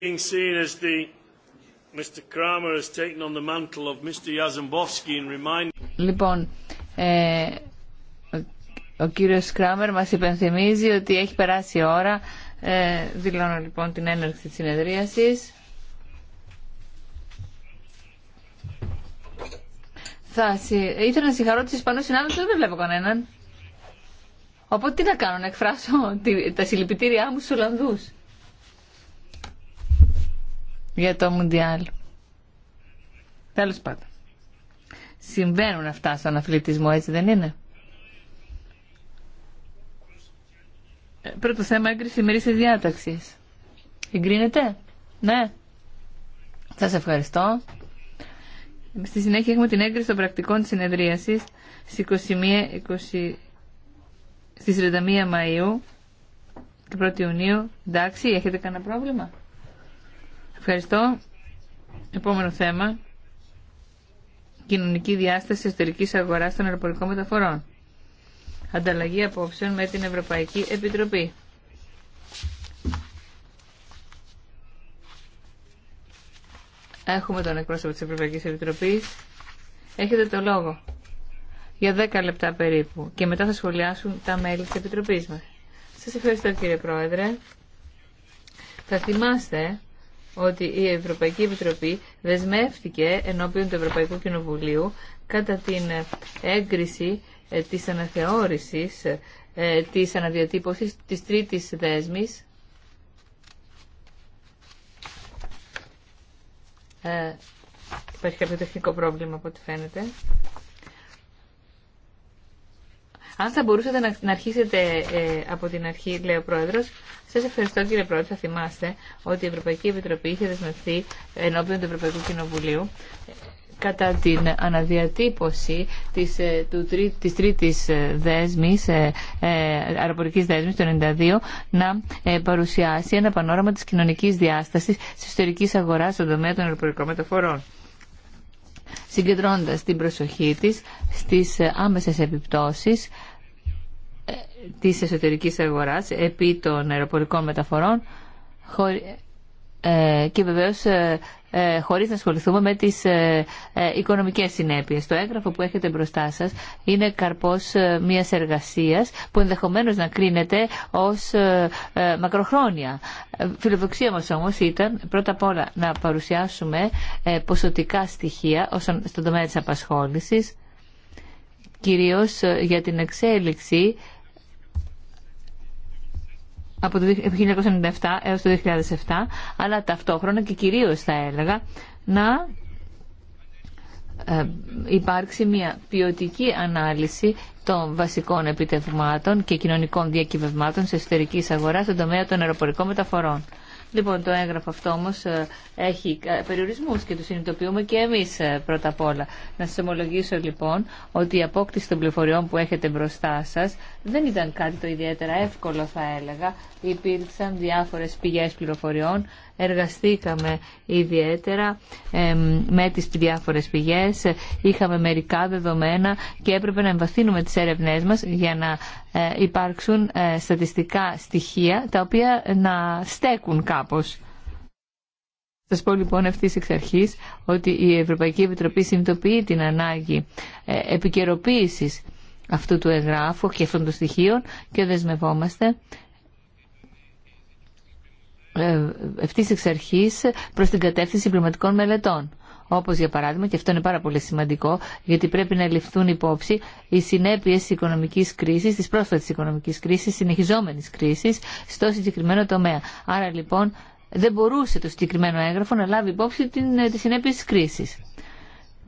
being seen as the Mr. has taken on the mantle of Mr. Λοιπόν, ο, ε, ο κύριος Κράμερ μας υπενθυμίζει ότι έχει περάσει η ώρα. Ε, δηλώνω λοιπόν την έναρξη της συνεδρίασης. Θα, ήθελα να συγχαρώ τους Ισπανούς συνάδελφους, δεν βλέπω κανέναν. Οπότε τι να κάνω, να εκφράσω τα συλληπιτήριά μου στους Ολλανδούς για το Μουντιάλ. Τέλο πάντων. Συμβαίνουν αυτά στον αθλητισμό, έτσι δεν είναι. Ε, πρώτο θέμα έγκριση ημερήσια διάταξη. Εγκρίνεται. Ναι. Σα ευχαριστώ. Στη συνέχεια έχουμε την έγκριση των πρακτικών της συνεδρίασης στις 21, 20, στις 31 Μαΐου και 1 Ιουνίου. Εντάξει, έχετε κανένα πρόβλημα. Ευχαριστώ. Επόμενο θέμα. Κοινωνική διάσταση εσωτερική αγορά των αεροπορικών μεταφορών. Ανταλλαγή απόψεων με την Ευρωπαϊκή Επιτροπή. Έχουμε τον εκπρόσωπο της Ευρωπαϊκής Επιτροπής. Έχετε το λόγο. Για 10 λεπτά περίπου. Και μετά θα σχολιάσουν τα μέλη της Επιτροπής μας. Σας ευχαριστώ κύριε Πρόεδρε. Θα θυμάστε ότι η Ευρωπαϊκή Επιτροπή δεσμεύτηκε ενώπιον του Ευρωπαϊκού Κοινοβουλίου κατά την έγκριση ε, της αναθεώρησης ε, της αναδιατύπωσης της τρίτης δέσμης ε, Υπάρχει κάποιο τεχνικό πρόβλημα από ό,τι φαίνεται. Αν θα μπορούσατε να αρχίσετε ε, από την αρχή, λέει ο Πρόεδρο, σα ευχαριστώ κύριε Πρόεδρε. Θα θυμάστε ότι η Ευρωπαϊκή Επιτροπή είχε δεσμευθεί ενώπιον του Ευρωπαϊκού Κοινοβουλίου ε, κατά την αναδιατύπωση της, ε, του, της τρίτης δέσμης, αεροπορικής δέσμης του 1992 να παρουσιάσει ένα πανόραμα της κοινωνικής διάστασης της ιστορικής αγοράς στον τομέα των αεροπορικών μεταφορών συγκεντρώνοντας την προσοχή της στις άμεσες επιπτώσεις ε, της εσωτερικής αγοράς επί των αεροπορικών μεταφορών ε, και βεβαίω ε, ε, χωρίς να ασχοληθούμε με τις ε, ε, οικονομικές συνέπειες. Το έγγραφο που έχετε μπροστά σας είναι καρπός μιας εργασίας που ενδεχομένως να κρίνεται ως μακροχρόνια. Φιλοδοξία μας όμως ήταν πρώτα απ' όλα να παρουσιάσουμε ποσοτικά στοιχεία όσον, στον τομέα της απασχόλησης, κυρίως για την εξέλιξη από το 1997 έως το 2007, αλλά ταυτόχρονα και κυρίως θα έλεγα να ε, υπάρξει μια ποιοτική ανάλυση των βασικών επιτευγμάτων και κοινωνικών διακυβευμάτων σε εσωτερική αγορά στον τομέα των αεροπορικών μεταφορών. Λοιπόν, το έγγραφο αυτό όμω ε, έχει ε, περιορισμού και του συνειδητοποιούμε και εμεί ε, πρώτα απ' όλα. Να σα ομολογήσω λοιπόν ότι η απόκτηση των πληροφοριών που έχετε μπροστά σα δεν ήταν κάτι το ιδιαίτερα εύκολο θα έλεγα. Υπήρξαν διάφορε πηγέ πληροφοριών Εργαστήκαμε ιδιαίτερα με τις διάφορες πηγές, είχαμε μερικά δεδομένα και έπρεπε να εμβαθύνουμε τις έρευνές μας για να ε, υπάρξουν ε, στατιστικά στοιχεία τα οποία να στέκουν κάπως. Σα πω λοιπόν αυτή εξ αρχή ότι η Ευρωπαϊκή Επιτροπή συνειδητοποιεί την ανάγκη ε, επικαιροποίηση αυτού του εγγράφου και αυτών των στοιχείων και δεσμευόμαστε ε, ευθύ εξ αρχή προ την κατεύθυνση πληρωματικών μελετών. Όπω για παράδειγμα, και αυτό είναι πάρα πολύ σημαντικό, γιατί πρέπει να ληφθούν υπόψη οι συνέπειε τη οικονομική κρίση, τη πρόσφατη οικονομική κρίση, συνεχιζόμενη κρίση, στο συγκεκριμένο τομέα. Άρα λοιπόν δεν μπορούσε το συγκεκριμένο έγγραφο να λάβει υπόψη ε, τι συνέπειε τη κρίση.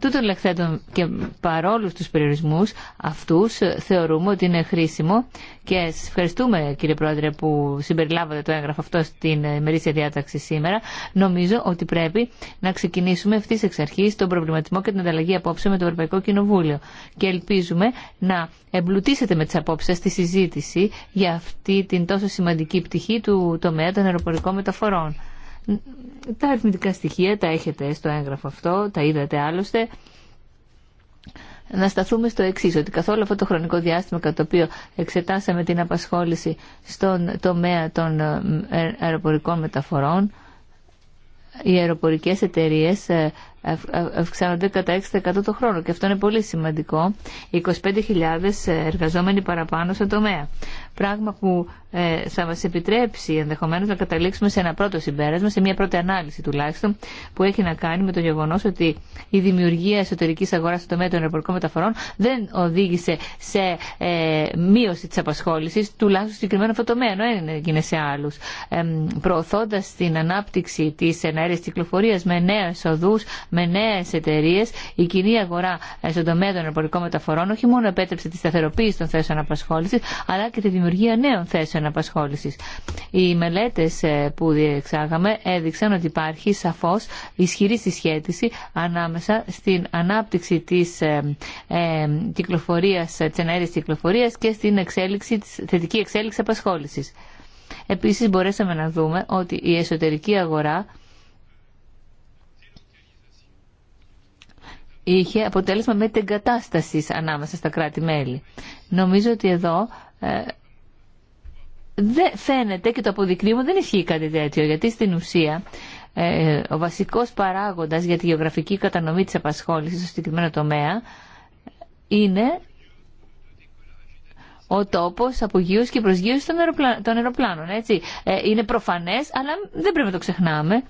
Τούτων λεχθέντων και παρόλους τους περιορισμούς αυτούς ε, θεωρούμε ότι είναι χρήσιμο και σας ευχαριστούμε κύριε Πρόεδρε που συμπεριλάβατε το έγγραφο αυτό στην ημερήσια διάταξη σήμερα. Νομίζω ότι πρέπει να ξεκινήσουμε ευθύ εξ αρχή τον προβληματισμό και την ανταλλαγή απόψε με το Ευρωπαϊκό Κοινοβούλιο και ελπίζουμε να εμπλουτίσετε με τις απόψεις τη συζήτηση για αυτή την τόσο σημαντική πτυχή του τομέα των αεροπορικών μεταφορών. Τα αριθμητικά στοιχεία τα έχετε στο έγγραφο αυτό, τα είδατε άλλωστε. Να σταθούμε στο εξή, ότι καθόλου αυτό το χρονικό διάστημα κατά το οποίο εξετάσαμε την απασχόληση στον τομέα των ε, ε, αεροπορικών μεταφορών, οι αεροπορικές εταιρείε ε, αυξάνονται κατά 6% το χρόνο και αυτό είναι πολύ σημαντικό. 25.000 εργαζόμενοι παραπάνω στον τομέα. Πράγμα που ε, θα μας επιτρέψει ενδεχομένως να καταλήξουμε σε ένα πρώτο συμπέρασμα, σε μια πρώτη ανάλυση τουλάχιστον, που έχει να κάνει με το γεγονός ότι η δημιουργία εσωτερικής αγοράς στο τομέα των αεροπορικών μεταφορών δεν οδήγησε σε ε, μείωση της απασχόλησης, τουλάχιστον συγκεκριμένο αυτό το τομέα, ενώ έγινε σε άλλους. προωθώντας την ανάπτυξη της εναέρειας κυκλοφορίας με νέες οδούς, με νέες εταιρείε, η κοινή αγορά ε, στον τομέα των αεροπορικών μεταφορών όχι μόνο επέτρεψε τη σταθεροποίηση των θέσεων απασχόλησης, αλλά και τη δημιουργία δημιουργία νέων θέσεων απασχόλησης. Οι μελέτες ε, που διεξάγαμε έδειξαν ότι υπάρχει σαφώς ισχυρή συσχέτιση ανάμεσα στην ανάπτυξη της ε, ε, κυκλοφορίας, της κυκλοφορίας και στην εξέλιξη, της θετική εξέλιξη απασχόλησης. Επίσης μπορέσαμε να δούμε ότι η εσωτερική αγορά είχε αποτέλεσμα με την κατάσταση ανάμεσα στα κράτη-μέλη. Νομίζω ότι εδώ δεν φαίνεται και το αποδεικνύουμε δεν ισχύει κάτι τέτοιο γιατί στην ουσία ε, ο βασικός παράγοντας για τη γεωγραφική κατανομή της απασχόλησης στο συγκεκριμένο τομέα είναι ο τόπος απογείωση και προσγείωση των αεροπλάνων. Έτσι. Ε, είναι προφανές αλλά δεν πρέπει να το ξεχνάμε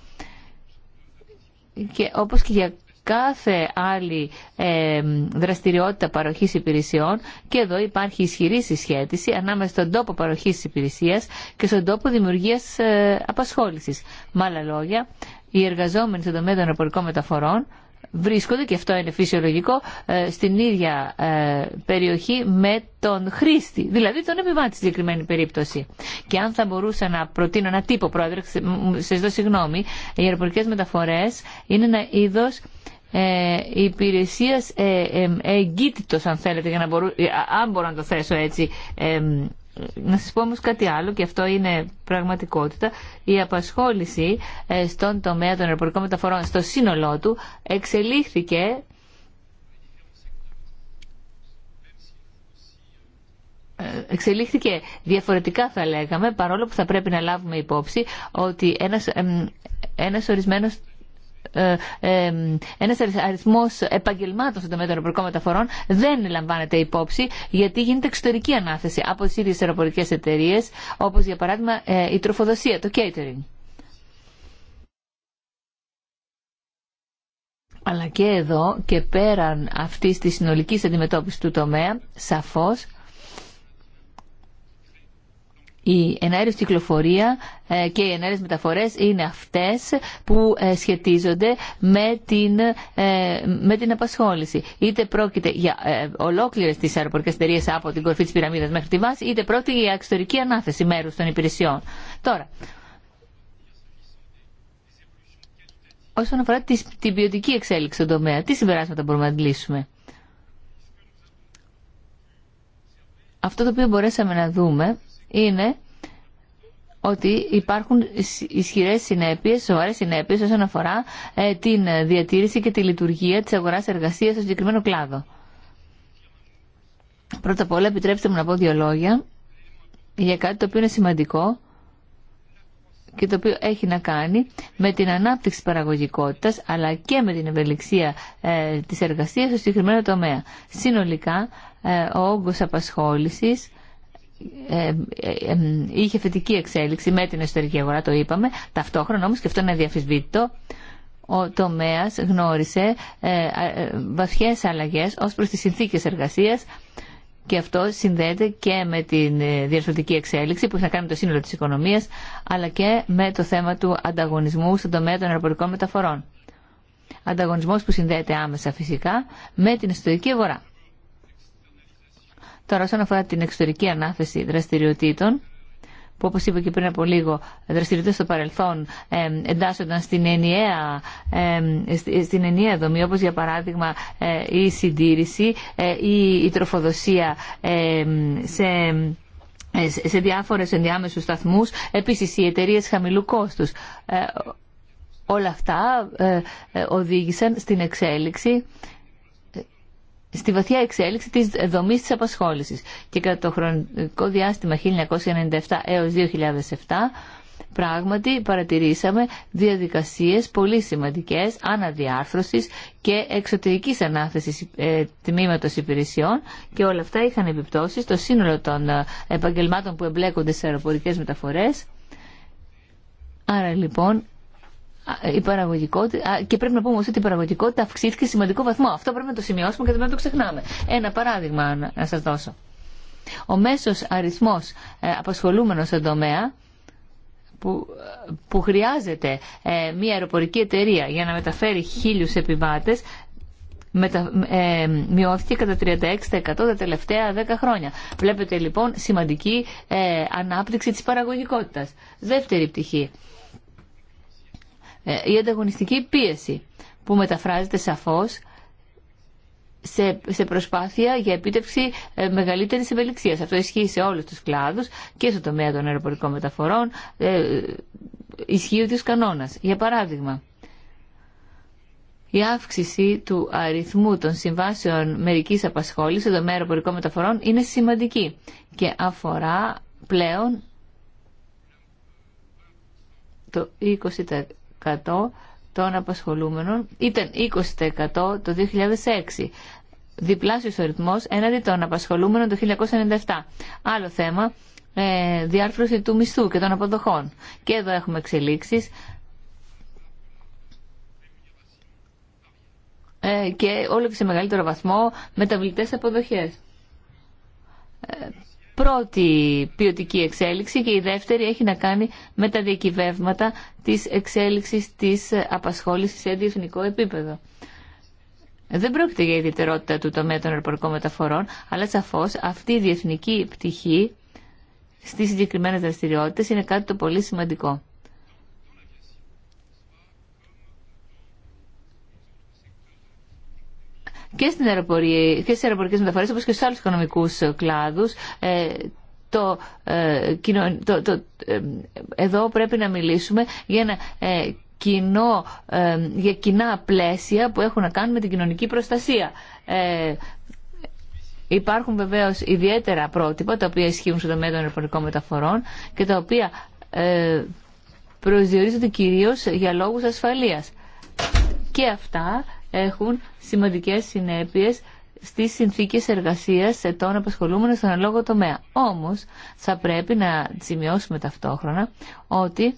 και όπως και για κάθε άλλη ε, δραστηριότητα παροχής υπηρεσιών και εδώ υπάρχει ισχυρή συσχέτιση ανάμεσα στον τόπο παροχής υπηρεσίας και στον τόπο δημιουργίας ε, απασχόλησης. Με άλλα λόγια, οι εργαζόμενοι στον τομέα των αεροπορικών μεταφορών βρίσκονται, και αυτό είναι φυσιολογικό, ε, στην ίδια ε, περιοχή με τον χρήστη, δηλαδή τον επιβάτη στη συγκεκριμένη περίπτωση. Και αν θα μπορούσα να προτείνω ένα τύπο, πρόεδρε, σε ζητώ συγγνώμη, οι αεροπορικές μεταφορές είναι ένα είδο ε, υπηρεσίας ε, ε αν θέλετε για να ε, αν μπορώ να το θέσω έτσι ε, να σας πω όμως κάτι άλλο και αυτό είναι πραγματικότητα η απασχόληση στον τομέα των αεροπορικών μεταφορών στο σύνολό του εξελίχθηκε εξελίχθηκε διαφορετικά θα λέγαμε παρόλο που θα πρέπει να λάβουμε υπόψη ότι ένας, ένας ορισμένος ε, ε, ένας αριθμός επαγγελμάτων στον τομέα των αεροπορικών μεταφορών δεν λαμβάνεται υπόψη γιατί γίνεται εξωτερική ανάθεση από τι ίδιες αεροπορικέ εταιρείε, όπω για παράδειγμα ε, η τροφοδοσία, το catering. Αλλά και εδώ και πέραν αυτής της συνολικής αντιμετώπισης του τομέα, σαφώς η εναέριος κυκλοφορία ε, και οι εναέρειες μεταφορές είναι αυτές που ε, σχετίζονται με την, ε, με την απασχόληση. Είτε πρόκειται για ολόκληρες τις αεροπορικές εταιρείε από την κορφή της πυραμίδας μέχρι τη βάση, είτε πρόκειται για εξωτερική ανάθεση μέρους των υπηρεσιών. Τώρα, όσον αφορά την ποιοτική εξέλιξη στον τομέα, τι συμπεράσματα μπορούμε να αντλήσουμε. Αυτό το οποίο μπορέσαμε να δούμε είναι ότι υπάρχουν ισχυρέ συνέπειες, σοβαρέ συνέπειε όσον αφορά ε, την διατήρηση και τη λειτουργία τη αγορά-εργασία στο συγκεκριμένο κλάδο. Πρώτα απ' όλα, επιτρέψτε μου να πω δύο λόγια για κάτι το οποίο είναι σημαντικό και το οποίο έχει να κάνει με την ανάπτυξη παραγωγικότητας αλλά και με την ευελιξία ε, της εργασίας στο συγκεκριμένο τομέα. Συνολικά, ε, ο όγκος απασχόλησης ε, ε, ε, είχε θετική εξέλιξη με την εσωτερική αγορά, το είπαμε. Ταυτόχρονα όμως, και αυτό είναι αδιαφυσβήτητο, ο τομέας γνώρισε βαθιές αλλαγές ως προς τις συνθήκες εργασίας και αυτό συνδέεται και με την διαρθρωτική εξέλιξη που έχει να κάνει με το σύνολο της οικονομίας αλλά και με το θέμα του ανταγωνισμού στον τομέα των αεροπορικών μεταφορών. Ανταγωνισμός που συνδέεται άμεσα φυσικά με την εσωτερική αγορά. Τώρα, όσον αφορά την εξωτερική ανάθεση δραστηριοτήτων, που όπως είπα και πριν από λίγο, δραστηριότητες στο παρελθόν εντάσσονταν στην ενιαία, στην ενιαία δομή, όπως για παράδειγμα ε, η συντήρηση ε, ή η τροφοδοσία ε, σε σε διάφορες ενδιάμεσους σταθμούς, επίσης οι εταιρείες χαμηλού κόστους. Όλα αυτά οδήγησαν στην εξέλιξη στη βαθιά εξέλιξη της δομής της απασχόλησης. Και κατά το χρονικό διάστημα 1997 έως 2007 πράγματι παρατηρήσαμε διαδικασίες πολύ σημαντικές αναδιάρθρωσης και εξωτερικής ανάθεσης ε, τμήματος υπηρεσιών και όλα αυτά είχαν επιπτώσει στο σύνολο των ε, επαγγελμάτων που εμπλέκονται σε αεροπορικές μεταφορές. Άρα λοιπόν ε, η παραγωγικότητα, και πρέπει να πούμε ότι η παραγωγικότητα αυξήθηκε σε σημαντικό βαθμό. Αυτό πρέπει να το σημειώσουμε και δεν το ξεχνάμε. Ένα παράδειγμα να σας δώσω. Ο μέσος αριθμός ε, απασχολούμενος στον τομέα που, που χρειάζεται ε, μια αεροπορική εταιρεία για να μεταφέρει χίλιους επιβάτες μειώθηκε κατά 36% τα τελευταία 10 χρόνια. Βλέπετε λοιπόν σημαντική ανάπτυξη της παραγωγικότητας. Δεύτερη πτυχή. Ε, η ανταγωνιστική πίεση που μεταφράζεται σαφώς σε, σε προσπάθεια για επίτευξη ε, μεγαλύτερη ευελιξία. Αυτό ισχύει σε όλου του κλάδου και στο τομέα των αεροπορικών μεταφορών. Ε, ισχύει ο ίδιο κανόνα. Για παράδειγμα, η αύξηση του αριθμού των συμβάσεων μερική απασχόληση στο τομέα αεροπορικών μεταφορών είναι σημαντική και αφορά πλέον το 20% των απασχολούμενων ήταν 20% το 2006. Διπλάσιος ο ρυθμός έναντι των απασχολούμενων το 1997. Άλλο θέμα, ε, διάρθρωση του μισθού και των αποδοχών. Και εδώ έχουμε εξελίξεις. Ε, και όλο και σε μεγαλύτερο βαθμό μεταβλητές αποδοχές. Ε, πρώτη ποιοτική εξέλιξη και η δεύτερη έχει να κάνει με τα διακυβεύματα της εξέλιξης της απασχόλησης σε διεθνικό επίπεδο. Δεν πρόκειται για ιδιαιτερότητα του τομέα των αεροπορικών μεταφορών, αλλά σαφώς αυτή η διεθνική πτυχή στις συγκεκριμένες δραστηριότητε είναι κάτι το πολύ σημαντικό. και, στην αεροπορία, και στις αεροπορικές μεταφορές όπως και στους άλλους οικονομικούς ε, κλάδους ε, ε, το, το, εδώ πρέπει να μιλήσουμε για ένα κοινό, για κοινά πλαίσια που έχουν να κάνουν με την κοινωνική προστασία. Υπάρχουν βεβαίως ιδιαίτερα πρότυπα τα οποία ισχύουν στον τομέα των αεροπορικών μεταφορών και τα οποία ε, προσδιορίζονται κυρίω για λόγου ασφαλείας. Και αυτά έχουν σημαντικές συνέπειες στι συνθήκε εργασία των απασχολούμενων στον αλόγο τομέα. Όμως, θα πρέπει να σημειώσουμε ταυτόχρονα ότι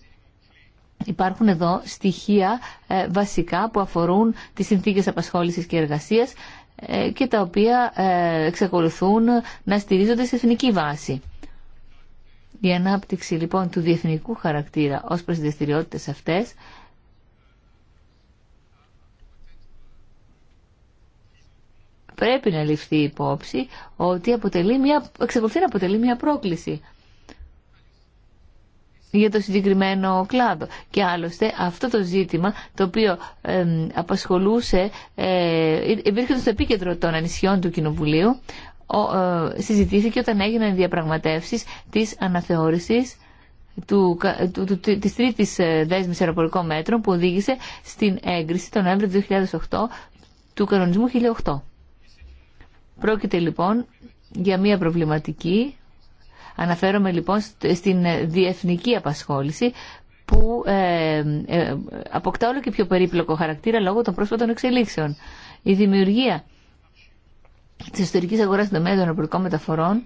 υπάρχουν εδώ στοιχεία ε, βασικά που αφορούν τις συνθήκες απασχόλησης και εργασίας ε, και τα οποία ε, εξακολουθούν να στηρίζονται σε εθνική βάση. Η ανάπτυξη λοιπόν του διεθνικού χαρακτήρα ως προς τις αυτές πρέπει να ληφθεί υπόψη ότι αποτελεί μια, εξακολουθεί να αποτελεί μια πρόκληση για το συγκεκριμένο κλάδο. Και άλλωστε αυτό το ζήτημα το οποίο ε, απασχολούσε, ε, υπήρχε στο επίκεντρο των ανησιών του Κοινοβουλίου, ο, ε, συζητήθηκε όταν έγιναν οι διαπραγματεύσεις της αναθεώρησης του, του, του, της τρίτης ε, δέσμης αεροπορικών μέτρων που οδήγησε στην έγκριση τον Νοέμβριο 2008 του κανονισμού 1008. Πρόκειται λοιπόν για μια προβληματική, αναφέρομαι λοιπόν στην διεθνική απασχόληση που ε, ε, αποκτά όλο και πιο περίπλοκο χαρακτήρα λόγω των πρόσφατων εξελίξεων. Η δημιουργία τη ιστορικής αγορά στον τομέα των ευρωπαϊκών μεταφορών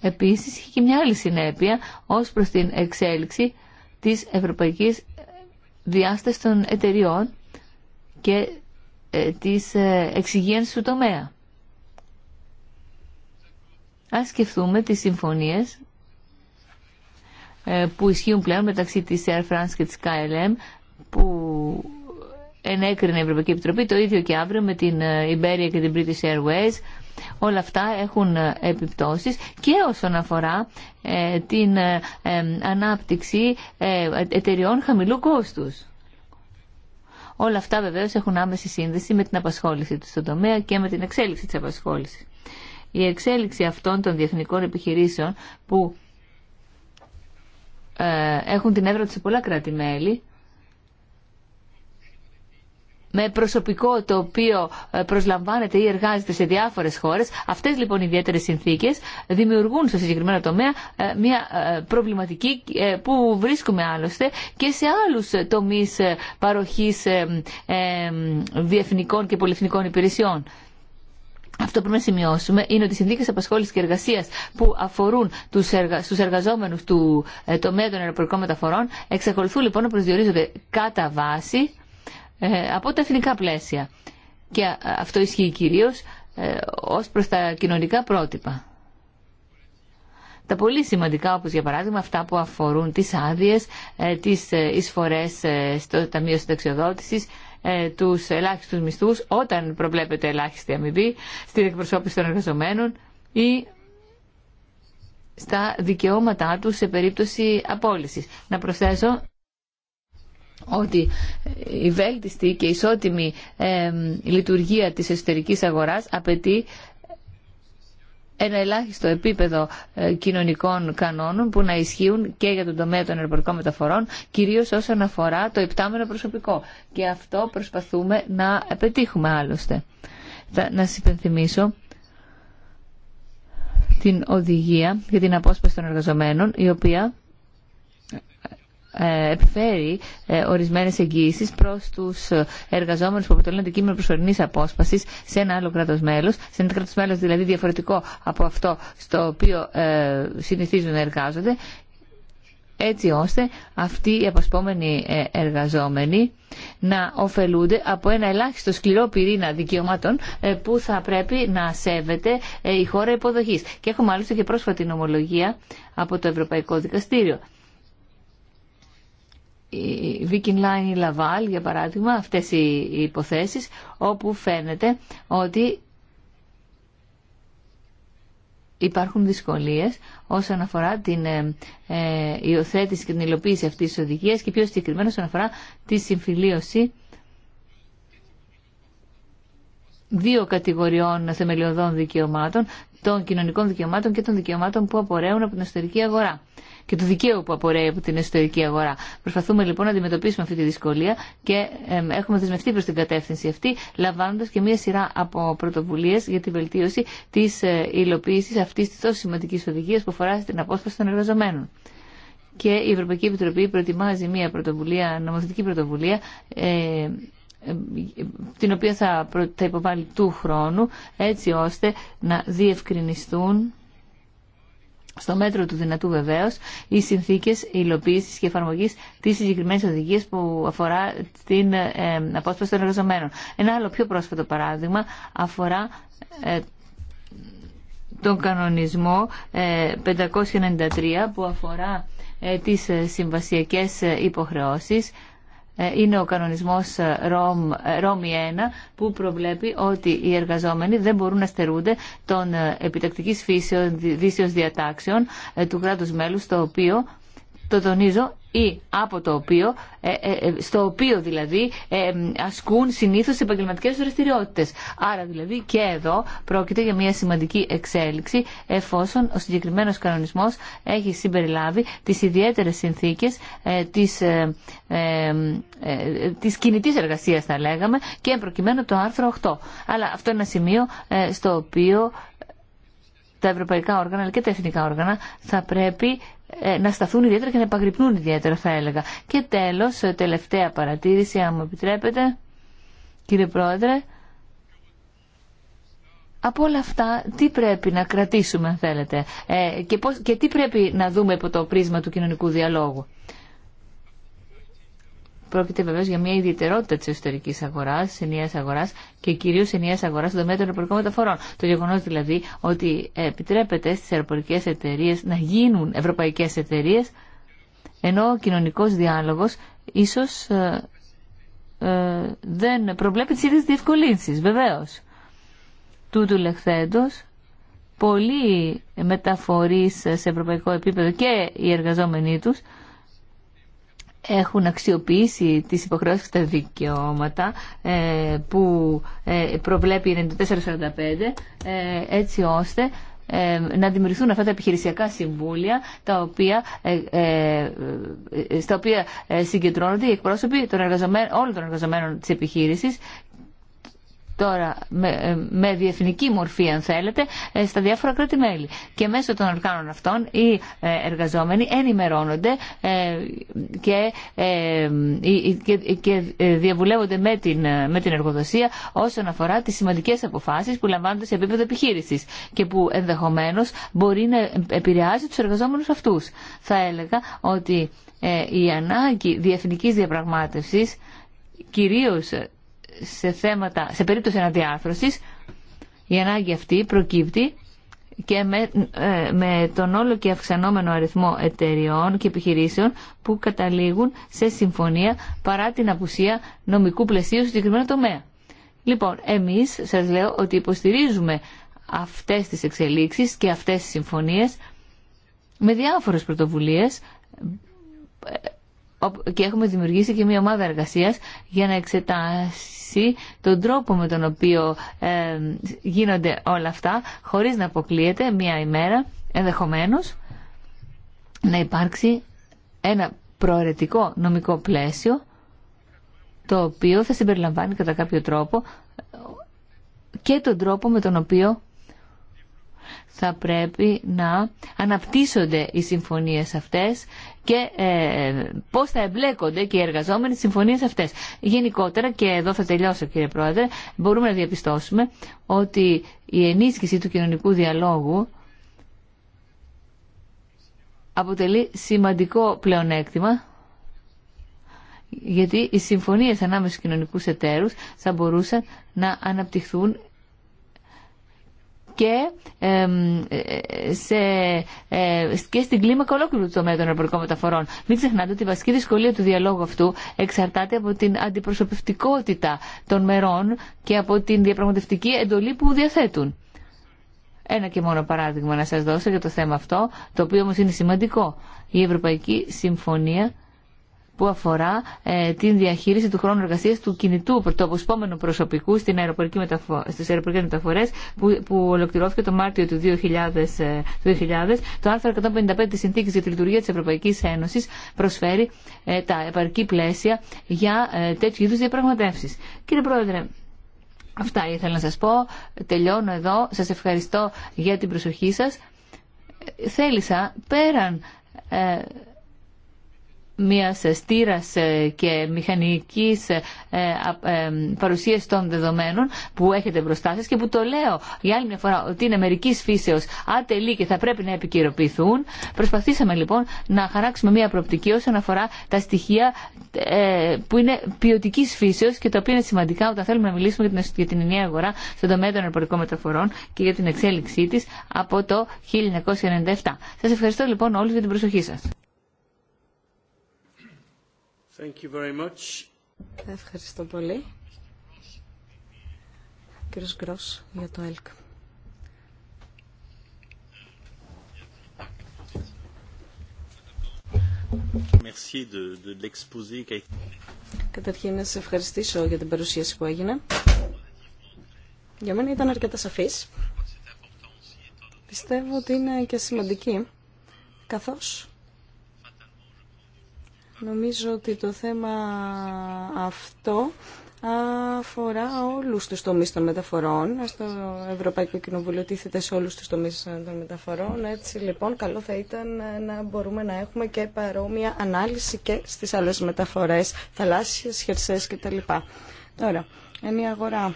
επίση έχει και μια άλλη συνέπεια ω προ την εξέλιξη της ευρωπαϊκή διάσταση των εταιριών και ε, τη ε, του τομέα ας σκεφτούμε τις συμφωνίες ε, που ισχύουν πλέον μεταξύ της Air France και της KLM που ενέκρινε η Ευρωπαϊκή Επιτροπή το ίδιο και αύριο με την ε, Iberia και την British Airways όλα αυτά έχουν ε, επιπτώσεις και όσον αφορά την ανάπτυξη εταιριών χαμηλού κόστους. Όλα αυτά βεβαίως έχουν άμεση σύνδεση με την απασχόληση του στον τομέα και με την εξέλιξη της απασχόλησης. Η εξέλιξη αυτών των διεθνικών επιχειρήσεων που ε, έχουν την έδρα τους σε πολλά κράτη-μέλη με προσωπικό το οποίο ε, προσλαμβάνεται ή εργάζεται σε διάφορες χώρες. Αυτές λοιπόν οι ιδιαίτερες συνθήκες δημιουργούν στο συγκεκριμένο τομέα ε, μια προβληματική που βρίσκουμε άλλωστε και σε άλλους τομείς παροχής διεθνικών και πολυεθνικών υπηρεσιών. Αυτό που πρέπει να σημειώσουμε είναι ότι οι συνθήκε απασχόληση και εργασία που αφορούν στου εργαζόμενου του ε, τομέα των αεροπορικών μεταφορών εξακολουθούν λοιπόν να προσδιορίζονται κατά βάση ε, από τα εθνικά πλαίσια. Και αυτό ισχύει κυρίω ε, ω προ τα κοινωνικά πρότυπα. Τα πολύ σημαντικά, όπως για παράδειγμα αυτά που αφορούν τις άδειες, τις εισφορές στο Ταμείο Συνταξιοδότησης, ε, τους ελάχιστους μισθούς όταν προβλέπεται ελάχιστη αμοιβή, στην εκπροσώπηση των εργαζομένων ή στα δικαιώματά τους σε περίπτωση απόλυσης. Να προσθέσω ότι η βέλτιστη και ισότιμη ε, λειτουργία της εσωτερικής αγοράς απαιτεί ένα ελάχιστο επίπεδο ε, κοινωνικών κανόνων που να ισχύουν και για τον τομέα των αεροπορικών μεταφορών, κυρίως όσον αφορά το υπτάμενο προσωπικό. Και αυτό προσπαθούμε να πετύχουμε άλλωστε. Θα, να σας υπενθυμίσω την οδηγία για την απόσπαση των εργαζομένων, η οποία ε, επιφέρει ε, ορισμένε εγγύησει προ του ε, εργαζόμενου που αποτελούν αντικείμενο προσωρινή απόσπαση σε ένα άλλο κράτο μέλο, σε ένα κράτο μέλο δηλαδή διαφορετικό από αυτό στο οποίο συνηθίζουν να εργάζονται, έτσι ώστε αυτοί οι απασπόμενοι εργαζόμενοι να ωφελούνται από ένα ελάχιστο σκληρό πυρήνα δικαιωμάτων που θα πρέπει να σέβεται η χώρα υποδοχής. Και έχουμε μάλιστα και πρόσφατη νομολογία από το Ευρωπαϊκό Δικαστήριο η Viking Line, η Laval για παράδειγμα, αυτές οι υποθέσεις όπου φαίνεται ότι υπάρχουν δυσκολίες όσον αφορά την ε, ε, υιοθέτηση και την υλοποίηση αυτής της οδηγίας και πιο συγκεκριμένα όσον αφορά τη συμφιλίωση δύο κατηγοριών θεμελιωδών δικαιωμάτων, των κοινωνικών δικαιωμάτων και των δικαιωμάτων που απορρέουν από την εσωτερική αγορά και του δικαίου που απορρέει από την εσωτερική αγορά. Προσπαθούμε λοιπόν να αντιμετωπίσουμε αυτή τη δυσκολία και έχουμε δεσμευτεί προ την κατεύθυνση αυτή, λαμβάνοντα και μία σειρά από πρωτοβουλίε για τη βελτίωση τη ε, υλοποίηση αυτή τη τόσο σημαντική οδηγία που αφορά στην απόσπαση των εργαζομένων και η Ευρωπαϊκή Επιτροπή προετοιμάζει μια πρωτοβουλία, νομοθετική πρωτοβουλία ε, την οποία θα, θα υποβάλει του χρόνου έτσι ώστε να διευκρινιστούν στο μέτρο του δυνατού βεβαίω οι συνθήκε υλοποίηση και εφαρμογή τη συγκεκριμένη οδηγία που αφορά την ε, απόσπαση των εργαζομένων. Ένα άλλο πιο πρόσφατο παράδειγμα αφορά ε, τον κανονισμό 593 ε, που αφορά ε, τις συμβασιακές υποχρεώσεις ε, είναι ο κανονισμός ε, Ρώμη 1 ε, που προβλέπει ότι οι εργαζόμενοι δεν μπορούν να στερούνται των επιτακτικής φύσεων διατάξεων του κράτους μέλους το οποίο, το τονίζω, ή από το οποίο, ε, ε, ε, στο οποίο δηλαδή ασκούν συνήθως επαγγελματικές δραστηριότητες. Άρα δηλαδή και εδώ πρόκειται για μια σημαντική εξέλιξη εφόσον ο συγκεκριμένος κανονισμός έχει συμπεριλάβει τις ιδιαίτερες συνθήκες της, της κινητής εργασίας θα λέγαμε και προκειμένου το άρθρο 8. Αλλά αυτό είναι ένα σημείο στο οποίο τα ευρωπαϊκά όργανα αλλά και τα εθνικά όργανα θα πρέπει ε, να σταθούν ιδιαίτερα και να επαγρυπνούν ιδιαίτερα θα έλεγα. Και τέλος, ε, τελευταία παρατήρηση, αν μου επιτρέπετε, κύριε Πρόεδρε, από όλα αυτά τι πρέπει να κρατήσουμε αν θέλετε ε, και, πώς, και τι πρέπει να δούμε από το πρίσμα του κοινωνικού διαλόγου πρόκειται βεβαίω για μια ιδιαιτερότητα τη εσωτερική αγορά, ενιαία αγορά και κυρίω ενιαία αγορά στον τομέα των αεροπορικών μεταφορών. Το γεγονό δηλαδή ότι επιτρέπεται στι αεροπορικέ εταιρείε να γίνουν ευρωπαϊκέ εταιρείε, ενώ ο κοινωνικό διάλογο ίσω ε, ε, δεν προβλέπει τι ίδιε διευκολύνσει, βεβαίω. Τούτου λεχθέντο, πολλοί μεταφορεί σε ευρωπαϊκό επίπεδο και οι εργαζόμενοι τους έχουν αξιοποιήσει τις υποχρεώσεις και τα δικαιώματα ε, που ε, προβλέπει η 9445 ε, έτσι ώστε να δημιουργηθούν αυτά τα επιχειρησιακά συμβούλια τα οποία, στα οποία συγκεντρώνονται οι εκπρόσωποι όλων των εργαζομένων της επιχείρησης τώρα με, ε, με διεθνική μορφή αν θέλετε ε, στα διάφορα κράτη-μέλη. Και μέσω των οργάνων αυτών οι ε, εργαζόμενοι ενημερώνονται και, και, διαβουλεύονται με την, με την εργοδοσία όσον αφορά τις σημαντικές αποφάσεις που λαμβάνονται σε επίπεδο επιχείρησης και που ενδεχομένως μπορεί να επηρεάζει τους εργαζόμενους αυτούς. Θα έλεγα ότι η ανάγκη διεθνικής διαπραγμάτευσης κυρίως σε, θέματα, σε περίπτωση αναδιάρθρωσης η ανάγκη αυτή προκύπτει και με, ε, με τον όλο και αυξανόμενο αριθμό εταιριών και επιχειρήσεων που καταλήγουν σε συμφωνία παρά την απουσία νομικού πλαισίου σε συγκεκριμένο τομέα. Λοιπόν, εμείς σας λέω ότι υποστηρίζουμε αυτές τις εξελίξεις και αυτές τις συμφωνίες με διάφορες πρωτοβουλίες ε, και έχουμε δημιουργήσει και μια ομάδα εργασίας για να εξετάσει τον τρόπο με τον οποίο ε, γίνονται όλα αυτά, χωρίς να αποκλείεται μία ημέρα ενδεχομένως να υπάρξει ένα προαιρετικό νομικό πλαίσιο το οποίο θα συμπεριλαμβάνει κατά κάποιο τρόπο και τον τρόπο με τον οποίο θα πρέπει να αναπτύσσονται οι συμφωνίες αυτές και ε, πώς θα εμπλέκονται και οι εργαζόμενοι συμφωνίες αυτές. Γενικότερα, και εδώ θα τελειώσω κύριε Πρόεδρε, μπορούμε να διαπιστώσουμε ότι η ενίσχυση του κοινωνικού διαλόγου αποτελεί σημαντικό πλεονέκτημα γιατί οι συμφωνίες ανάμεσα στους κοινωνικούς εταίρους θα μπορούσαν να αναπτυχθούν και, σε, ε, και στην κλίμακα ολόκληρου του τομέα των εμπορικών μεταφορών. Μην ξεχνάτε ότι η βασική δυσκολία του διαλόγου αυτού εξαρτάται από την αντιπροσωπευτικότητα των μερών και από την διαπραγματευτική εντολή που διαθέτουν. Ένα και μόνο παράδειγμα να σας δώσω για το θέμα αυτό, το οποίο όμως είναι σημαντικό. Η Ευρωπαϊκή Συμφωνία που αφορά ε, την διαχείριση του χρόνου εργασίας του κινητού του αποσπόμενου προσωπικού στι αεροπορικέ μεταφο... στις αεροπορικές μεταφορές που, που ολοκληρώθηκε το Μάρτιο του 2000, 2000. Ε, το άρθρο 155 της Συνθήκης για τη Λειτουργία της Ευρωπαϊκής Ένωσης προσφέρει ε, τα επαρκή πλαίσια για ε, τέτοιου είδους διαπραγματεύσεις. Κύριε Πρόεδρε, αυτά ήθελα να σας πω. Τελειώνω εδώ. Σας ευχαριστώ για την προσοχή σας. Θέλησα πέραν μιας στήρας ε, και μηχανικής ε, ε, παρουσίας των δεδομένων που έχετε μπροστά σας και που το λέω για άλλη μια φορά ότι είναι μερικής φύσεως ατελή και θα πρέπει να επικυρωποιηθούν. Προσπαθήσαμε λοιπόν να χαράξουμε μια προοπτική όσον αφορά τα στοιχεία που είναι ποιοτική φύσεως και τα οποία είναι σημαντικά όταν θέλουμε να μιλήσουμε για την ενιαία αγορά στον τομέα των αεροπορικών μεταφορών και για την εξέλιξή της από το 1997. Σας ευχαριστώ λοιπόν όλους για την προσοχή σας. Ευχαριστώ πολύ. Κύριος Γκρός για το ΕΛΚ. Καταρχήν να σας ευχαριστήσω για την παρουσίαση που έγινε. Για μένα ήταν αρκετά σαφής. Πιστεύω ότι είναι και σημαντική, καθώς Νομίζω ότι το θέμα αυτό αφορά όλους τους τομείς των μεταφορών. Στο Ευρωπαϊκό Κοινοβούλιο τίθεται σε όλους τους τομείς των μεταφορών. Έτσι λοιπόν καλό θα ήταν να μπορούμε να έχουμε και παρόμοια ανάλυση και στις άλλες μεταφορές, θαλάσσιες, χερσές κτλ. Τώρα, ενή αγορά.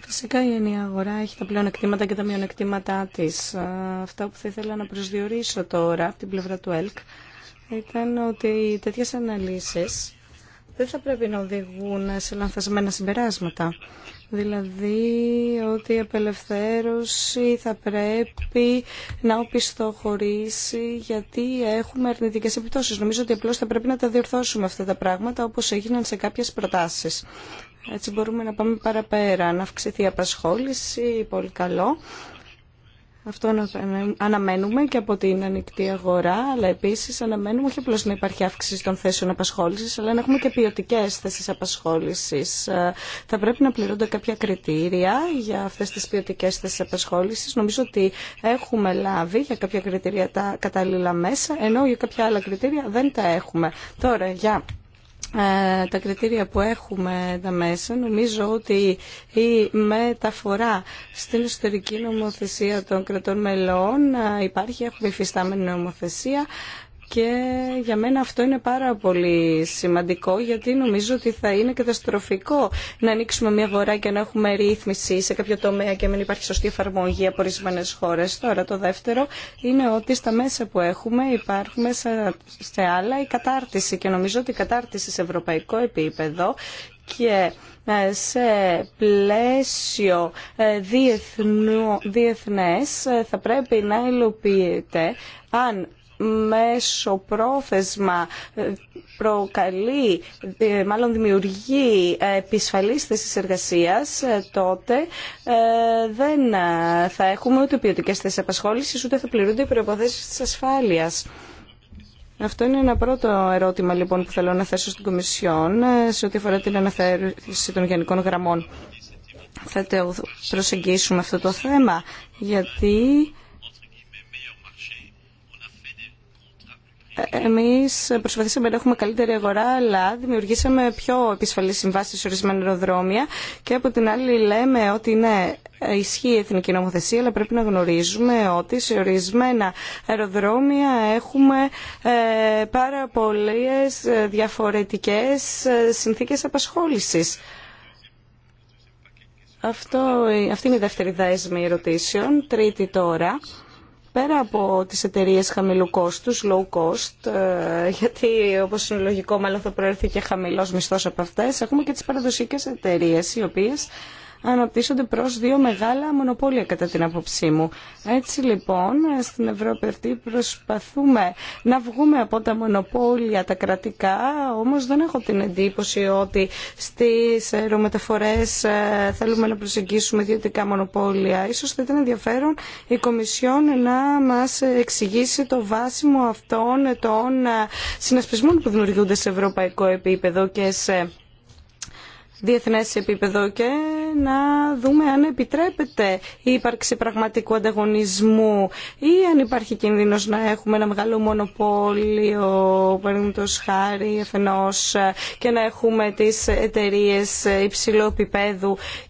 Φυσικά η ενιαία αγορά έχει τα πλεονεκτήματα και τα μειονεκτήματά της. Αυτά που θα ήθελα να προσδιορίσω τώρα από την πλευρά του ΕΛΚ ήταν ότι τέτοιες αναλύσεις δεν θα πρέπει να οδηγούν σε λανθασμένα συμπεράσματα. Δηλαδή ότι η απελευθέρωση θα πρέπει να οπισθοχωρήσει γιατί έχουμε αρνητικές επιπτώσεις. Νομίζω ότι απλώς θα πρέπει να τα διορθώσουμε αυτά τα πράγματα όπως έγιναν σε κάποιες προτάσεις. Έτσι μπορούμε να πάμε παραπέρα, να αυξηθεί η απασχόληση, πολύ καλό. Αυτό αναμένουμε και από την ανοιχτή αγορά, αλλά επίση αναμένουμε όχι απλώ να υπάρχει αύξηση των θέσεων απασχόληση, αλλά να έχουμε και ποιοτικέ θέσει απασχόληση. Ε, θα πρέπει να πληρούνται κάποια κριτήρια για αυτέ τι ποιοτικέ θέσει απασχόληση. Νομίζω ότι έχουμε λάβει για κάποια κριτήρια τα κατάλληλα μέσα, ενώ για κάποια άλλα κριτήρια δεν τα έχουμε. Τώρα, για ε, τα κριτήρια που έχουμε τα μέσα, νομίζω ότι η μεταφορά στην ιστορική νομοθεσία των κρατών μελών ε, υπάρχει, έχουμε υφιστάμενη νομοθεσία και για μένα αυτό είναι πάρα πολύ σημαντικό γιατί νομίζω ότι θα είναι καταστροφικό να ανοίξουμε μια αγορά και να έχουμε ρύθμιση σε κάποιο τομέα και μην υπάρχει σωστή εφαρμογή από ορισμένε χώρε. Τώρα το δεύτερο είναι ότι στα μέσα που έχουμε υπάρχουν σε άλλα η κατάρτιση και νομίζω ότι η κατάρτιση σε ευρωπαϊκό επίπεδο και ε, σε πλαίσιο ε, διεθνού, διεθνές ε, θα πρέπει να υλοποιείται αν μέσω πρόθεσμα ε, προκαλεί, ε, μάλλον δημιουργεί επισφαλής θέσεις εργασίας, ε, τότε δεν θα έχουμε ούτε ποιοτικέ θέσεις απασχόλησης ούτε θα πληρούνται οι προϋποθέσεις τη ασφάλεια. Αυτό είναι ένα πρώτο ερώτημα λοιπόν που θέλω να θέσω στην Κομισιόν σε ό,τι αφορά την αναθεώρηση των γενικών γραμμών. Θα το προσεγγίσουμε αυτό το θέμα, γιατί εμείς προσπαθήσαμε να έχουμε καλύτερη αγορά, αλλά δημιουργήσαμε πιο επισφαλείς συμβάσει σε ορισμένα αεροδρόμια και από την άλλη λέμε ότι ναι, ισχύει η εθνική νομοθεσία, αλλά πρέπει να γνωρίζουμε ότι σε ορισμένα αεροδρόμια έχουμε ε, πάρα πολλές ε, διαφορετικές ε, συνθήκες απασχόλησης. Αυτό, αυτή είναι η δεύτερη δέσμη ερωτήσεων. Τρίτη τώρα πέρα από τις εταιρείε χαμηλού κόστους, low cost, ε, γιατί όπως είναι λογικό μάλλον θα προέρθει και χαμηλός μισθός από αυτές, έχουμε και τις παραδοσιακές εταιρείε, οι οποίες αναπτύσσονται προ δύο μεγάλα μονοπόλια κατά την άποψή μου. Έτσι λοιπόν στην Ευρώπη αυτή προσπαθούμε να βγούμε από τα μονοπόλια τα κρατικά, όμως δεν έχω την εντύπωση ότι στις αερομεταφορές ε, θέλουμε να προσεγγίσουμε ιδιωτικά μονοπόλια. Ίσως θα ήταν ενδιαφέρον η Κομισιόν να μας εξηγήσει το βάσιμο αυτών των ε, συνασπισμών που δημιουργούνται σε ευρωπαϊκό επίπεδο και σε διεθνές επίπεδο και να δούμε αν επιτρέπεται η ύπαρξη πραγματικού ανταγωνισμού ή αν υπάρχει κίνδυνος να έχουμε ένα μεγάλο μονοπόλιο, το χάρη εφενός και να έχουμε τις εταιρείε υψηλού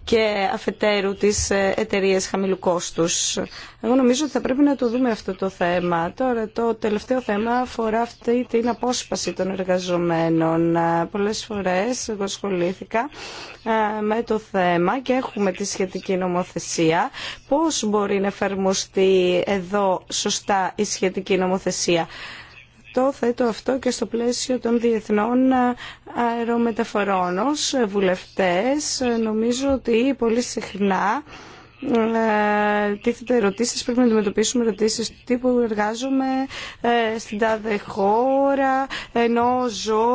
και αφετέρου τις εταιρείε χαμηλού κόστους. Εγώ νομίζω ότι θα πρέπει να το δούμε αυτό το θέμα. Τώρα το τελευταίο θέμα αφορά αυτή την απόσπαση των εργαζομένων. Πολλές φορές εγώ ε, με το θέμα και έχουμε τη σχετική νομοθεσία. Πώς μπορεί να εφαρμοστεί εδώ σωστά η σχετική νομοθεσία. Το θέτω αυτό και στο πλαίσιο των διεθνών αερομεταφορών. Ως βουλευτές νομίζω ότι πολύ συχνά τίθεται ερωτήσεις, πρέπει να αντιμετωπίσουμε ερωτήσεις του τύπου εργάζομαι ε, στην τάδε χώρα, ενώ ζω,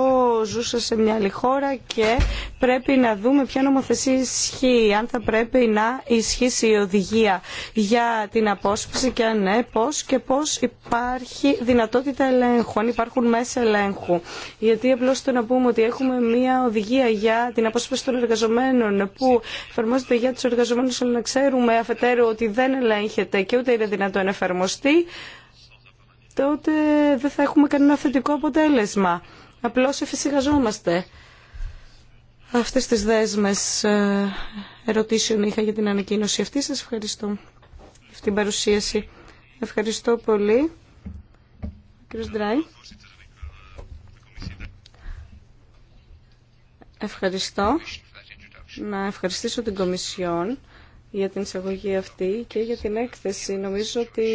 ζούσα σε μια άλλη χώρα και πρέπει να δούμε ποια νομοθεσία ισχύει, αν θα πρέπει να ισχύσει η οδηγία για την απόσπαση και αν ναι, πώς και πώς υπάρχει δυνατότητα ελέγχου, αν υπάρχουν μέσα ελέγχου. Γιατί απλώς το να πούμε ότι έχουμε μια οδηγία για την απόσπαση των εργαζομένων που εφαρμόζεται για τους εργαζομένους, αλλά να ξέρουμε ξέρουμε αφετέρου ότι δεν ελέγχεται και ούτε είναι δυνατόν να εφαρμοστεί, τότε δεν θα έχουμε κανένα θετικό αποτέλεσμα. Απλώς εφησυχαζόμαστε. Αυτές τις δέσμες ε, ερωτήσεων είχα για την ανακοίνωση αυτή. Σας ευχαριστώ για την παρουσίαση. Ευχαριστώ πολύ. Κύριος Ντράι. Ευχαριστώ. Να ευχαριστήσω την Κομισιόν για την εισαγωγή αυτή και για την έκθεση. Νομίζω ότι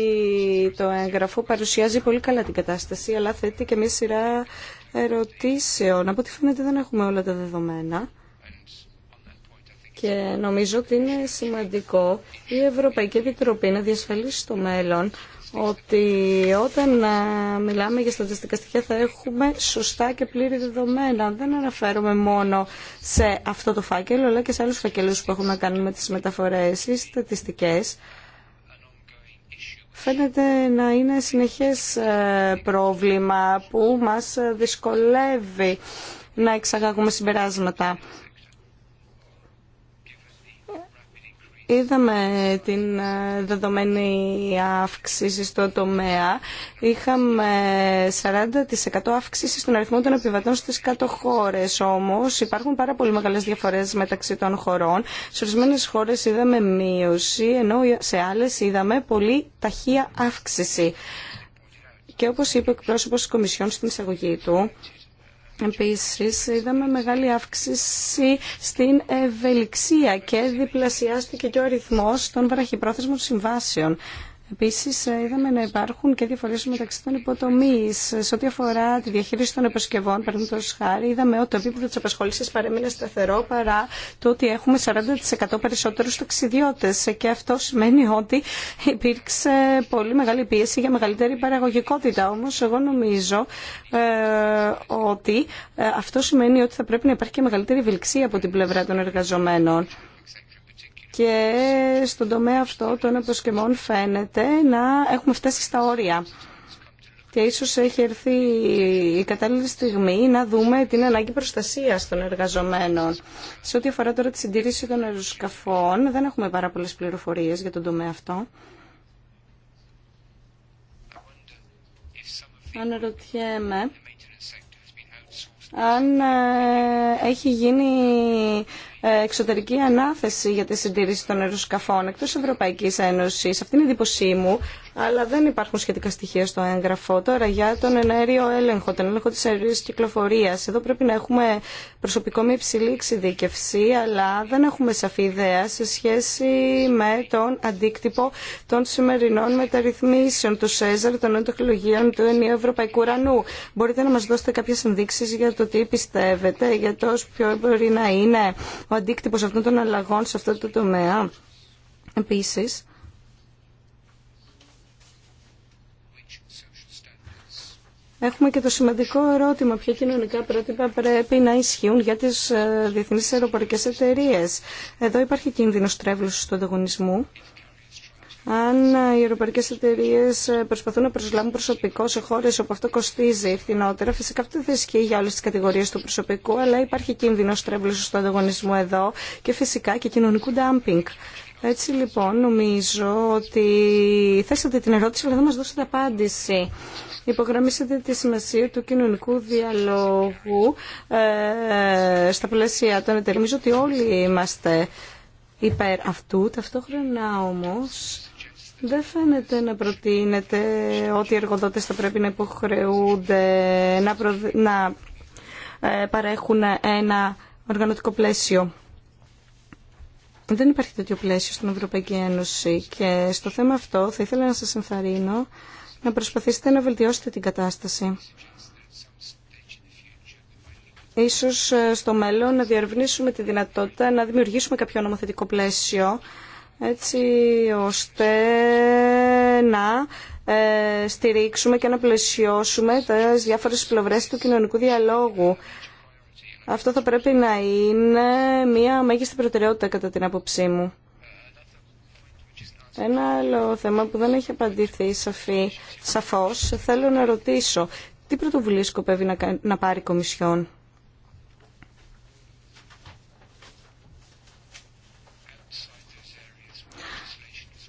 το έγγραφο παρουσιάζει πολύ καλά την κατάσταση, αλλά θέτει και μια σειρά ερωτήσεων. Από ό,τι φαίνεται δεν έχουμε όλα τα δεδομένα. Και νομίζω ότι είναι σημαντικό η Ευρωπαϊκή Επιτροπή να διασφαλίσει στο μέλλον ότι όταν ε, μιλάμε για στατιστικά στοιχεία θα έχουμε σωστά και πλήρη δεδομένα. Δεν αναφέρομαι μόνο σε αυτό το φάκελο, αλλά και σε άλλους φακελούς που έχουν να κάνουν με τις μεταφορές ή στατιστικές. Φαίνεται να είναι συνεχές ε, πρόβλημα που μας δυσκολεύει να εξαγάγουμε συμπεράσματα. Είδαμε την ε, δεδομένη αύξηση στο τομέα. Είχαμε 40% αύξηση στον αριθμό των επιβατών στις κάτω χώρες. Όμως υπάρχουν πάρα πολύ μεγάλες διαφορές μεταξύ των χωρών. Σε ορισμένε χώρες είδαμε μείωση, ενώ σε άλλες είδαμε πολύ ταχεία αύξηση. Και όπως είπε ο εκπρόσωπος της Κομισιόν στην εισαγωγή του, Επίσης είδαμε μεγάλη αύξηση στην ευελιξία και διπλασιάστηκε και ο αριθμός των βραχυπρόθεσμων συμβάσεων. Επίσης, ε, είδαμε να υπάρχουν και διαφορές μεταξύ των υποτομή. Ε, σε ό,τι αφορά τη διαχείριση των επισκευών, παραδείγματο χάρη, είδαμε ότι το επίπεδο της απασχόλησης παρέμεινε σταθερό παρά το ότι έχουμε 40% περισσότερους ταξιδιώτε. Ε, και αυτό σημαίνει ότι υπήρξε πολύ μεγάλη πίεση για μεγαλύτερη παραγωγικότητα. Όμως, εγώ νομίζω ε, ότι αυτό σημαίνει ότι θα πρέπει να υπάρχει και μεγαλύτερη βιλξία από την πλευρά των εργαζομένων και στον τομέα αυτό των αποσκευών φαίνεται να έχουμε φτάσει στα όρια. Και ίσως έχει έρθει η κατάλληλη στιγμή να δούμε την ανάγκη προστασίας των εργαζομένων. Σε ό,τι αφορά τώρα τη συντήρηση των αεροσκαφών, δεν έχουμε πάρα πολλές πληροφορίες για τον τομέα αυτό. Αναρωτιέμαι αν ε, έχει γίνει ε, εξωτερική ανάθεση για τη συντήρηση των αεροσκαφών εκτός Ευρωπαϊκής Ένωσης. Αυτή είναι η εντύπωσή μου αλλά δεν υπάρχουν σχετικά στοιχεία στο έγγραφο. Τώρα για τον ενέργειο έλεγχο, τον έλεγχο της αερίου κυκλοφορία. Εδώ πρέπει να έχουμε προσωπικό με υψηλή εξειδίκευση, αλλά δεν έχουμε σαφή ιδέα σε σχέση με τον αντίκτυπο των σημερινών μεταρρυθμίσεων του ΣΕΖΑΡ, των νέων τεχνολογίων του ενιαίου Ευρωπαϊκού Ουρανού. Μπορείτε να μα δώσετε κάποιε ενδείξει για το τι πιστεύετε, για το ποιο μπορεί να είναι ο αντίκτυπο αυτών των αλλαγών σε αυτό το τομέα. Επίσης, Έχουμε και το σημαντικό ερώτημα ποια κοινωνικά πρότυπα πρέπει να ισχύουν για τις ε, διεθνείς αεροπορικές εταιρείες. Εδώ υπάρχει κίνδυνος τρέβλωσης του ανταγωνισμού. Αν οι αεροπορικέ εταιρείε ε, προσπαθούν να προσλάβουν προσωπικό σε χώρε όπου αυτό κοστίζει φθηνότερα, φυσικά αυτό δεν ισχύει για όλε τι κατηγορίε του προσωπικού, αλλά υπάρχει κίνδυνο τρέβλωση του ανταγωνισμού εδώ και φυσικά και κοινωνικού ντάμπινγκ. Έτσι λοιπόν νομίζω ότι θέσατε την ερώτηση αλλά δεν μας δώσετε απάντηση. Υπογραμμίσατε τη σημασία του κοινωνικού διαλόγου ε, στα πλαίσια των εταιρεών. Νομίζω ότι όλοι είμαστε υπέρ αυτού. Ταυτόχρονα όμως δεν φαίνεται να προτείνεται ότι οι εργοδότες θα πρέπει να υποχρεούνται να, να ε, παρέχουν ένα οργανωτικό πλαίσιο. Δεν υπάρχει τέτοιο πλαίσιο στην Ευρωπαϊκή Ένωση και στο θέμα αυτό θα ήθελα να σας ενθαρρύνω να προσπαθήσετε να βελτιώσετε την κατάσταση. Ίσως ε, στο μέλλον να διαρευνήσουμε τη δυνατότητα να δημιουργήσουμε κάποιο νομοθετικό πλαίσιο έτσι ώστε να ε, στηρίξουμε και να πλαισιώσουμε τις διάφορες πλευρές του κοινωνικού διαλόγου αυτό θα πρέπει να είναι μία μέγιστη προτεραιότητα κατά την άποψή μου. Ένα άλλο θέμα που δεν έχει απαντηθεί σαφή, σαφώς, θέλω να ρωτήσω. Τι πρωτοβουλία σκοπεύει να, να πάρει η Κομισιόν.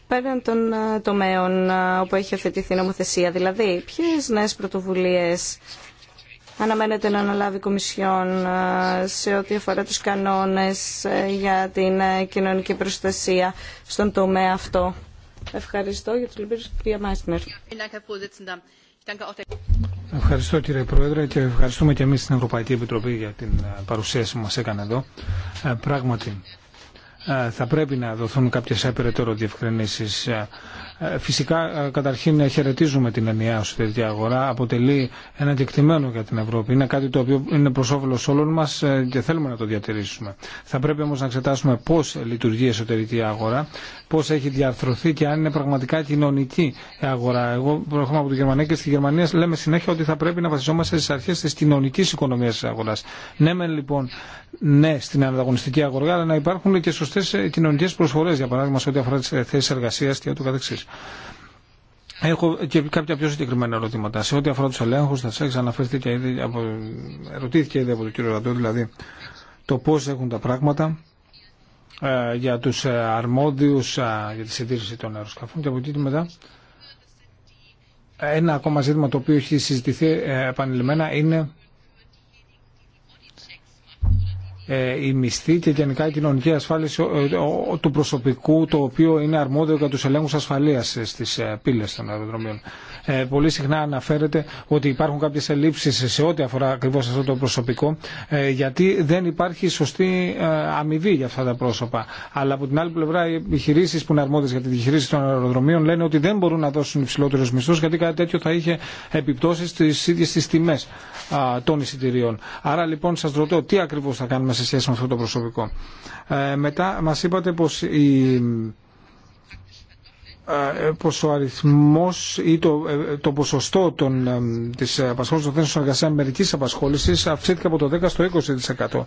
πέραν των ε, τομέων ε, όπου έχει αφαιτηθεί η νομοθεσία. Δηλαδή, ποιες νέες πρωτοβουλίες αναμένεται να αναλάβει η Κομισιόν ε, σε ό,τι αφορά τους κανόνες ε, για την ε, κοινωνική προστασία στον τομέα αυτό. Ευχαριστώ για τους λιμπήρους, κυρία Μάσνερ. Ευχαριστώ κύριε Πρόεδρε και ευχαριστούμε και εμείς στην Ευρωπαϊκή Επιτροπή για την παρουσίαση που μας έκανε εδώ. Πράγματι, θα πρέπει να δοθούν κάποιες απεραιτέρω διευκρινήσεις ε, φυσικά, ε, καταρχήν ε, χαιρετίζουμε την ενιαία εσωτερική αγορά. Αποτελεί ένα κεκτημένο για την Ευρώπη. Είναι κάτι το οποίο είναι προ όφελο όλων μα και θέλουμε να το διατηρήσουμε. Θα πρέπει όμω να εξετάσουμε πώ λειτουργεί η εσωτερική αγορά, πώ έχει διαρθρωθεί και αν είναι πραγματικά κοινωνική αγορά. Εγώ προέρχομαι από τη Γερμανία και στη Γερμανία λέμε συνέχεια ότι θα πρέπει να βασιζόμαστε στι αρχέ τη κοινωνική οικονομία τη αγορά. Ναι, λοιπόν, ναι στην ανταγωνιστική αγορά, αλλά να υπάρχουν και σωστέ κοινωνικέ προσφορέ, για παράδειγμα, σε ό,τι αφορά τι θέσει εργασία και ούτω καθεξής. Έχω και κάποια πιο συγκεκριμένα ερωτήματα. Σε ό,τι αφορά του ελέγχου, θα αναφερθεί και ήδη από, ρωτήθηκε ήδη από τον κύριο Ραντό, δηλαδή το πώ έχουν τα πράγματα ε, για του ε, αρμόδιου ε, για τη συντήρηση των αεροσκαφών και από εκεί και μετά. Ένα ακόμα ζήτημα το οποίο έχει συζητηθεί επανειλημμένα είναι ε, η μισθή και γενικά η κοινωνική ασφάλιση ε, του προσωπικού το οποίο είναι αρμόδιο για τους ελέγχους ασφαλείας ε, στις πύλες των αεροδρομίων. Ε, πολύ συχνά αναφέρεται ότι υπάρχουν κάποιες ελλείψεις σε ό,τι αφορά ακριβώς αυτό το προσωπικό ε, γιατί δεν υπάρχει σωστή ε, αμοιβή για αυτά τα πρόσωπα. Αλλά από την άλλη πλευρά οι επιχειρήσεις που είναι αρμόδιες για τη διαχείριση των αεροδρομίων λένε ότι δεν μπορούν να δώσουν υψηλότερους μισθούς, γιατί κάτι τέτοιο θα είχε επιπτώσει στι ίδιε τι τιμέ των εισιτηρίων. Άρα λοιπόν σας ρωτώ τι ακριβώς θα κάνουμε σε σχέση με αυτό το προσωπικό. μετά μα είπατε η ε, πως ο αριθμός ή το, ε, το ποσοστό των, ε, της απασχόλησης των θέσεων εργασία μερικής απασχόλησης αυξήθηκε από το 10% στο 20%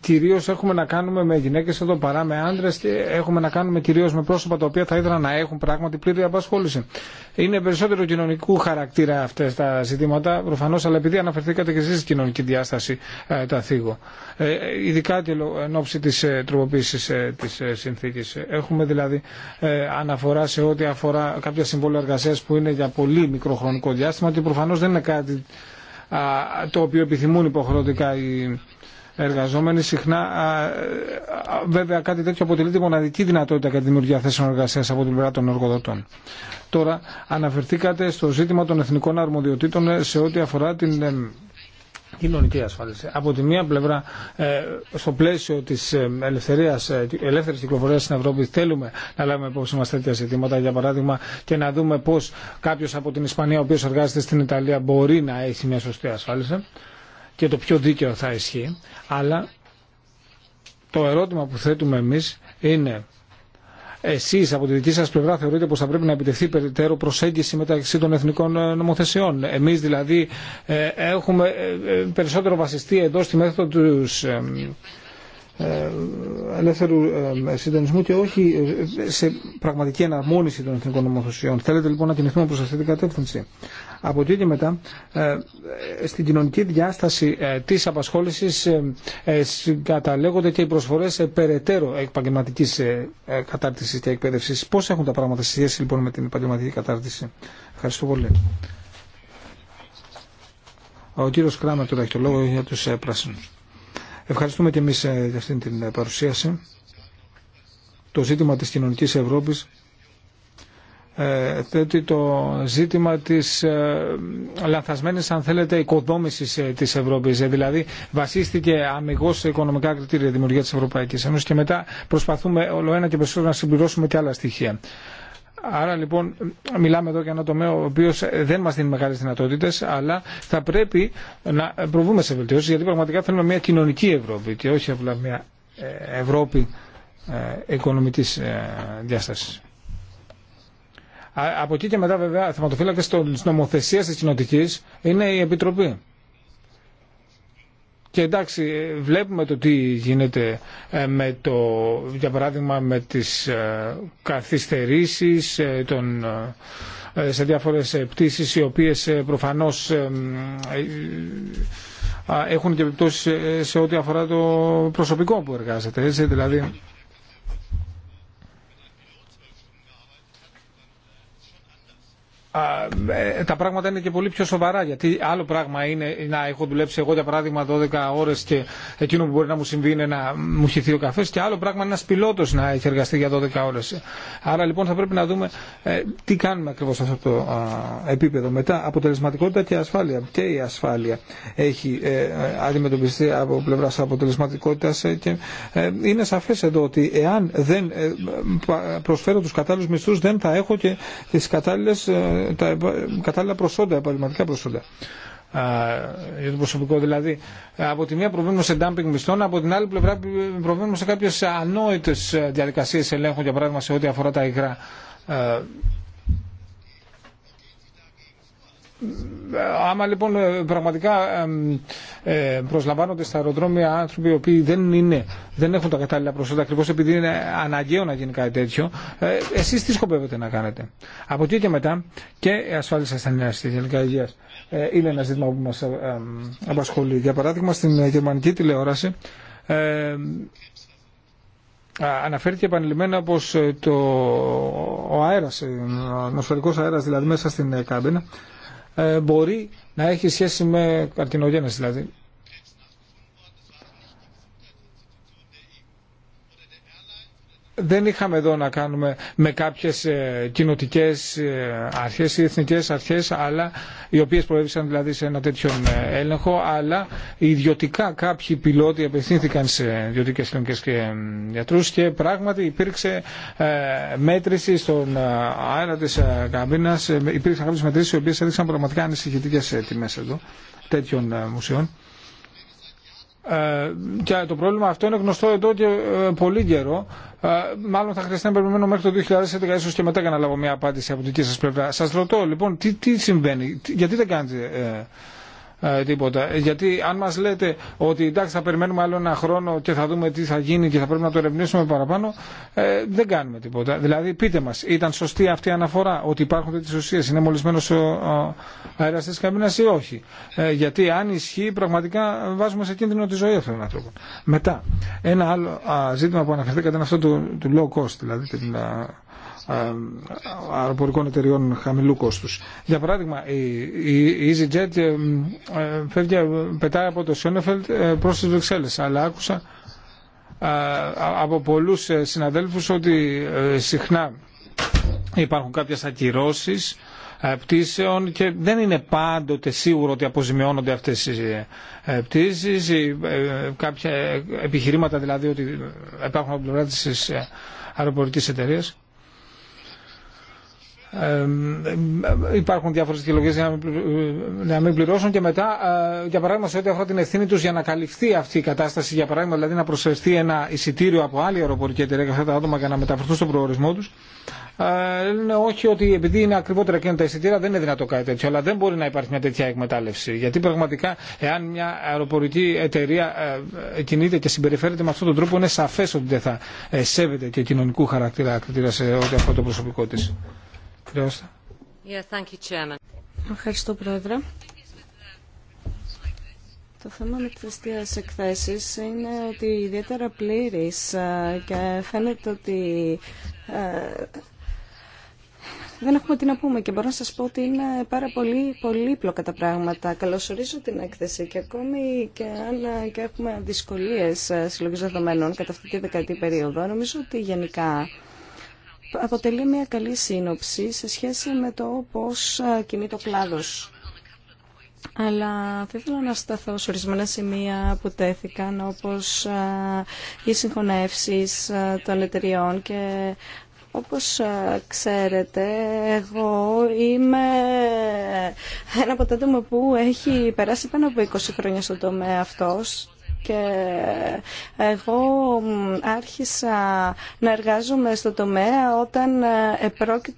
κυρίω έχουμε να κάνουμε με γυναίκε εδώ παρά με άντρε και έχουμε να κάνουμε κυρίω με πρόσωπα τα οποία θα ήθελαν να έχουν πράγματι πλήρη απασχόληση. Είναι περισσότερο κοινωνικού χαρακτήρα αυτέ τα ζητήματα, προφανώ, αλλά επειδή αναφερθήκατε και εσεί στην κοινωνική διάσταση, ε, τα θίγω. Ε, ειδικά και εν ώψη τη ε, τροποποίηση ε, τη ε, συνθήκη. Έχουμε δηλαδή αναφορά σε ό,τι αφορά κάποια συμβόλαια εργασία που είναι για πολύ μικροχρονικό διάστημα και προφανώ δεν είναι κάτι το οποίο επιθυμούν υποχρεωτικά οι εργαζόμενοι. Συχνά, βέβαια, κάτι τέτοιο αποτελεί τη μοναδική δυνατότητα για τη δημιουργία θέσεων εργασία από την πλευρά των εργοδοτών. Τώρα, αναφερθήκατε στο ζήτημα των εθνικών αρμοδιοτήτων σε ό,τι αφορά την ε, κοινωνική ασφάλιση. Από τη μία πλευρά, ε, στο πλαίσιο τη ε, ελεύθερη κυκλοφορία στην Ευρώπη, θέλουμε να λάβουμε υπόψη μα τέτοια ζητήματα, για παράδειγμα, και να δούμε πώ κάποιο από την Ισπανία, ο οποίο εργάζεται στην Ιταλία, μπορεί να έχει μια σωστή ασφάλιση και το πιο δίκαιο θα ισχύει, αλλά το ερώτημα που θέτουμε εμείς είναι εσείς από τη δική σας πλευρά θεωρείτε πως θα πρέπει να επιτευχθεί περιττέρω προσέγγιση μεταξύ των εθνικών ε, νομοθεσιών. Εμείς δηλαδή ε, έχουμε ε, περισσότερο βασιστεί εδώ στη μέθοδο του ελεύθερου συντονισμού και όχι σε πραγματική εναρμόνιση των εθνικών νομοθεσιών. Θέλετε λοιπόν να κινηθούμε προς αυτή την κατεύθυνση. Από εκεί και μετά, ε, στην κοινωνική διάσταση ε, της απασχόλησης ε, καταλέγονται και οι προσφορές περαιτέρω επαγγελματικής κατάρτισης και εκπαίδευσης. Πώς έχουν τα πράγματα στη σχέση λοιπόν με την επαγγελματική κατάρτιση. Ευχαριστώ πολύ. Ο κύριος Κράμερ του έχει το για τους πράσινους. Ευχαριστούμε και εμείς για αυτή την παρουσίαση. Το ζήτημα της κοινωνικής Ευρώπης ε, θέτει το ζήτημα της ε, λανθασμένης αν θέλετε οικοδόμησης ε, της Ευρώπης. Δηλαδή βασίστηκε αμυγός σε οικονομικά κριτήρια δημιουργία της Ευρωπαϊκής Ένωσης και μετά προσπαθούμε όλο ένα και περισσότερο να συμπληρώσουμε και άλλα στοιχεία. Άρα λοιπόν μιλάμε εδώ για ένα τομέα ο οποίο δεν μας δίνει μεγάλες δυνατότητες αλλά θα πρέπει να προβούμε σε βελτιώσεις γιατί πραγματικά θέλουμε μια κοινωνική Ευρώπη και όχι απλά μια Ευρώπη οικονομική διάσταση. Από εκεί και μετά βέβαια θεματοφύλακες τη νομοθεσία τη κοινοτική είναι η Επιτροπή. Και εντάξει, ε, βλέπουμε το τι γίνεται ε, με το, για παράδειγμα με τις ε, καθυστερήσεις των, σε διάφορες πτήσεις οι οποίες προφανώς έχουν και επιπτώσεις σε ό,τι αφορά το προσωπικό που εργάζεται. Έτσι, δηλαδή Ε, τα πράγματα είναι και πολύ πιο σοβαρά. Γιατί άλλο πράγμα είναι να έχω δουλέψει εγώ για παράδειγμα 12 ώρε και εκείνο που μπορεί να μου συμβεί είναι να μου χυθεί ο καφέ και άλλο πράγμα είναι ένα πιλότο να έχει εργαστεί για 12 ώρε. Άρα λοιπόν θα πρέπει να δούμε ε, τι κάνουμε ακριβώ σε αυτό το επίπεδο. Μετά αποτελεσματικότητα και ασφάλεια. Και η ασφάλεια έχει ε, αντιμετωπιστεί από πλευρά αποτελεσματικότητα και είναι σαφέ εδώ ότι εάν δεν προσφέρω του κατάλληλου μισθού δεν θα έχω και τι κατάλληλε τα κατάλληλα προσόντα, επαγγελματικά προσόντα για το προσωπικό. Δηλαδή, από τη μία προβλήμα σε ντάμπινγκ μισθών, από την άλλη πλευρά προβαίνουμε σε κάποιε ανόητε διαδικασίε ελέγχου, για παράδειγμα, σε ό,τι αφορά τα υγρά. Άμα λοιπόν ε, πραγματικά ε, προσλαμβάνονται στα αεροδρόμια άνθρωποι οι οποίοι δεν, είναι, δεν έχουν τα κατάλληλα προσόντα ακριβώ επειδή είναι αναγκαίο να γίνει κάτι τέτοιο, ε, εσεί τι σκοπεύετε να κάνετε. Από εκεί και μετά και η ασφάλιση ασθενεία και γενική υγεία είναι ένα ζήτημα που μα απασχολεί. Για παράδειγμα στην γερμανική τηλεόραση αναφέρθηκε επανειλημμένα πω το, ο αέρας, ο ατμοσφαιρικός αέρας δηλαδή μέσα στην κάμπινα ε, μπορεί να έχει σχέση με καρτινογέννες δηλαδή δεν είχαμε εδώ να κάνουμε με κάποιες ε, κοινοτικές ε, αρχές ή εθνικές αρχές αλλά, οι οποίες προέβησαν δηλαδή σε ένα τέτοιο ε, έλεγχο αλλά ιδιωτικά κάποιοι πιλότοι απευθύνθηκαν σε ιδιωτικές κλινικές και γιατρούς και πράγματι υπήρξε μέτρηση στον αέρα της καμπίνας υπήρξαν κάποιες μετρήσεις οι οποίες έδειξαν πραγματικά ανησυχητικές τιμές εδώ τέτοιων μουσείων ε, και το πρόβλημα αυτό είναι γνωστό εδώ και ε, πολύ καιρό. Ε, μάλλον θα χρειαστεί να περιμένω μέχρι το 2011 ίσως και μετά για να λάβω μια απάντηση από δική σας πλευρά. Σας ρωτώ λοιπόν τι, τι συμβαίνει, γιατί δεν κάνετε ε, τίποτα. Ε, γιατί αν μα λέτε ότι εντάξει θα περιμένουμε άλλο ένα χρόνο και θα δούμε τι θα γίνει και θα πρέπει να το ερευνήσουμε παραπάνω, ε, δεν κάνουμε τίποτα. Δηλαδή πείτε μα, ήταν σωστή αυτή η αναφορά ότι υπάρχουν τέτοιε ουσίες, είναι μολυσμένο ο, αέρα τη καμπίνα ή όχι. γιατί αν ισχύει πραγματικά βάζουμε σε κίνδυνο τη ζωή αυτών των ανθρώπων. Μετά, ένα άλλο ζήτημα που αναφερθήκατε είναι αυτό του, του low cost, δηλαδή την, ε, αεροπορικών εταιριών χαμηλού κόστους. Για παράδειγμα, η EasyJet ε, ε, φεύγει, πετάει από το Σιόνεφελτ προς τις Βρυξέλλε. αλλά άκουσα από πολλούς συναδέλφους ότι συχνά υπάρχουν κάποιες ακυρώσεις πτήσεων και δεν είναι πάντοτε σίγουρο ότι αποζημιώνονται αυτές οι πτήσεις ή κάποια επιχειρήματα δηλαδή ότι υπάρχουν από πλευρά αεροπορικής εταιρείας υπάρχουν διάφορε δικαιολογίε για ε, να μην πληρώσουν και μετά, ε, για παράδειγμα, σε ό,τι αφορά την ευθύνη του για να καλυφθεί αυτή η κατάσταση, για παράδειγμα, δηλαδή να προσφερθεί ένα εισιτήριο από άλλη αεροπορική εταιρεία για αυτά τα άτομα για να μεταφερθούν στον προορισμό του, ε, λένε όχι ότι επειδή είναι ακριβότερα εκείνα τα εισιτήρια δεν είναι δυνατό κάτι τέτοιο, αλλά δεν μπορεί να υπάρχει μια τέτοια εκμετάλλευση. Γιατί πραγματικά, εάν μια αεροπορική εταιρεία κινείται και συμπεριφέρεται με αυτόν τον τρόπο, είναι σαφέ ότι δεν θα σέβεται και κοινωνικού χαρακτήρα σε ό,τι το προσωπικό τη. Ευχαριστώ, Πρόεδρε. Το θέμα με τις εκθέσεις είναι ότι ιδιαίτερα πλήρης ε, και φαίνεται ότι ε, δεν έχουμε τι να πούμε και μπορώ να σας πω ότι είναι πάρα πολύ πολύπλοκα τα πράγματα. Καλωσορίζω την έκθεση και ακόμη και αν ε, και έχουμε δυσκολίες συλλογής δεδομένων κατά αυτή τη δεκαετή περίοδο, νομίζω ότι γενικά αποτελεί μια καλή σύνοψη σε σχέση με το πώς κινεί το κλάδος. Αλλά θα ήθελα να σταθώ σε ορισμένα σημεία που τέθηκαν, όπως οι συγχωνεύσεις των εταιριών και όπως ξέρετε, εγώ είμαι ένα από τα που έχει περάσει πάνω από 20 χρόνια στον τομέα αυτός και εγώ άρχισα να εργάζομαι στο τομέα όταν, ε,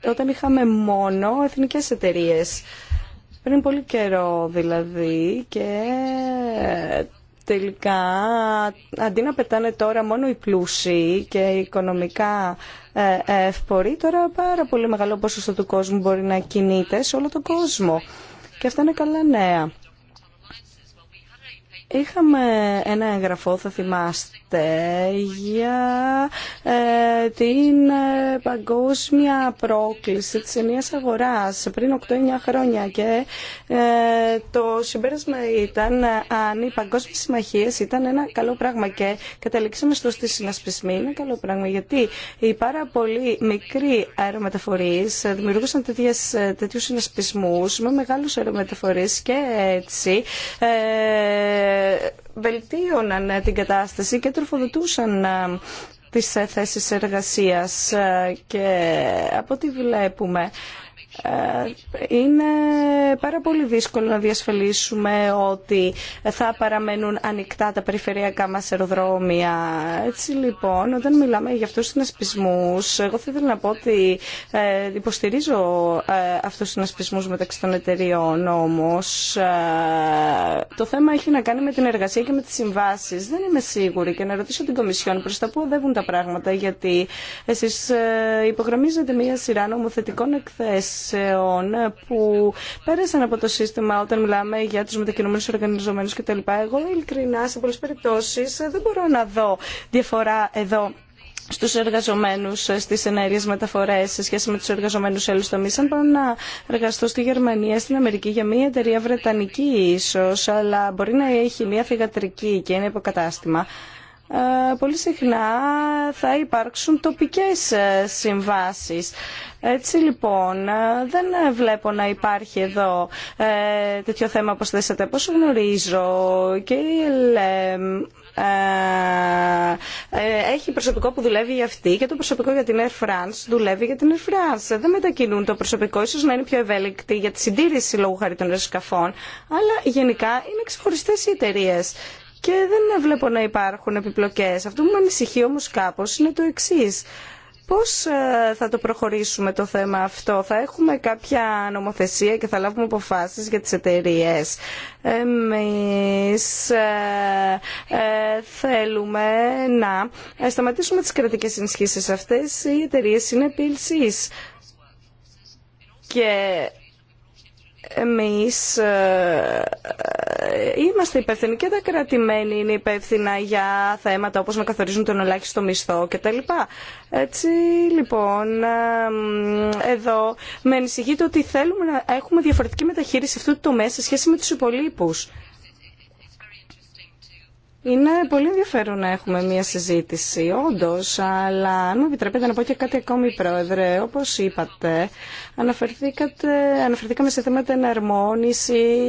όταν είχαμε μόνο εθνικές εταιρείες. Πριν πολύ καιρό δηλαδή και τελικά αντί να πετάνε τώρα μόνο οι πλούσιοι και οι οικονομικά ε, εύποροι, τώρα πάρα πολύ μεγάλο ποσοστό του κόσμου μπορεί να κινείται σε όλο τον κόσμο. Και αυτά είναι καλά νέα. Είχαμε ένα εγγραφό, θα θυμάστε, για ε, την ε, παγκόσμια πρόκληση της ενίας αγοράς πριν 8-9 χρόνια και ε, το συμπέρασμα ήταν αν οι παγκόσμιες συμμαχίες ήταν ένα καλό πράγμα και καταλήξαμε στο στη συνασπισμή είναι καλό πράγμα γιατί οι πάρα πολύ μικροί αερομεταφορείς δημιουργούσαν τέτοιες, τέτοιους συνασπισμούς με μεγάλους αερομεταφορείς και έτσι ε, βελτίωναν ε, την κατάσταση και τροφοδοτούσαν ε, τις ε, θέσεις εργασίας και από ό,τι βλέπουμε ε, είναι πάρα πολύ δύσκολο να διασφαλίσουμε ότι θα παραμένουν ανοιχτά τα περιφερειακά μα αεροδρόμια. Έτσι λοιπόν, όταν μιλάμε για αυτού του συνασπισμού. εγώ θα ήθελα να πω ότι ε, υποστηρίζω ε, αυτού του συνασπισμού μεταξύ των εταιριών, όμως το θέμα έχει να κάνει με την εργασία και με τι συμβάσει. Δεν είμαι σίγουρη και να ρωτήσω την Κομισιόν προ τα που οδεύουν τα πράγματα, γιατί εσείς υπογραμμίζετε μία σειρά νομοθετικών εκθέσεων που πέρασαν από το σύστημα όταν μιλάμε για τους μετακινούμενους οργανιζομένους κτλ. Εγώ ειλικρινά σε πολλές περιπτώσεις δεν μπορώ να δω διαφορά εδώ στους εργαζομένους ε, στις ενέργειες μεταφορές σε σχέση με τους εργαζομένους σε άλλους τομείς. Αν πάω να εργαστώ στη Γερμανία, στην Αμερική για μια εταιρεία βρετανική ίσως, αλλά μπορεί να έχει μια θηγατρική και ένα υποκατάστημα. Ε, πολύ συχνά θα υπάρξουν τοπικές ε, συμβάσεις. Έτσι λοιπόν ε, δεν βλέπω να υπάρχει εδώ τέτοιο θέμα όπως θέσατε. Πόσο γνωρίζω και η ΕΛΕΜ έχει προσωπικό που δουλεύει για αυτή και το προσωπικό για την Air France δουλεύει για την Air France. Δεν μετακινούν το προσωπικό, ίσως να είναι πιο ευέλικτη για τη συντήρηση λόγου χάρη των σκαφών, αλλά γενικά είναι ξεχωριστέ οι εταιρείε και δεν βλέπω να υπάρχουν επιπλοκές. Αυτό που με ανησυχεί όμως κάπως είναι το εξής. Πώς ε, θα το προχωρήσουμε το θέμα αυτό, θα έχουμε κάποια νομοθεσία και θα λάβουμε αποφάσεις για τις εταιρείε. Εμείς ε, ε, θέλουμε να σταματήσουμε τις κρατικές ενισχύσεις αυτές. Οι εταιρείε είναι επίλυσης εμείς ε, είμαστε υπεύθυνοι και τα κρατημένοι είναι υπεύθυνα για θέματα όπως να καθορίζουν τον ελάχιστο μισθό κτλ. Έτσι λοιπόν ε, εδώ με ανησυχείτε ότι θέλουμε να έχουμε διαφορετική μεταχείριση αυτού του τομέα σε σχέση με τους υπολείπους. Είναι πολύ ενδιαφέρον να έχουμε μία συζήτηση, όντω, αλλά αν μου επιτρέπετε να πω και κάτι ακόμη, Πρόεδρε. Όπω είπατε, αναφερθήκαμε σε θέματα εναρμόνιση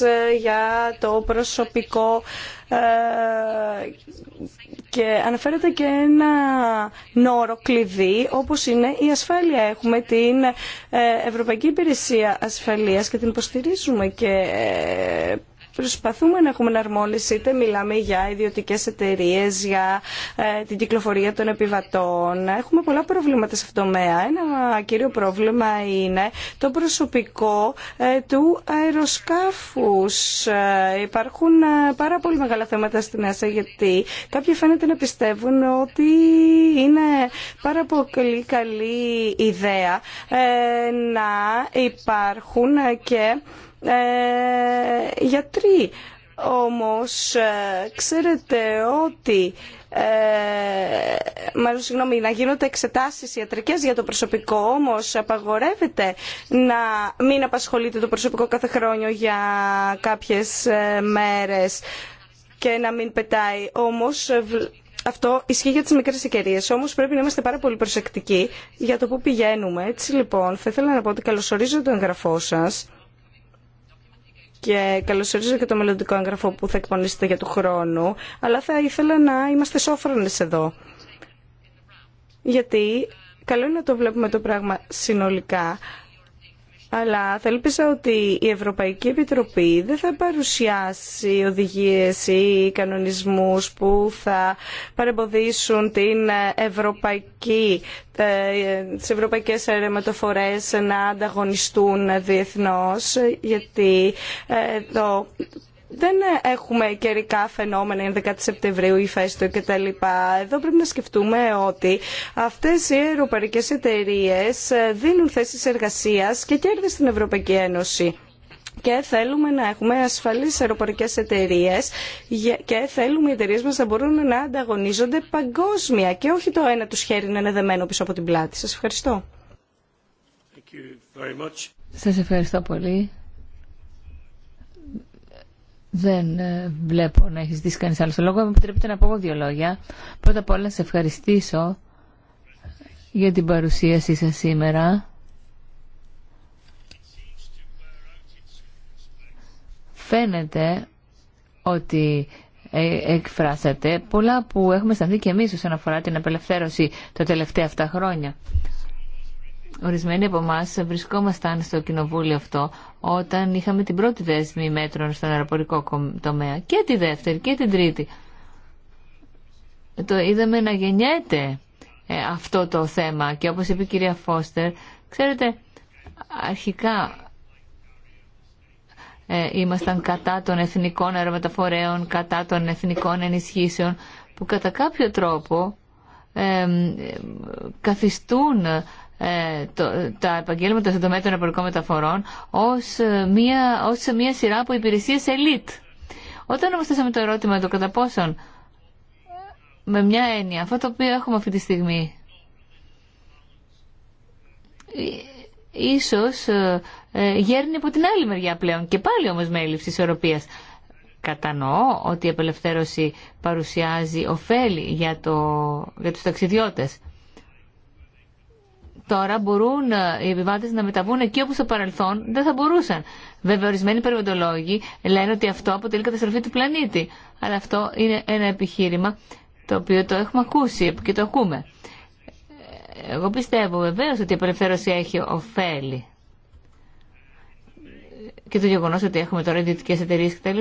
ε, για το προσωπικό ε, και αναφέρεται και ένα νόρο κλειδί όπως είναι η ασφάλεια. Έχουμε την ε, Ευρωπαϊκή Υπηρεσία Ασφαλείας και την υποστηρίζουμε και προσπαθούμε να έχουμε εναρμόνιση, είτε μιλάμε για ιδιωτικές εταιρείες, για ε, την κυκλοφορία των επιβατών. Έχουμε πολλά προβλήματα σε αυτό το τομέα. Ένα κύριο πρόβλημα είναι το προσωπικό ε, του αεροσκάφους. Ε, υπάρχουν πάρα πολύ μεγάλα θέματα στην μέσα γιατί κάποιοι φαίνεται να πιστεύουν ότι είναι πάρα πολύ καλή ιδέα να υπάρχουν και ε, γιατροί. Όμως, ε, ξέρετε ότι ε, μάλλον να γίνονται εξετάσεις ιατρικές για το προσωπικό, όμως απαγορεύεται να μην απασχολείται το προσωπικό κάθε χρόνιο για κάποιες ε, μέρες και να μην πετάει. Όμως αυτό ισχύει για τις μικρές εταιρείε. όμως πρέπει να είμαστε πάρα πολύ προσεκτικοί για το πού πηγαίνουμε. Έτσι λοιπόν, θα ήθελα να πω ότι καλωσορίζω το εγγραφό σας και καλωσορίζω και το μελλοντικό έγγραφο που θα εκπονήσετε για του χρόνου, αλλά θα ήθελα να είμαστε σόφρονες εδώ. Γιατί καλό είναι να το βλέπουμε το πράγμα συνολικά, αλλά θα ελπίσω ότι η Ευρωπαϊκή Επιτροπή δεν θα παρουσιάσει οδηγίες ή κανονισμούς που θα παρεμποδίσουν την ευρωπαϊκή, τις ευρωπαϊκές να ανταγωνιστούν διεθνώς, γιατί εδώ δεν έχουμε καιρικά φαινόμενα 11 Σεπτεμβρίου, η Φέστο κτλ. Εδώ πρέπει να σκεφτούμε ότι αυτές οι αεροπαρικέ εταιρείε ε, δίνουν θέσεις εργασίας και κέρδη στην Ευρωπαϊκή Ένωση και θέλουμε να έχουμε ασφαλείς αεροπορικές εταιρείε και θέλουμε οι εταιρείε μας να μπορούν να ανταγωνίζονται παγκόσμια και όχι το ένα του χέρι να είναι δεμένο πίσω από την πλάτη. Σα ευχαριστώ. Σα ευχαριστώ πολύ. Δεν ε, βλέπω να έχει ζητήσει κανεί άλλο λόγο. επιτρέπετε να πω δύο λόγια. Πρώτα απ' όλα, να σε ευχαριστήσω για την παρουσίασή σα σήμερα. Φαίνεται ότι ε, εκφράσατε πολλά που έχουμε αισθανθεί και εμείς όσον αφορά την απελευθέρωση τα τελευταία αυτά χρόνια. Ορισμένοι από εμά βρισκόμασταν στο κοινοβούλιο αυτό όταν είχαμε την πρώτη δέσμη μέτρων στον αεροπορικό τομέα και τη δεύτερη και την τρίτη. Το είδαμε να γεννιέται ε, αυτό το θέμα και όπως είπε η κυρία Φώστερ, ξέρετε, αρχικά ε, ήμασταν κατά των εθνικών αερομεταφορέων, κατά των εθνικών ενισχύσεων που κατά κάποιο τρόπο ε, καθιστούν ε, το, τα επαγγέλματα στον τομέα των εμπορικών μεταφορών ως ε, μια, ως μια σειρά από υπηρεσίες ελίτ. Όταν όμως θέσαμε το ερώτημα το κατά πόσον με μια έννοια αυτό το οποίο έχουμε αυτή τη στιγμή ε, ίσως γέρνει από την άλλη μεριά πλέον και πάλι όμως με έλλειψη ισορροπίας. Κατανοώ ότι η απελευθέρωση παρουσιάζει ωφέλη για, το, για τους ταξιδιώτες Τώρα μπορούν ε, οι επιβάτε να μεταβούν εκεί όπου στο παρελθόν δεν θα μπορούσαν. Βέβαια, ορισμένοι περιβαλλοντολόγοι λένε ότι αυτό αποτελεί καταστροφή του πλανήτη. Αλλά αυτό είναι ένα επιχείρημα το οποίο το έχουμε ακούσει και το ακούμε. Εγώ πιστεύω βεβαίω ότι η απελευθέρωση έχει ωφέλη. Και το γεγονό ότι έχουμε τώρα ιδιωτικέ εταιρείε κτλ.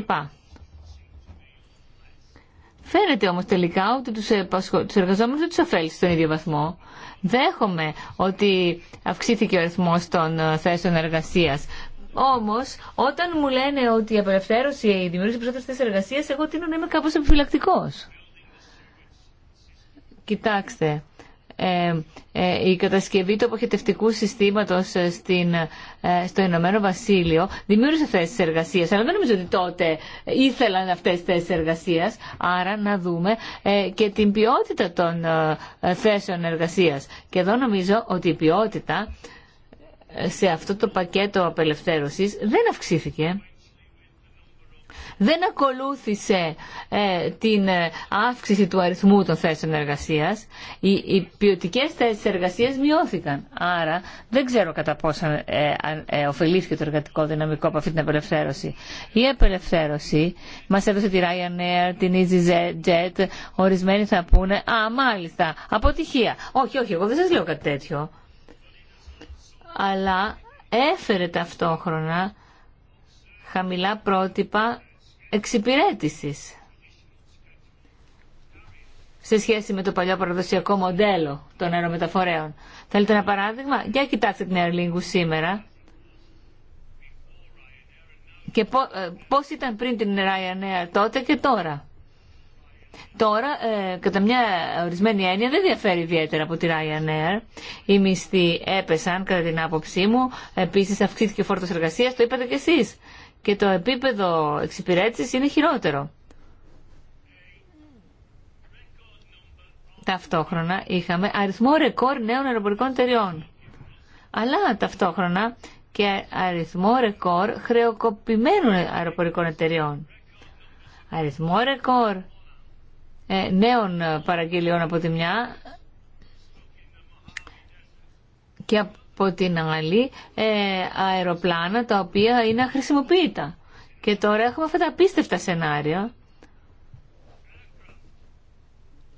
Φαίνεται όμως τελικά ότι τους, τους εργαζόμενους δεν τους ωφέλησε στον ίδιο βαθμό. Δέχομαι ότι αυξήθηκε ο αριθμό των ε, θέσεων εργασίας. Όμως όταν μου λένε ότι η απελευθέρωση η περισσότερε θέσει εργασίας εγώ τίνω να είμαι κάπως επιφυλακτικό. Κοιτάξτε, ε, ε, η κατασκευή του αποχετευτικού συστήματος ε, στην, στο Ηνωμένο Βασίλειο δημιούργησε θέσεις εργασίας. Αλλά δεν νομίζω ότι τότε ήθελαν αυτές τις θέσεις εργασίας. Άρα να δούμε και την ποιότητα των θέσεων εργασίας. Και εδώ νομίζω ότι η ποιότητα σε αυτό το πακέτο απελευθέρωσης δεν αυξήθηκε δεν ακολούθησε ε, την ε, αύξηση του αριθμού των θέσεων εργασίας. Οι, οι ποιοτικέ θέσεις εργασίας μειώθηκαν. Άρα δεν ξέρω κατά πόσο ε, ε, ωφελήθηκε το εργατικό δυναμικό από αυτή την απελευθέρωση. Η απελευθέρωση μας έδωσε τη Ryanair, την EasyJet, ορισμένοι θα πούνε «Α, μάλιστα, αποτυχία». Όχι, όχι, εγώ δεν σας λέω κάτι τέτοιο. Αλλά έφερε ταυτόχρονα χαμηλά πρότυπα εξυπηρέτησης σε σχέση με το παλιό παραδοσιακό μοντέλο των αερομεταφορέων. Θέλετε ένα παράδειγμα? Για κοιτάξτε την Αερλίνγκου σήμερα. Και ε, πώς ήταν πριν την Ryanair τότε και τώρα. Τώρα, ε, κατά μια ορισμένη έννοια, δεν διαφέρει ιδιαίτερα από τη Ryanair. Οι μισθοί έπεσαν, κατά την άποψή μου. Επίσης, αυξήθηκε ο φόρτος εργασίας. Το είπατε κι εσείς και το επίπεδο εξυπηρέτησης είναι χειρότερο. Ταυτόχρονα είχαμε αριθμό ρεκόρ νέων αεροπορικών εταιριών. Αλλά ταυτόχρονα και αριθμό ρεκόρ χρεοκοπημένων αεροπορικών εταιριών. Αριθμό ρεκόρ ε, νέων παραγγελιών από τη μια και από από την άλλη ε, αεροπλάνα τα οποία είναι αχρησιμοποιητά. Και τώρα έχουμε αυτά τα απίστευτα σενάρια.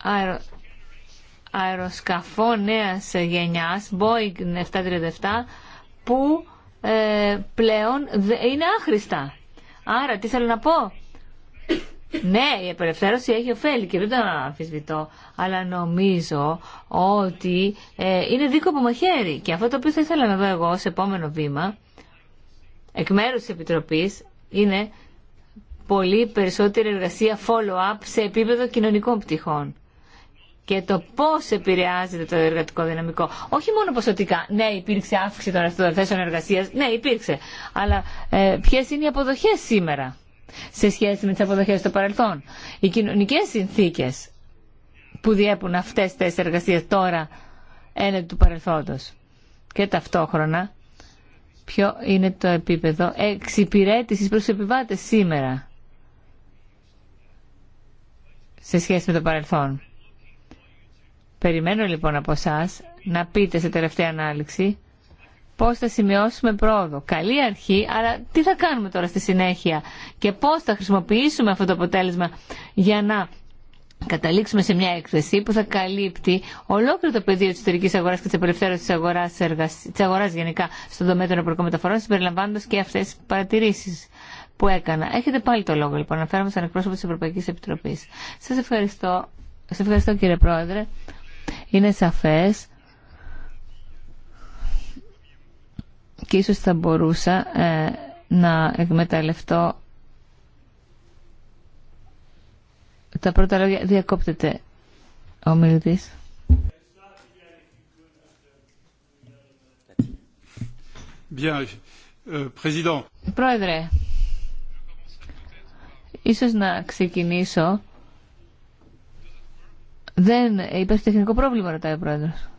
Αερο... Αεροσκαφό νέας γενιάς, Boeing 737, που ε, πλέον είναι άχρηστα. Άρα, τι θέλω να πω. Ναι, η απελευθέρωση έχει ωφέλη και δεν το αμφισβητώ. Αλλά νομίζω ότι ε, είναι δίκοπο μαχαίρι. Και αυτό το οποίο θα ήθελα να δω εγώ σε επόμενο βήμα, εκ μέρου τη Επιτροπή, είναι πολύ περισσότερη εργασία follow-up σε επίπεδο κοινωνικών πτυχών. Και το πώ επηρεάζεται το εργατικό δυναμικό. Όχι μόνο ποσοτικά. Ναι, υπήρξε αύξηση των θέσεων εργασία. Ναι, υπήρξε. Αλλά ε, ποιε είναι οι αποδοχέ σήμερα σε σχέση με τις αποδοχές στο παρελθόν. Οι κοινωνικές συνθήκες που διέπουν αυτές τις εργασίες τώρα είναι του παρελθόντος. Και ταυτόχρονα ποιο είναι το επίπεδο εξυπηρέτησης προς τους σήμερα σε σχέση με το παρελθόν. Περιμένω λοιπόν από εσά να πείτε σε τελευταία ανάλυση Πώ θα σημειώσουμε πρόοδο. Καλή αρχή, αλλά τι θα κάνουμε τώρα στη συνέχεια και πώ θα χρησιμοποιήσουμε αυτό το αποτέλεσμα για να καταλήξουμε σε μια έκθεση που θα καλύπτει ολόκληρο το πεδίο τη εταιρική αγορά και τη απελευθέρωση τη αγορά, γενικά στον τομέα των ευρωπαϊκών μεταφορών, συμπεριλαμβάνοντα και αυτέ τι παρατηρήσει που έκανα. Έχετε πάλι το λόγο λοιπόν, αναφέρομαι σαν εκπρόσωπο τη Ευρωπαϊκή Επιτροπή. Σα ευχαριστώ, Σας ευχαριστώ κύριε Πρόεδρε. Είναι σαφές και ίσως θα μπορούσα ε, να εκμεταλλευτώ τα πρώτα λόγια. Διακόπτεται ο μιλητής. Euh, Πρόεδρε, ίσως να ξεκινήσω. Δεν υπάρχει τεχνικό πρόβλημα, ρωτάει ο Πρόεδρος.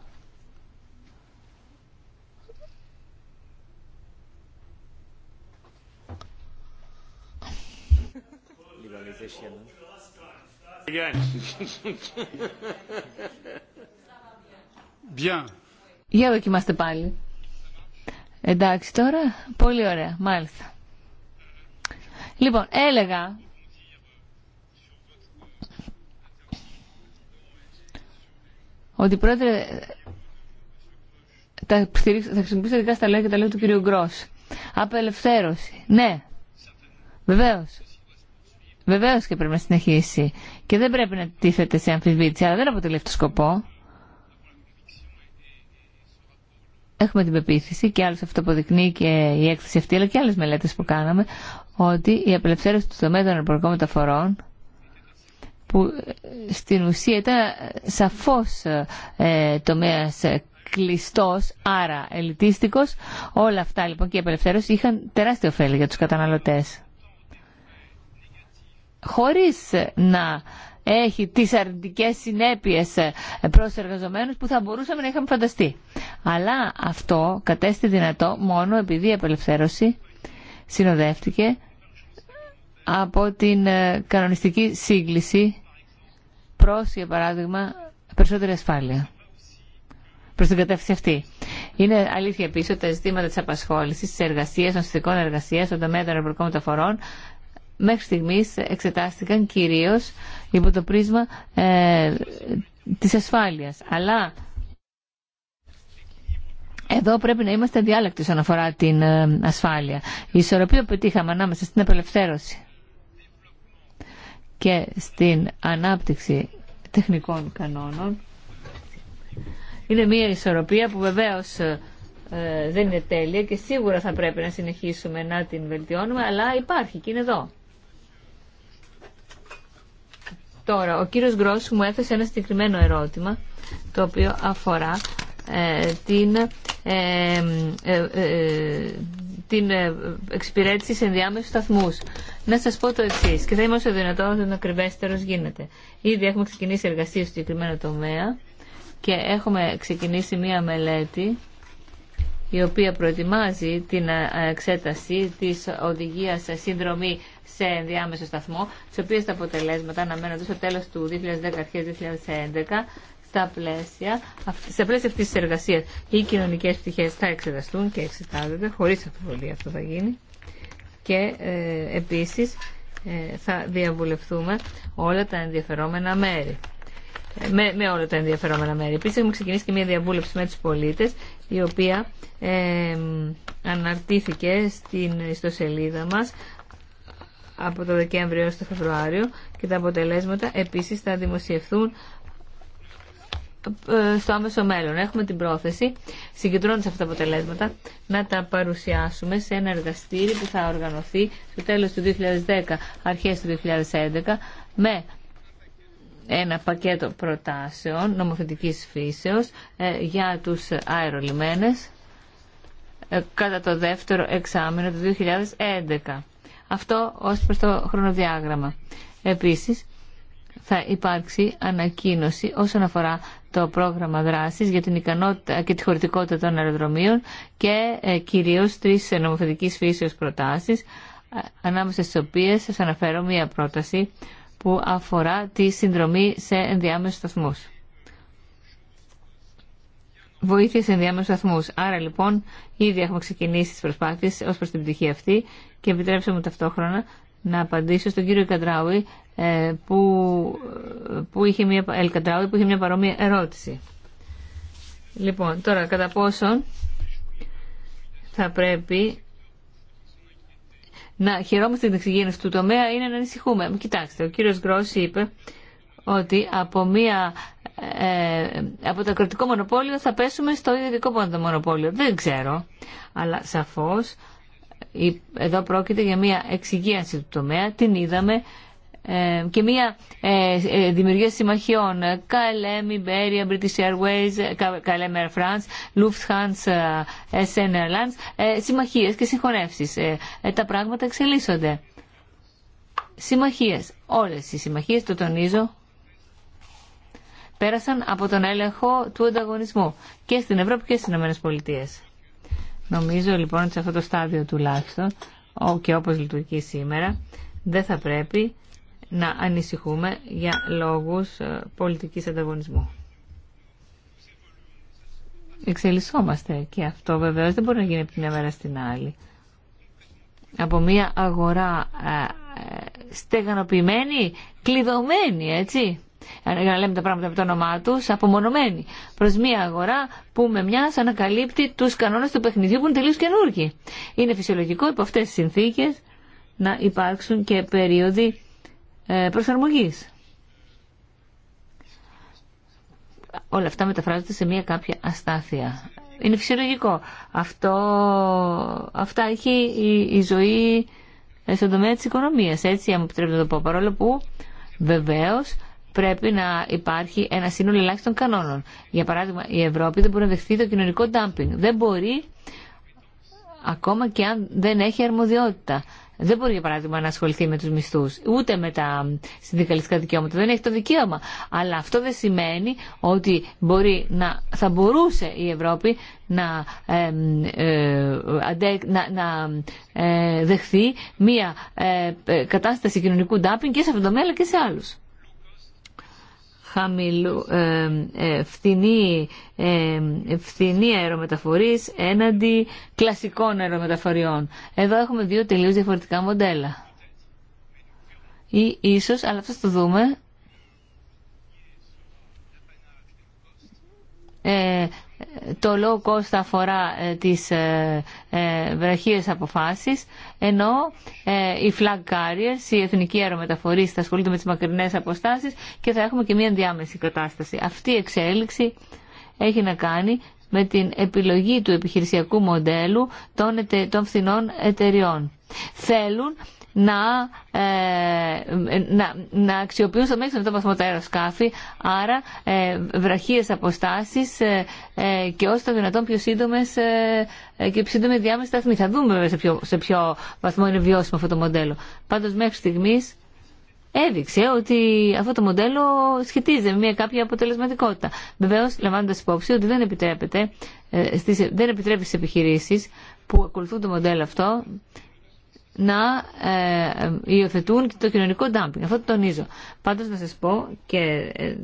English Για δοκιμάστε πάλι. Εντάξει τώρα. Πολύ ωραία. Μάλιστα. Λοιπόν, έλεγα ότι πρόεδρε θα χρησιμοποιήσω ειδικά στα λόγια και τα λόγια του κυρίου Γκρός. Απελευθέρωση. Ναι. Βεβαίως. Βεβαίω και πρέπει να συνεχίσει και δεν πρέπει να τίθεται σε αμφισβήτηση, αλλά δεν αποτελεί αυτό σκοπό. Έχουμε την πεποίθηση και άλλο αυτό αποδεικνύει και η έκθεση αυτή, αλλά και άλλε μελέτε που κάναμε, ότι η απελευθέρωση του τομέα των αεροπορικών μεταφορών που στην ουσία ήταν σαφώ ε, τομέας ε, κλειστός, άρα ελιτίστικος. Όλα αυτά λοιπόν και η απελευθέρωση είχαν τεράστιο ωφέλη για του καταναλωτέ χωρίς να έχει τις αρνητικές συνέπειες προς εργαζομένους που θα μπορούσαμε να είχαμε φανταστεί. Αλλά αυτό κατέστη δυνατό μόνο επειδή η απελευθέρωση συνοδεύτηκε από την ε, κανονιστική σύγκληση προς, για παράδειγμα, περισσότερη ασφάλεια. Προς την κατεύθυνση αυτή. Είναι αλήθεια επίση ότι τα ζητήματα τη απασχόληση, τη εργασία, των συνθηκών εργασία, των τομέα των Ευρωπαϊκών μεταφορών μέχρι στιγμής εξετάστηκαν κυρίως υπό το πρίσμα ε, της ασφάλειας. Αλλά εδώ πρέπει να είμαστε διάλεκτοι όσον αφορά την ε, ασφάλεια. Η ισορροπία που πετύχαμε ανάμεσα στην απελευθέρωση και στην ανάπτυξη τεχνικών κανόνων είναι μια ισορροπία που βεβαίως ε, δεν είναι τέλεια και σίγουρα θα πρέπει να συνεχίσουμε να την βελτιώνουμε αλλά υπάρχει και είναι εδώ. Τώρα, ο κύριος Γκρός μου έθεσε ένα συγκεκριμένο ερώτημα, το οποίο αφορά ε, την, ε, ε, την εξυπηρέτηση σε ενδιάμεσους σταθμούς. Να σας πω το εξή και θα είμαστε δυνατόν να ακριβέστερος γίνεται. Ήδη έχουμε ξεκινήσει εργασία στο συγκεκριμένο τομέα και έχουμε ξεκινήσει μία μελέτη η οποία προετοιμάζει την εξέταση της οδηγίας συνδρομή σε ενδιάμεσο σταθμό, τι οποίε τα αποτελέσματα αναμένονται στο τέλο του 2010 αρχέ 2011 στα πλαίσια, στα πλαίσια αυτής της εργασίας οι κοινωνικέ πτυχές θα εξεταστούν και εξετάζονται, χωρίς αυτοβολία αυτό θα γίνει και ε, επίσης ε, θα διαβουλευτούμε όλα τα ενδιαφερόμενα μέρη. Ε, με, με όλα τα ενδιαφερόμενα μέρη. Επίση, έχουμε ξεκινήσει και μια διαβούλευση με του πολίτε, η οποία ε, αναρτήθηκε στην ιστοσελίδα μα από το Δεκέμβριο έως το Φεβρουάριο και τα αποτελέσματα επίσης θα δημοσιευθούν ε, στο άμεσο μέλλον. Έχουμε την πρόθεση, συγκεντρώνοντα αυτά τα αποτελέσματα, να τα παρουσιάσουμε σε ένα εργαστήρι που θα οργανωθεί στο τέλος του 2010, αρχές του 2011, με ένα πακέτο προτάσεων νομοθετικής φύσεως ε, για τους αερολιμένες ε, κατά το δεύτερο εξάμεινο του 2011. Αυτό ως προς το χρονοδιάγραμμα. Επίσης, θα υπάρξει ανακοίνωση όσον αφορά το πρόγραμμα δράσης για την ικανότητα και τη χωρητικότητα των αεροδρομίων και ε, κυρίως τρεις ε, νομοθετικής φύσεως προτάσεις, ε, ανάμεσα στις οποίες σας αναφέρω μία πρόταση που αφορά τη συνδρομή σε ενδιάμεσους σταθμούς βοήθεια σε ενδιάμεσου βαθμού. Άρα λοιπόν ήδη έχουμε ξεκινήσει τι προσπάθειε ω προ την πτυχή αυτή και επιτρέψτε μου ταυτόχρονα να απαντήσω στον κύριο Καντράουι ε, που, ε, που, είχε μια, που είχε μια παρόμοια ερώτηση. Λοιπόν, τώρα κατά πόσον θα πρέπει να χαιρόμαστε την εξηγήνωση του τομέα ή να ανησυχούμε. Κοιτάξτε, ο κύριος Γκρόση είπε ότι από, μία, ε, από το κρατικό μονοπόλιο θα πέσουμε στο ιδιωτικό πόντο μονοπόλιο. Δεν ξέρω. Αλλά σαφώς εδώ πρόκειται για μία εξυγίανση του τομέα. Την είδαμε ε, και μία ε, ε, δημιουργία συμμαχιών. KLM, Iberia, British Airways, KLM Air France, Lufthansa, SN Airlines. Συμμαχίες και συγχωνεύσεις. Τα πράγματα εξελίσσονται συμμαχίες. Όλες οι συμμαχίες, το τονίζω, πέρασαν από τον έλεγχο του ανταγωνισμού και στην Ευρώπη και στις ΗΠΑ. Νομίζω λοιπόν ότι σε αυτό το στάδιο τουλάχιστον και όπως λειτουργεί σήμερα δεν θα πρέπει να ανησυχούμε για λόγους ε, πολιτικής ανταγωνισμού. Εξελισσόμαστε και αυτό βεβαίως δεν μπορεί να γίνει από την μια μέρα στην άλλη. Από μια αγορά ε, ε, στεγανοποιημένη, κλειδωμένη, έτσι για να λέμε τα πράγματα με το όνομά του, απομονωμένοι προ μια αγορά που με μια ανακαλύπτει του κανόνε του παιχνιδιού που είναι τελείω καινούργιοι. Είναι φυσιολογικό υπό αυτέ τι συνθήκε να υπάρξουν και περίοδοι ε, προσαρμογή. Όλα αυτά μεταφράζονται σε μια κάποια αστάθεια. Είναι φυσιολογικό. Αυτό, αυτά έχει η, ζωή ε, στον τομέα της οικονομίας. Έτσι, αν μου επιτρέπετε να το πω, παρόλο που βεβαίως πρέπει να υπάρχει ένα σύνολο ελάχιστων κανόνων. Για παράδειγμα, η Ευρώπη δεν μπορεί να δεχθεί το κοινωνικό ντάμπινγκ. Δεν μπορεί, ακόμα και αν δεν έχει αρμοδιότητα. Δεν μπορεί, για παράδειγμα, να ασχοληθεί με του μισθού, ούτε με τα συνδικαλιστικά δικαιώματα. Δεν έχει το δικαίωμα. Αλλά αυτό δεν σημαίνει ότι μπορεί να, θα μπορούσε η Ευρώπη να, ε, να, να ε, δεχθεί μια ε, ε, κατάσταση κοινωνικού ντάπινγκ και σε αυτό το και σε άλλου χαμηλού, ε, ε, φθηνή, ε, φθηνή αερομεταφορής έναντι κλασικών αερομεταφοριών. Εδώ έχουμε δύο τελείως διαφορετικά μοντέλα. Ή ίσως, αλλά αυτό το δούμε, το low cost αφορά ε, τις ε, ε, βραχίες αποφάσεις, ενώ οι flag carriers, οι εθνικοί αερομεταφορείς θα ασχολούνται με τις μακρινές αποστάσεις και θα έχουμε και μια διάμεση κατάσταση. Αυτή η εξέλιξη έχει να κάνει με την επιλογή του επιχειρησιακού μοντέλου των, των φθηνών εταιριών. Θέλουν να, ε, να, να αξιοποιούν στο μέγιστο αυτό βαθμό τα αεροσκάφη, άρα ε, βραχίες αποστάσεις ε, ε, και όσο το δυνατόν πιο σύντομες ε, και πιο σύντομη διάμεση Θα δούμε σε ποιο, σε ποιο βαθμό είναι βιώσιμο αυτό το μοντέλο. Πάντως μέχρι στιγμή έδειξε ότι αυτό το μοντέλο σχετίζεται με μια κάποια αποτελεσματικότητα. Βεβαίω, λαμβάνοντα υπόψη ότι δεν, επιτρέπεται, στις, δεν επιτρέπει στι επιχειρήσει που ακολουθούν το μοντέλο αυτό να ε, ε, υιοθετούν το κοινωνικό ντάμπινγκ. Αυτό το τονίζω. Πάντως να σας πω και ε,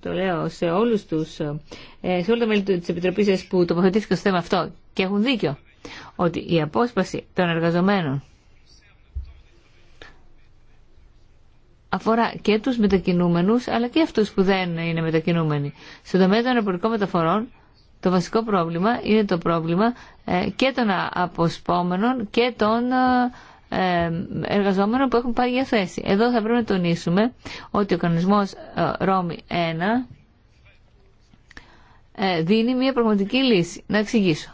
το λέω σε όλους τους, σε όλα τα μέλη τη που τοποθετήθηκαν στο θέμα αυτό και έχουν δίκιο ότι η απόσπαση των εργαζομένων αφορά και τους μετακινούμενους αλλά και αυτούς που δεν είναι μετακινούμενοι. στο τομέα των αεροπορικών μεταφορών το βασικό πρόβλημα είναι το πρόβλημα ε, και των αποσπόμενων και των ε, εργαζόμενων που έχουν πάει για θέση. Εδώ θα πρέπει να τονίσουμε ότι ο κανονισμός ε, Ρώμη 1 δίνει μια πραγματική λύση. Να εξηγήσω.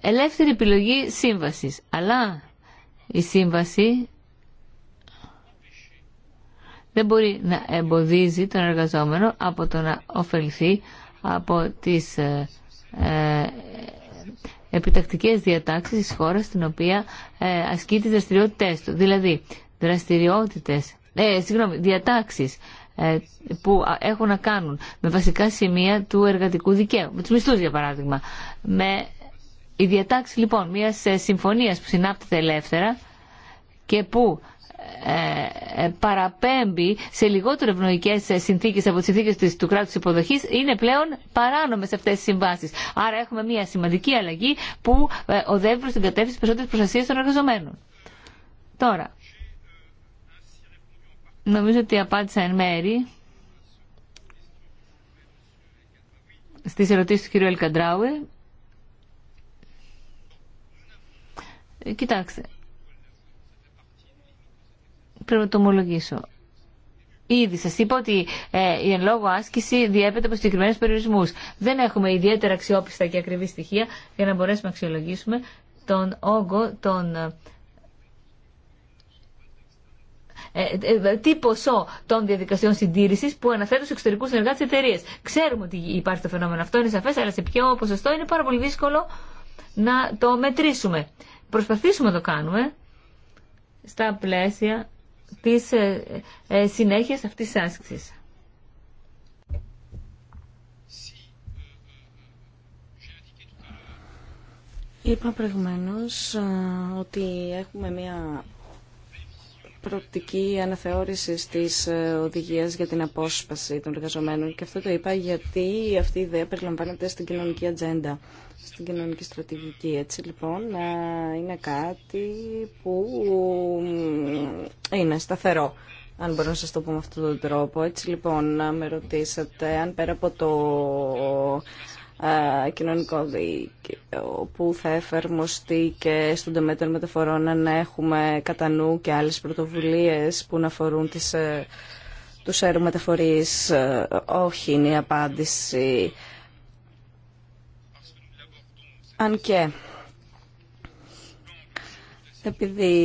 Ελεύθερη επιλογή σύμβασης. Αλλά η σύμβαση δεν μπορεί να εμποδίζει τον εργαζόμενο από το να ωφεληθεί από τις ε, ε επιτακτικές διατάξεις της χώρας στην οποία ε, ασκεί τις δραστηριότητες του. Δηλαδή, δραστηριότητες, ε, διατάξεις ε, που έχουν να κάνουν με βασικά σημεία του εργατικού δικαίου, με τους μισθούς για παράδειγμα. Με, η διατάξη λοιπόν μιας ε, συμφωνίας που συνάπτεται ελεύθερα και που ε, ε, παραπέμπει σε λιγότερο ευνοϊκέ ε, συνθήκε από τι συνθήκε του κράτου υποδοχή είναι πλέον παράνομε αυτέ τι συμβάσει. Άρα έχουμε μια σημαντική αλλαγή που οδεύει προ την κατεύθυνση περισσότερη προστασία των εργαζομένων. Τώρα, νομίζω ότι απάντησα εν μέρη στις ερωτήσεις του κ. Ελκαντράουε. Κοιτάξτε, πρέπει να το ομολογήσω. Ήδη σα είπα ότι ε, η εν λόγω άσκηση διέπεται από συγκεκριμένου περιορισμού. Δεν έχουμε ιδιαίτερα αξιόπιστα και ακριβή στοιχεία για να μπορέσουμε να αξιολογήσουμε τον όγκο των. Ε, ε, ε τι ποσό των διαδικασιών συντήρηση που αναθέτουν στου εξωτερικού συνεργάτε εταιρείε. Ξέρουμε ότι υπάρχει το φαινόμενο αυτό, είναι σαφέ, αλλά σε ποιο ποσοστό είναι πάρα πολύ δύσκολο να το μετρήσουμε. Προσπαθήσουμε να το κάνουμε στα πλαίσια της ε, ε, συνέχειας αυτής της άσκησης. Είπα προηγουμένως ε, ότι έχουμε μία προοπτική αναθεώρηση της οδηγίας για την απόσπαση των εργαζομένων και αυτό το είπα γιατί αυτή η ιδέα περιλαμβάνεται στην κοινωνική ατζέντα στην κοινωνική στρατηγική. Έτσι λοιπόν είναι κάτι που είναι σταθερό. Αν μπορώ να σας το πω με αυτόν τον τρόπο. Έτσι λοιπόν, να με ρωτήσατε αν πέρα από το κοινωνικό δίκαιο που θα εφαρμοστεί και στον τομέα των μεταφορών να έχουμε κατά νου και άλλες πρωτοβουλίες που να αφορούν τις, ε, τους αερομεταφορείς. Ε, όχι είναι η απάντηση. Αν και επειδή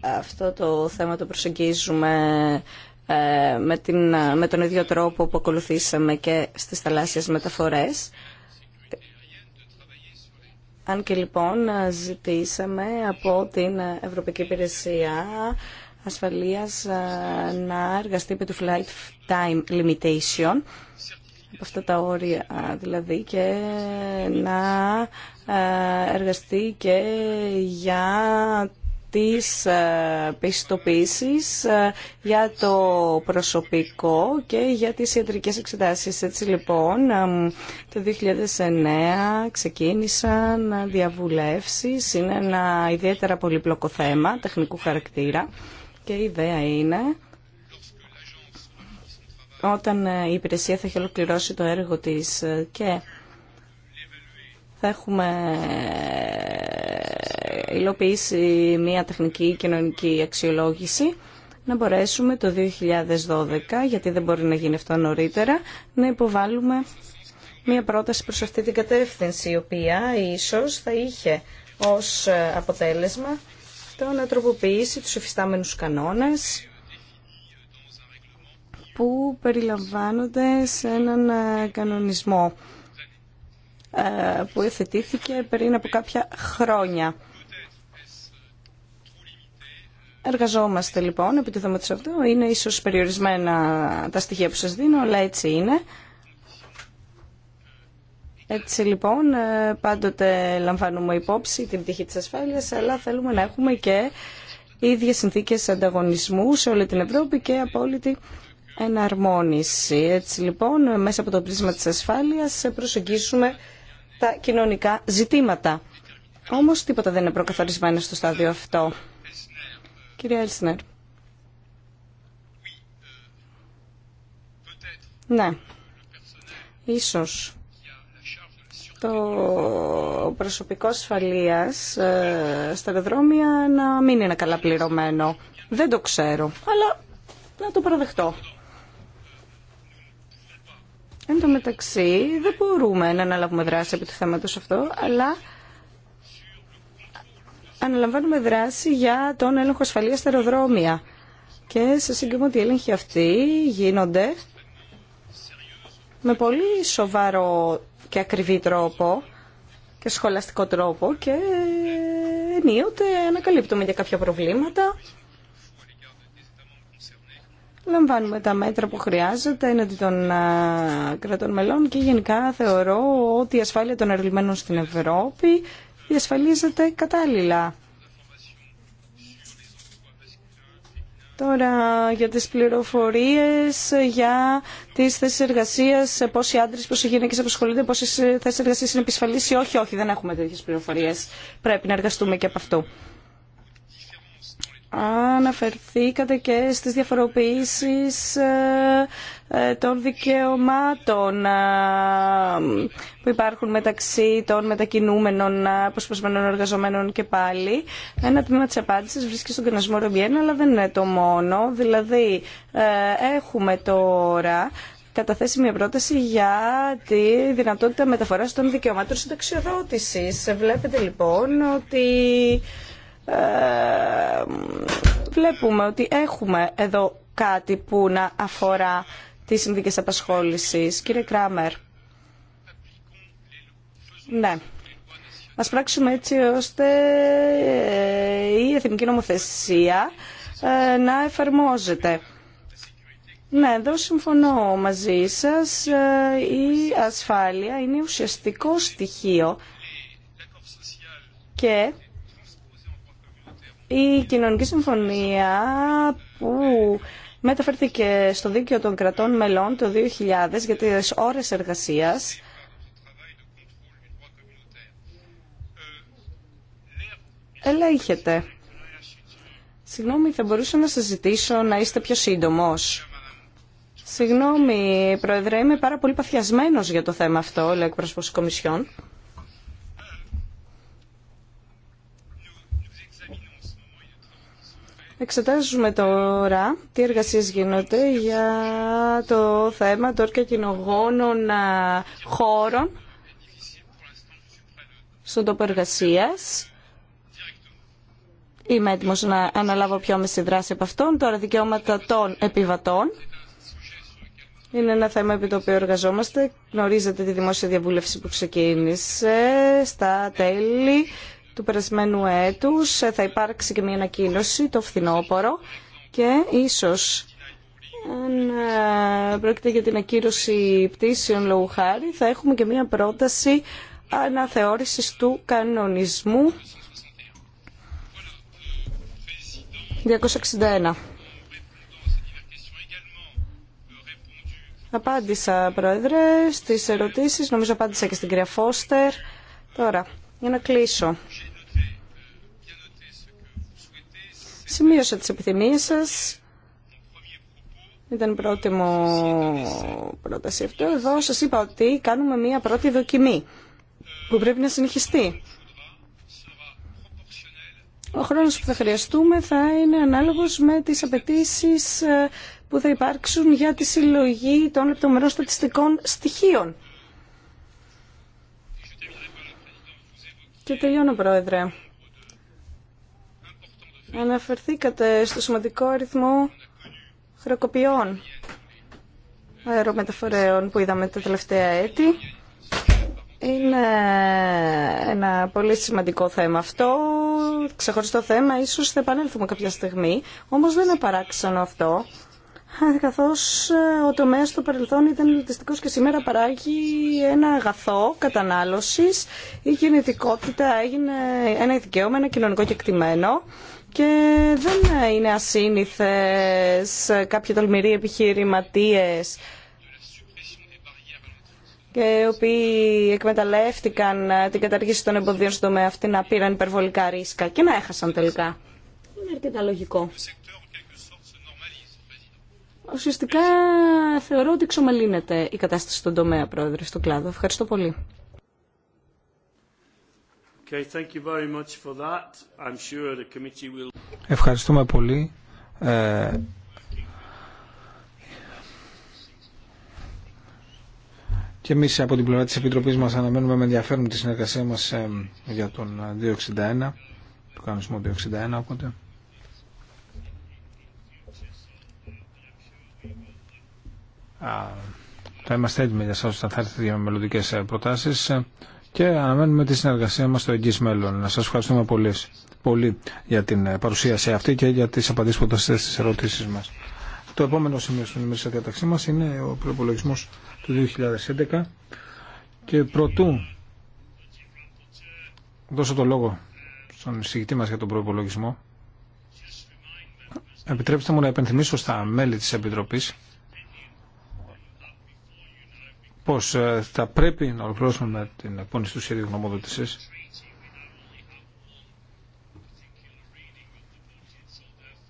αυτό το θέμα το προσεγγίζουμε ε, με, την, με τον ίδιο τρόπο που ακολουθήσαμε και στις θαλάσσιες μεταφορές, αν και λοιπόν ζητήσαμε από την Ευρωπαϊκή Υπηρεσία Ασφαλείας ε, να εργαστεί με του Flight Time Limitation από αυτά τα όρια δηλαδή και να ε, εργαστεί και για τις ε, πιστοποίησεις ε, για το προσωπικό και για τις ιατρικές εξετάσεις. Έτσι λοιπόν, το 2009 ξεκίνησαν διαβουλεύσεις, είναι ένα ιδιαίτερα πολύπλοκο θέμα τεχνικού χαρακτήρα και η ιδέα είναι όταν ε, η υπηρεσία θα έχει ολοκληρώσει το έργο της ε, και θα έχουμε ε, υλοποιήσει μια τεχνική κοινωνική αξιολόγηση να μπορέσουμε το 2012, γιατί δεν μπορεί να γίνει αυτό νωρίτερα, να υποβάλουμε μια πρόταση προς αυτή την κατεύθυνση, η οποία ίσως θα είχε ως αποτέλεσμα το να τροποποιήσει τους εφιστάμενους κανόνες που περιλαμβάνονται σε έναν ε, κανονισμό ε, που εθετήθηκε πριν από κάποια χρόνια. Εργαζόμαστε λοιπόν επί του θέματος αυτού. Είναι ίσως περιορισμένα τα στοιχεία που σας δίνω, αλλά έτσι είναι. Έτσι λοιπόν ε, πάντοτε λαμβάνουμε υπόψη την πτυχή της ασφάλειας, αλλά θέλουμε να έχουμε και ίδιες συνθήκες ανταγωνισμού σε όλη την Ευρώπη και απόλυτη εναρμόνιση. Έτσι λοιπόν, μέσα από το πρίσμα της ασφάλειας προσεγγίσουμε τα κοινωνικά ζητήματα. Όμως τίποτα δεν είναι προκαθορισμένο στο στάδιο αυτό. Κυρία Έλσνερ. Ναι. Ίσως το προσωπικό ασφαλείας ε, στα αεροδρόμια να μην είναι καλά πληρωμένο. Δεν το ξέρω, αλλά να το παραδεχτώ. Εν τω μεταξύ δεν μπορούμε να αναλάβουμε δράση επί του θέματος αυτό, αλλά αναλαμβάνουμε δράση για τον έλεγχο ασφαλείας στα αεροδρόμια. Και σε σύγκριμα ότι οι έλεγχοι αυτοί γίνονται με πολύ σοβαρό και ακριβή τρόπο και σχολαστικό τρόπο και ενίοτε ανακαλύπτουμε για κάποια προβλήματα λαμβάνουμε τα μέτρα που χρειάζεται έναντι των κρατών μελών και γενικά θεωρώ ότι η ασφάλεια των αερολιμένων στην Ευρώπη διασφαλίζεται κατάλληλα. Τώρα για τις πληροφορίες, για τις θέσεις εργασίας, πόσοι άντρες, πόσοι γυναίκες απασχολούνται, πόσες θέσεις εργασίας είναι επισφαλείς ή όχι, όχι, δεν έχουμε τέτοιες πληροφορίες. Πρέπει να εργαστούμε και από αυτό αναφερθήκατε και στις διαφοροποιήσεις ε, ε, των δικαιωμάτων ε, που υπάρχουν μεταξύ των μετακινούμενων, αποσπασμένων εργαζομένων και πάλι. Ένα τμήμα της απάντησης βρίσκει στον κανασμό Ρομπιένα, αλλά δεν είναι το μόνο. Δηλαδή, έχουμε τώρα καταθέσει μια πρόταση για τη δυνατότητα μεταφοράς των δικαιωμάτων συνταξιοδότησης. Βλέπετε λοιπόν ότι ε, βλέπουμε ότι έχουμε εδώ κάτι που να αφορά τις συνθήκες απασχόλησης. Κύριε Κράμερ. Ναι. Ας πράξουμε έτσι ώστε ε, η εθνική νομοθεσία ε, να εφαρμόζεται. Ναι, εδώ συμφωνώ μαζί σας. Η ασφάλεια είναι ουσιαστικό στοιχείο και η κοινωνική συμφωνία που μεταφέρθηκε στο δίκαιο των κρατών μελών το 2000 για τις ώρες εργασίας ελέγχεται. Συγγνώμη, θα μπορούσα να σας ζητήσω να είστε πιο σύντομος. Συγγνώμη, Πρόεδρε, είμαι πάρα πολύ παθιασμένος για το θέμα αυτό, λέει εκπρόσωπος Κομισιόν. Εξετάζουμε τώρα τι εργασίες γίνονται για το θέμα των κοινογόνων χώρων στον τόπο εργασία. Είμαι έτοιμο να αναλάβω πιο άμεση δράση από αυτόν. Τώρα δικαιώματα των επιβατών. Είναι ένα θέμα επί το οποίο εργαζόμαστε. Γνωρίζετε τη δημόσια διαβούλευση που ξεκίνησε στα τέλη του περασμένου έτους θα υπάρξει και μια ανακοίνωση το φθινόπωρο και ίσως αν ε, πρόκειται για την ακύρωση πτήσεων λόγου χάρη θα έχουμε και μια πρόταση αναθεώρησης του κανονισμού 261. Απάντησα, Πρόεδρε, στις ερωτήσεις. Νομίζω απάντησα και στην κυρία Φώστερ. Τώρα, για να κλείσω. Σημείωσα τις επιθυμίες σας. Ήταν πρώτη μου πρόταση αυτό. Εδώ σας είπα ότι κάνουμε μία πρώτη δοκιμή που πρέπει να συνεχιστεί. Ο χρόνος που θα χρειαστούμε θα είναι ανάλογος με τις απαιτήσει ε, που θα υπάρξουν για τη συλλογή των λεπτομερών στατιστικών στοιχείων. Και τελειώνω, Πρόεδρε. Αναφερθήκατε στο σημαντικό αριθμό χρεοκοπιών αερομεταφορέων που είδαμε τα τελευταία έτη. Είναι ένα πολύ σημαντικό θέμα αυτό, ξεχωριστό θέμα, ίσως θα επανέλθουμε κάποια στιγμή, όμως δεν είναι παράξενο αυτό, καθώς ε, ο τομέας στο παρελθόν ήταν και σήμερα παράγει ένα αγαθό κατανάλωσης, η γεννητικότητα έγινε ένα ειδικαίωμα, ένα κοινωνικό κεκτημένο και δεν είναι ασύνηθες κάποιοι τολμηροί επιχειρηματίες και οι οποίοι εκμεταλλεύτηκαν την καταργήση των εμποδίων στον τομέα αυτή να πήραν υπερβολικά ρίσκα και να έχασαν τελικά. Είναι αρκετά λογικό. Ουσιαστικά θεωρώ ότι εξομαλύνεται η κατάσταση στον τομέα, πρόεδρε, στον κλάδο. Ευχαριστώ πολύ. Ευχαριστούμε πολύ. Ε, και εμεί από την πλευρά τη Επιτροπή μα αναμένουμε με ενδιαφέρον τη συνεργασία μα ε, για τον 261, ε, του κανονισμό 261. Οπότε. Θα είμαστε έτοιμοι για σας όταν θα έρθετε για μελλοντικέ ε, προτάσεις και αναμένουμε τη συνεργασία μας στο εγγύς μέλλον. Να σας ευχαριστούμε πολύ, πολύ για την ε, παρουσίαση αυτή και για τις απαντήσεις που δώσετε στις ερωτήσεις μας. Το επόμενο σημείο στον ημερήσια διαταξή μας είναι ο προπολογισμό του 2011 και προτού δώσω το λόγο στον εισηγητή μας για τον προπολογισμό επιτρέψτε μου να επενθυμίσω στα μέλη της Επιτροπής πως ε, θα πρέπει να ολοκληρώσουμε την εκπόνηση του σχέδιου γνωμοδότησης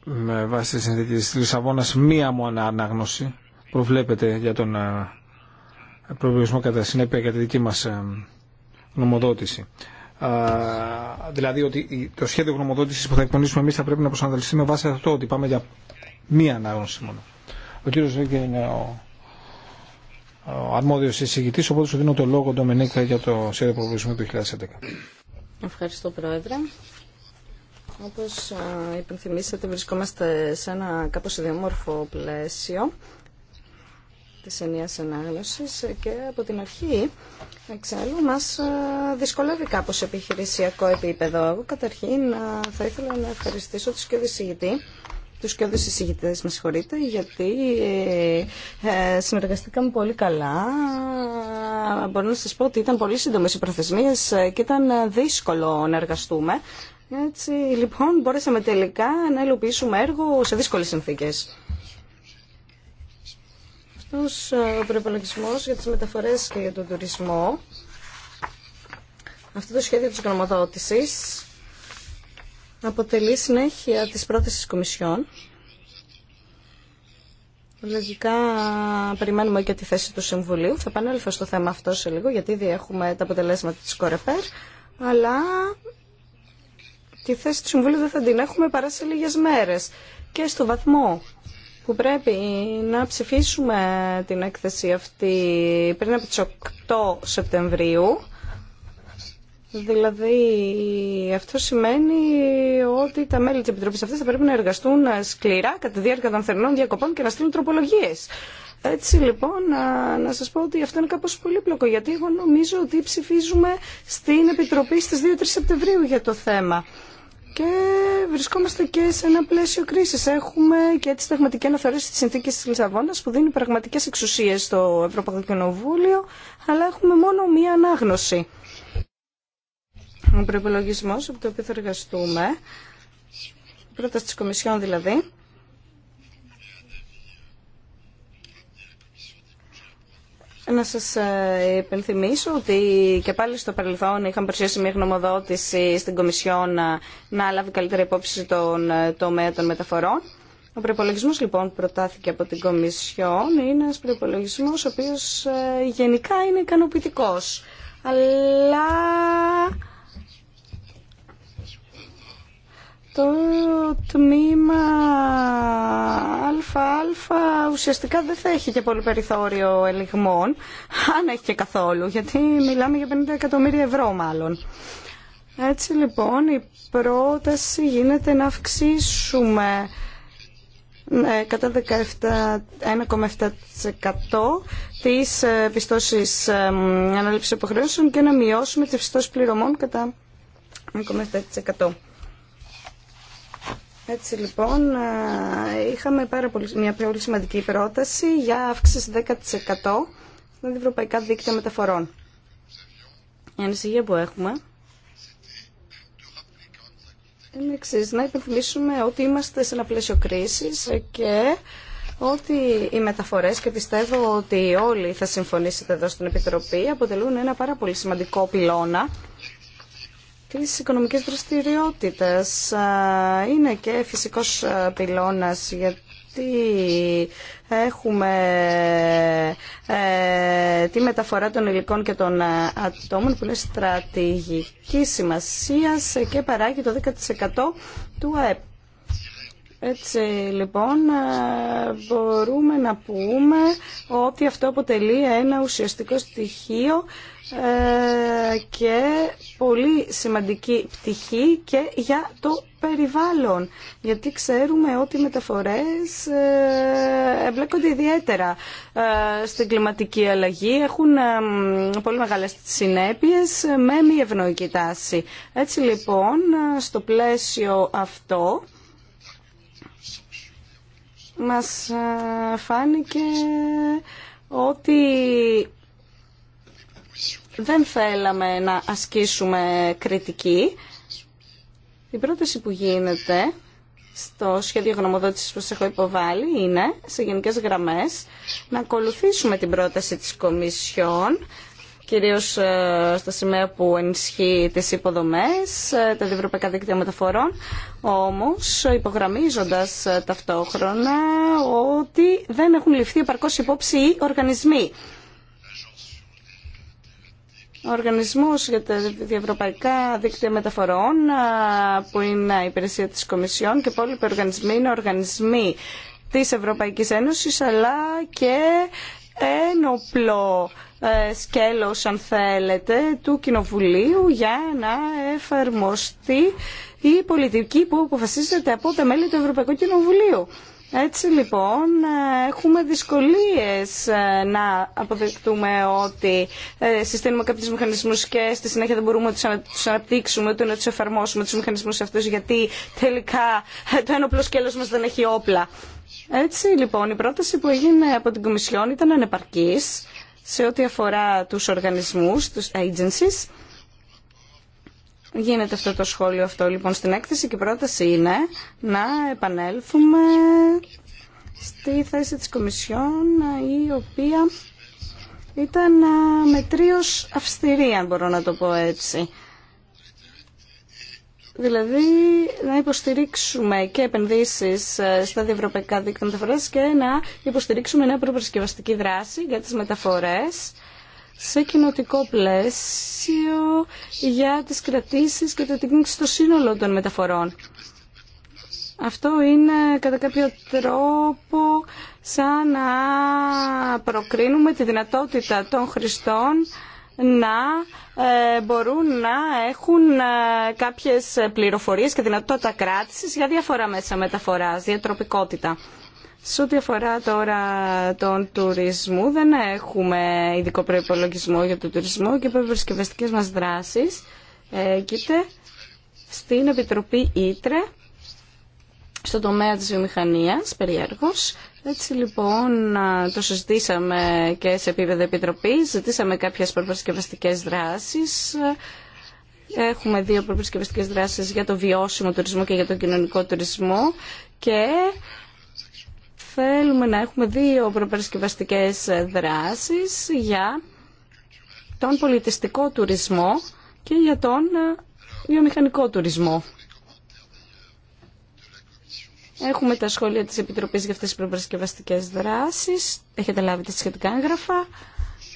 με βάση τη συνθήκη της Λισαβόνας μία μόνο ανάγνωση βλέπετε για τον ε, προβληματισμό κατά συνέπεια για τη δική μας ε, γνωμοδότηση. δηλαδή ότι το σχέδιο γνωμοδότηση που θα εκπονήσουμε εμείς θα πρέπει να προσανατολιστεί με βάση αυτό ότι πάμε για μία ανάγνωση μόνο. Ο ο αρμόδιος εισηγητής, οπότε σου δίνω το λόγο, Ντομενίκα, για το σχέδιο προβλησμού του 2011. Ευχαριστώ, Πρόεδρε. Όπω υπενθυμίσατε, βρισκόμαστε σε ένα κάπως ιδιομόρφο πλαίσιο τη ενία ανάγνωση και από την αρχή, εξάλλου, μας δυσκολεύει κάπως σε επιχειρησιακό επίπεδο. Εγώ καταρχήν θα ήθελα να ευχαριστήσω του και τους και όλους εισηγητές, με συγχωρείτε, γιατί ε, ε, συνεργαστήκαμε πολύ καλά. Μπορώ να σας πω ότι ήταν πολύ σύντομες οι προθεσμίες ε, και ήταν δύσκολο να εργαστούμε. Έτσι, λοιπόν, μπορέσαμε τελικά να υλοποιήσουμε έργο σε δύσκολες συνθήκες. Αυτός ο προπολογισμό για τις μεταφορές και για τον τουρισμό. Αυτό το σχέδιο της γνωμοδότησης αποτελεί συνέχεια της πρότασης της Κομισιόν. Λογικά περιμένουμε και τη θέση του Συμβουλίου. Θα επανέλθω στο θέμα αυτό σε λίγο, γιατί ήδη έχουμε τα αποτελέσματα της Κορεπέρ, αλλά τη θέση του Συμβουλίου δεν θα την έχουμε παρά σε λίγες μέρες. Και στο βαθμό που πρέπει να ψηφίσουμε την έκθεση αυτή πριν από τις 8 Σεπτεμβρίου, Δηλαδή, αυτό σημαίνει ότι τα μέλη της Επιτροπής αυτής θα πρέπει να εργαστούν σκληρά κατά τη διάρκεια των θερινών διακοπών και να στείλουν τροπολογίε. Έτσι λοιπόν, να, να σας πω ότι αυτό είναι κάπως πολύπλοκο, γιατί εγώ νομίζω ότι ψηφίζουμε στην Επιτροπή στις 2-3 Σεπτεμβρίου για το θέμα. Και βρισκόμαστε και σε ένα πλαίσιο κρίσης. Έχουμε και τη στεγματική αναθεώρηση της συνθήκης της Λισαβόνας που δίνει πραγματικές εξουσίες στο Ευρωπαϊκό Κοινοβούλιο, αλλά έχουμε μόνο μία ανάγνωση. Ο προπολογισμό από το οποίο θα εργαστούμε, πρόταση τη Κομισιόν δηλαδή, Να σα ε, υπενθυμίσω ότι και πάλι στο παρελθόν είχαμε παρουσιάσει μια γνωμοδότηση στην Κομισιόν ε, να, λάβει καλύτερη υπόψη τον ε, τομέα των μεταφορών. Ο προπολογισμό λοιπόν που προτάθηκε από την Κομισιόν είναι ένα προπολογισμό ο οποίο γενικά είναι ικανοποιητικό. Αλλά το τμήμα ΑΑ ουσιαστικά δεν θα έχει και πολύ περιθώριο ελιγμών, αν έχει και καθόλου, γιατί μιλάμε για 50 εκατομμύρια ευρώ μάλλον. Έτσι λοιπόν η πρόταση γίνεται να αυξήσουμε ναι, κατά 1,7% τις ε, πιστώσεις ανάληψης υποχρεώσεων και να μειώσουμε τις πιστώσεις πληρωμών κατά 1,7%. Έτσι λοιπόν ε, είχαμε πάρα πολύ, μια πολύ σημαντική πρόταση για αύξηση 10% στα ευρωπαϊκά δίκτυα μεταφορών. Η ανησυχία που έχουμε είναι εξή, να υπενθυμίσουμε ότι είμαστε σε ένα πλαίσιο κρίση και ότι οι μεταφορές και πιστεύω ότι όλοι θα συμφωνήσετε εδώ στην Επιτροπή αποτελούν ένα πάρα πολύ σημαντικό πυλώνα της οικονομικές δραστηριότητας. Είναι και φυσικός πυλώνας γιατί έχουμε ε, τη μεταφορά των υλικών και των ατόμων που είναι στρατηγική σημασία και παράγει το 10% του ΑΕΠ. Έτσι λοιπόν ε, μπορούμε να πούμε ότι αυτό αποτελεί ένα ουσιαστικό στοιχείο ε, και πολύ σημαντική πτυχή και για το περιβάλλον. Γιατί ξέρουμε ότι οι μεταφορές ε, εμπλέκονται ιδιαίτερα στην κλιματική αλλαγή, έχουν πολύ μεγάλες συνέπειες με μη ευνοϊκή τάση. Έτσι λοιπόν στο πλαίσιο αυτό μας ε, φάνηκε ότι δεν θέλαμε να ασκήσουμε κριτική. Η πρόταση που γίνεται στο σχέδιο γνωμοδότησης που σας έχω υποβάλει είναι, σε γενικές γραμμές, να ακολουθήσουμε την πρόταση της Κομισιόν κυρίως ε, στα σημεία που ενισχύει τις υποδομές, ε, τα διευρωπαϊκά δίκτυα μεταφορών, όμως υπογραμμίζοντας ε, ταυτόχρονα ότι δεν έχουν ληφθεί επαρκώς υπόψη οι οργανισμοί. Ο Οργανισμός για τα Διευρωπαϊκά Δίκτυα Μεταφορών, που είναι η υπηρεσία της Κομισιόν και υπόλοιποι οργανισμοί είναι οργανισμοί της Ευρωπαϊκής Ένωσης, αλλά και ένοπλο ε, σκέλος αν θέλετε του Κοινοβουλίου για να εφαρμοστεί η πολιτική που αποφασίζεται από τα μέλη του Ευρωπαϊκού Κοινοβουλίου. Έτσι λοιπόν ε, έχουμε δυσκολίες ε, να αποδεκτούμε ότι συστήνουμε κάποιους μηχανισμούς και στη συνέχεια δεν μπορούμε να τους αναπτύξουμε ούτε να τους εφαρμόσουμε τους μηχανισμούς αυτούς γιατί τελικά το ένοπλο σκέλος μας δεν έχει όπλα. Έτσι λοιπόν η πρόταση που έγινε από την Κομισιόν ήταν ανεπαρκής σε ό,τι αφορά τους οργανισμούς, τους agencies. Γίνεται αυτό το σχόλιο αυτό λοιπόν στην έκθεση και η πρόταση είναι να επανέλθουμε στη θέση της Κομισιόν η οποία ήταν ε, μετρίως αυστηρή αν μπορώ να το πω έτσι. Δηλαδή να υποστηρίξουμε και επενδύσεις ε, στα διευρωπαϊκά δίκτυα μεταφορέ και να υποστηρίξουμε νέα προπαρασκευαστική δράση για τι μεταφορές σε κοινοτικό πλαίσιο για τις κρατήσεις και το τεχνίξη στο σύνολο των μεταφορών. Αυτό είναι κατά κάποιο τρόπο σαν να προκρίνουμε τη δυνατότητα των χρηστών να ε, μπορούν να έχουν ε, κάποιες πληροφορίες και δυνατότητα κράτησης για διάφορα μέσα μεταφοράς, διατροπικότητα. Σε ό,τι αφορά τώρα τον τουρισμό, δεν έχουμε ειδικό προπολογισμό για τον τουρισμό και οι προσκευαστικές μας δράσεις έγκυται ε, στην Επιτροπή Ήτρε, στο τομέα της βιομηχανίας, περιέργως, έτσι λοιπόν το συζητήσαμε και σε επίπεδο επιτροπής, ζητήσαμε κάποιες προπαρασκευαστικέ δράσεις. Έχουμε δύο προπαρασκευαστικέ δράσεις για το βιώσιμο τουρισμό και για τον κοινωνικό τουρισμό και θέλουμε να έχουμε δύο προπαρασκευαστικέ δράσεις για τον πολιτιστικό τουρισμό και για τον βιομηχανικό τουρισμό. Έχουμε τα σχόλια της Επιτροπής για αυτές τις προπαρασκευαστικές δράσεις. Έχετε λάβει τα σχετικά έγγραφα.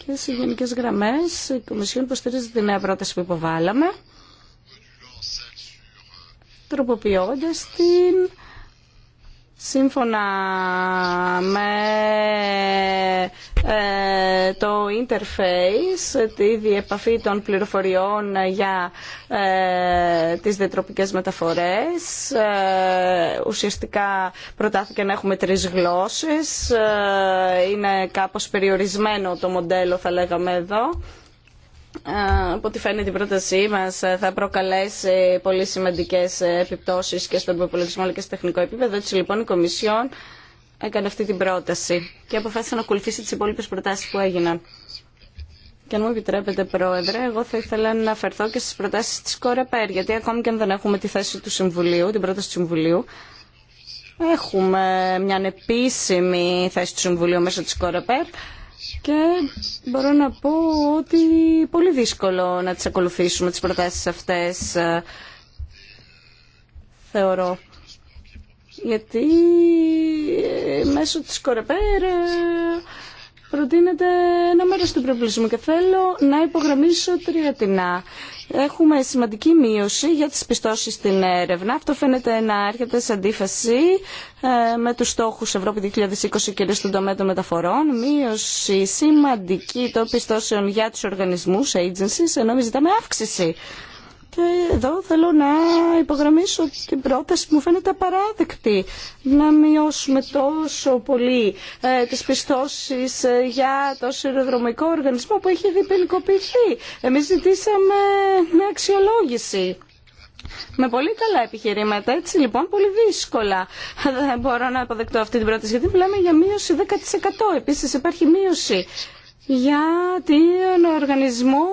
Και σε γενικέ γραμμές η Κομισιόν υποστηρίζει τη νέα πρόταση που υποβάλαμε τροποποιώντας την Σύμφωνα με ε, το interface, τη διεπαφή των πληροφοριών για ε, τις διατροπικές μεταφορές, ε, ουσιαστικά προτάθηκε να έχουμε τρεις γλώσσες. Είναι κάπως περιορισμένο το μοντέλο, θα λέγαμε εδώ από ό,τι φαίνεται η πρότασή μα, ε, θα προκαλέσει πολύ σημαντικέ ε, επιπτώσει και στον προπολογισμό αλλά και στο τεχνικό επίπεδο. Έτσι λοιπόν η Κομισιόν έκανε αυτή την πρόταση και αποφάσισε να ακολουθήσει τι υπόλοιπε προτάσει που έγιναν. Και αν μου επιτρέπετε, Πρόεδρε, εγώ θα ήθελα να αναφερθώ και στι προτάσει της Κορεπέρ, γιατί ακόμη και αν δεν έχουμε τη θέση του Συμβουλίου, την πρόταση του Συμβουλίου, έχουμε μια ανεπίσημη θέση του Συμβουλίου μέσω της Κορεπέρ, και μπορώ να πω ότι πολύ δύσκολο να τις ακολουθήσουμε τις προτάσεις αυτές ε, θεωρώ γιατί ε, μέσω της Κορεπέρ ε, προτείνεται ένα μέρο του προβλησμού και θέλω να υπογραμμίσω τριετινά. Έχουμε σημαντική μείωση για τις πιστώσεις στην έρευνα. Αυτό φαίνεται να έρχεται σε αντίφαση ε, με τους στόχους Ευρώπη 2020 και στον τομέα των μεταφορών. Μείωση σημαντική των πιστώσεων για τους οργανισμούς, agencies, ενώ ζητάμε αύξηση και εδώ θέλω να υπογραμμίσω την πρόταση που μου φαίνεται απαράδεκτη να μειώσουμε τόσο πολύ ε, τις πιστώσεις ε, για το σειροδρομικό οργανισμό που έχει διπενικοποιηθεί. Εμείς ζητήσαμε μια αξιολόγηση. Με πολύ καλά επιχειρήματα, έτσι λοιπόν, πολύ δύσκολα δεν μπορώ να αποδεκτώ αυτή την πρόταση, γιατί μιλάμε για μείωση 10%. Επίσης υπάρχει μείωση για τον οργανισμό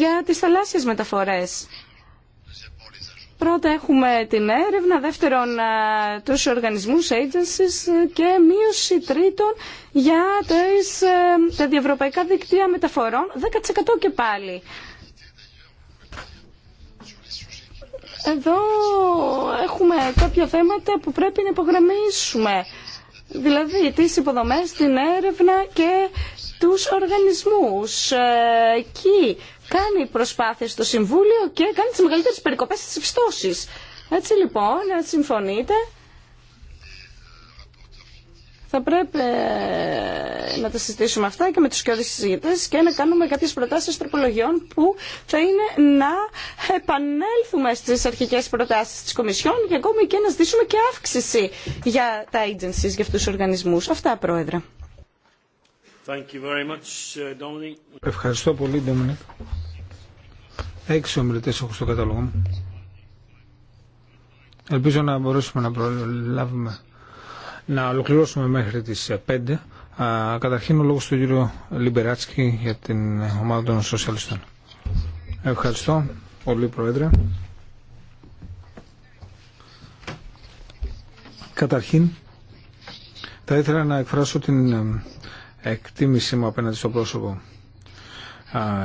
για τις θαλάσσιες μεταφορές. Πρώτα έχουμε την έρευνα, δεύτερον ε, τους οργανισμούς, agencies και μείωση τρίτον για τις, ε, τα διευρωπαϊκά δικτύα μεταφορών, 10% και πάλι. Εδώ έχουμε κάποια θέματα που πρέπει να υπογραμμίσουμε. Δηλαδή τις υποδομές, την έρευνα και τους οργανισμούς. Ε, εκεί κάνει προσπάθειες στο Συμβούλιο και κάνει τις μεγαλύτερες περικοπές στις πιστώσεις. Έτσι λοιπόν, να συμφωνείτε, θα πρέπει ε, να τα συζητήσουμε αυτά και με τους κοιόδης συζητητές και να κάνουμε κάποιες προτάσεις τροπολογιών που θα είναι να επανέλθουμε στις αρχικές προτάσεις της Κομισιόν και ακόμη και να ζητήσουμε και αύξηση για τα agencies, για αυτούς τους οργανισμούς. Αυτά, Πρόεδρε. Uh, Ευχαριστώ πολύ, Ντόμινικ. Έξι ομιλητέ έχω στο κατάλογο μου. Ελπίζω να μπορέσουμε να προλάβουμε να ολοκληρώσουμε μέχρι τι 5. Καταρχήν ο λόγο του κύριο Λιμπεράτσκι για την ομάδα των σοσιαλιστών. Ευχαριστώ πολύ Πρόεδρε. Καταρχήν θα ήθελα να εκφράσω την εκτίμησή μου απέναντι στο πρόσωπο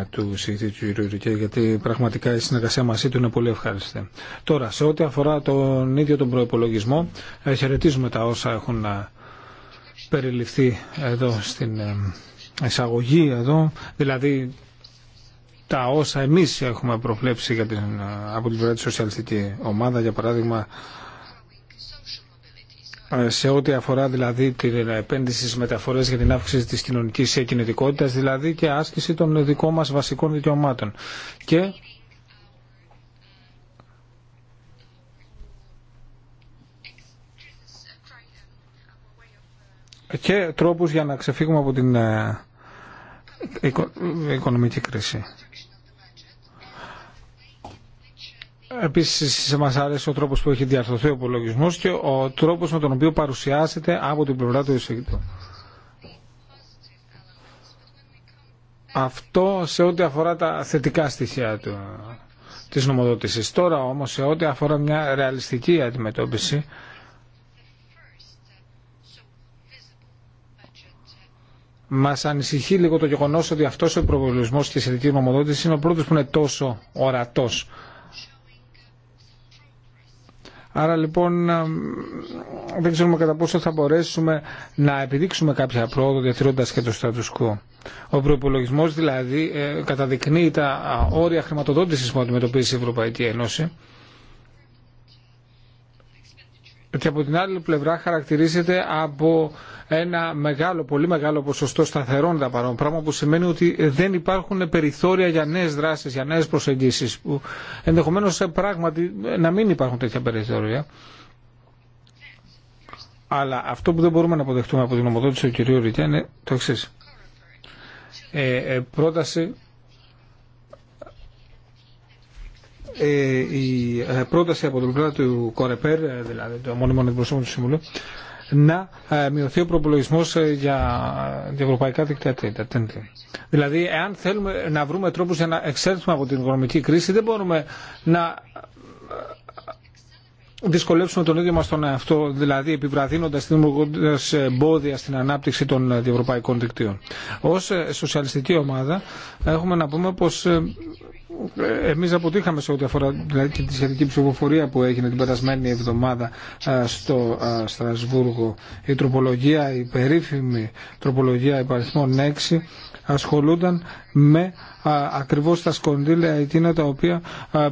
του συγκεκριτή του γιατί πραγματικά η συνεργασία μαζί του είναι πολύ ευχάριστη. Τώρα, σε ό,τι αφορά τον ίδιο τον προπολογισμό, ε, χαιρετίζουμε τα όσα έχουν περιληφθεί εδώ στην ε, εισαγωγή εδώ, δηλαδή τα όσα εμείς έχουμε προβλέψει για την, ε, από την πλευρά σοσιαλιστική ομάδα, για παράδειγμα ε, σε ό,τι αφορά δηλαδή την επένδυση στις μεταφορές για την αύξηση της κοινωνικής κινητικότητας, δηλαδή και άσκηση των δικών μας βασικών δικαιωμάτων. Και και τρόπους για να ξεφύγουμε από την ε, οικονομική κρίση. Επίση, μα άρεσε ο τρόπο που έχει διαρθωθεί ο υπολογισμό και ο τρόπο με τον οποίο παρουσιάζεται από την πλευρά του εισηγητού. Αυτό σε ό,τι αφορά τα θετικά στοιχεία του, της νομοδότησης. Τώρα όμως σε ό,τι αφορά μια ρεαλιστική αντιμετώπιση, μας ανησυχεί λίγο το γεγονός ότι αυτός ο προβολισμός και η σχετική νομοδότηση είναι ο πρώτος που είναι τόσο ορατός. Άρα λοιπόν δεν ξέρουμε κατά πόσο θα μπορέσουμε να επιδείξουμε κάποια πρόοδο διατηρώντα και το status Ο προπολογισμό δηλαδή ε, καταδεικνύει τα όρια χρηματοδότηση που αντιμετωπίζει η Ευρωπαϊκή Ένωση και από την άλλη πλευρά χαρακτηρίζεται από ένα μεγάλο, πολύ μεγάλο ποσοστό σταθερών δαπανών, πράγμα που σημαίνει ότι δεν υπάρχουν περιθώρια για νέες δράσεις, για νέες προσεγγίσεις, που ενδεχομένως πράγματι να μην υπάρχουν τέτοια περιθώρια. Αλλά αυτό που δεν μπορούμε να αποδεχτούμε από την ομοδότηση του κυρίου Ρητιά είναι το εξή. Ε, ε, πρόταση Ε, η ε, πρόταση από τον πλευρά του Κορεπέρ, ε, δηλαδή το μόνιμο αντιπροσώπων του Συμβουλίου, να μειωθεί ο προπολογισμό για ευρωπαϊκά δίκτυα Δηλαδή, εάν θέλουμε να βρούμε τρόπου για να εξέλθουμε από την οικονομική κρίση, δεν μπορούμε να δυσκολεύσουμε τον ίδιο μας τον εαυτό, δηλαδή επιβραδύνοντα, δημιουργώντα εμπόδια στην ανάπτυξη των διευρωπαϊκών δικτύων. Ως σοσιαλιστική ομάδα, έχουμε να πούμε πω ε, εμείς αποτύχαμε σε ό,τι αφορά δηλαδή, και τη σχετική ψηφοφορία που έγινε την περασμένη εβδομάδα ε, στο ε, Στρασβούργο. Η τροπολογία, η περίφημη τροπολογία υπαριθμών 6 ασχολούνταν με α, ακριβώς τα σκονδύλια εκείνα τα οποία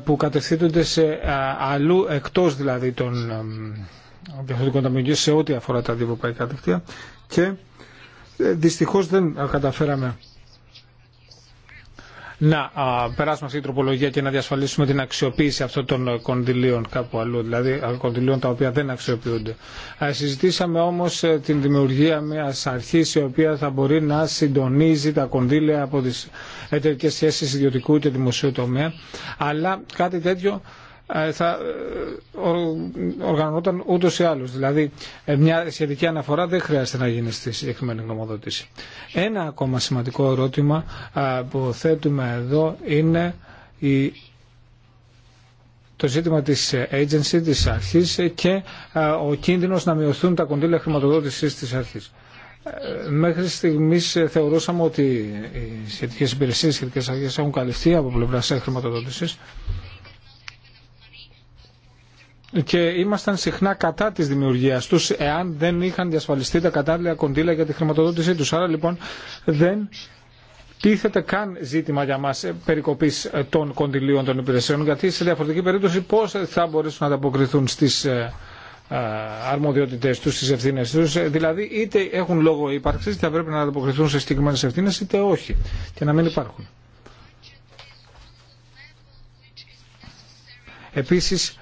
που κατευθύνονται σε αλλού εκτός δηλαδή των διαθετικών ταμιουργίων σε ό,τι αφορά τα αντιευρωπαϊκά δίκτυα και δυστυχώς δεν καταφέραμε να περάσουμε αυτή την τροπολογία και να διασφαλίσουμε την αξιοποίηση αυτών των κονδυλίων κάπου αλλού, δηλαδή κονδυλίων τα οποία δεν αξιοποιούνται. Συζητήσαμε όμως ε, την δημιουργία μιας αρχής η οποία θα μπορεί να συντονίζει τα κονδύλια από τις εταιρικές σχέσεις ιδιωτικού και δημοσίου τομέα, αλλά κάτι τέτοιο ε, θα ε, οργανωνόταν ούτω ή άλλω. Δηλαδή, ε, μια σχετική αναφορά δεν χρειάζεται να γίνει στη συγκεκριμένη γνωμοδότηση. Ένα ακόμα σημαντικό ερώτημα που θέτουμε εδώ είναι η το ζήτημα της agency, της αρχής και ο κίνδυνος να μειωθούν τα κονδύλια χρηματοδότησης της αρχής. Μέχρι στιγμή θεωρούσαμε ότι οι σχετικέ υπηρεσίε, οι σχετικέ αρχέ έχουν καλυφθεί από πλευρά χρηματοδότηση και ήμασταν συχνά κατά τη δημιουργία του, εάν δεν είχαν διασφαλιστεί τα κατάλληλα κονδύλια για τη χρηματοδότησή του. Άρα λοιπόν δεν τίθεται καν ζήτημα για μα ε, περικοπή ε, των κονδυλίων των υπηρεσιών γιατί σε διαφορετική περίπτωση πώ θα μπορέσουν να ανταποκριθούν στις ε, αρμοδιότητε του, στι ευθύνε του, Δηλαδή είτε έχουν λόγο ύπαρξη και θα πρέπει να ανταποκριθούν σε συγκεκριμένε ευθύνε, είτε όχι και να μην υπάρχουν. Επίσης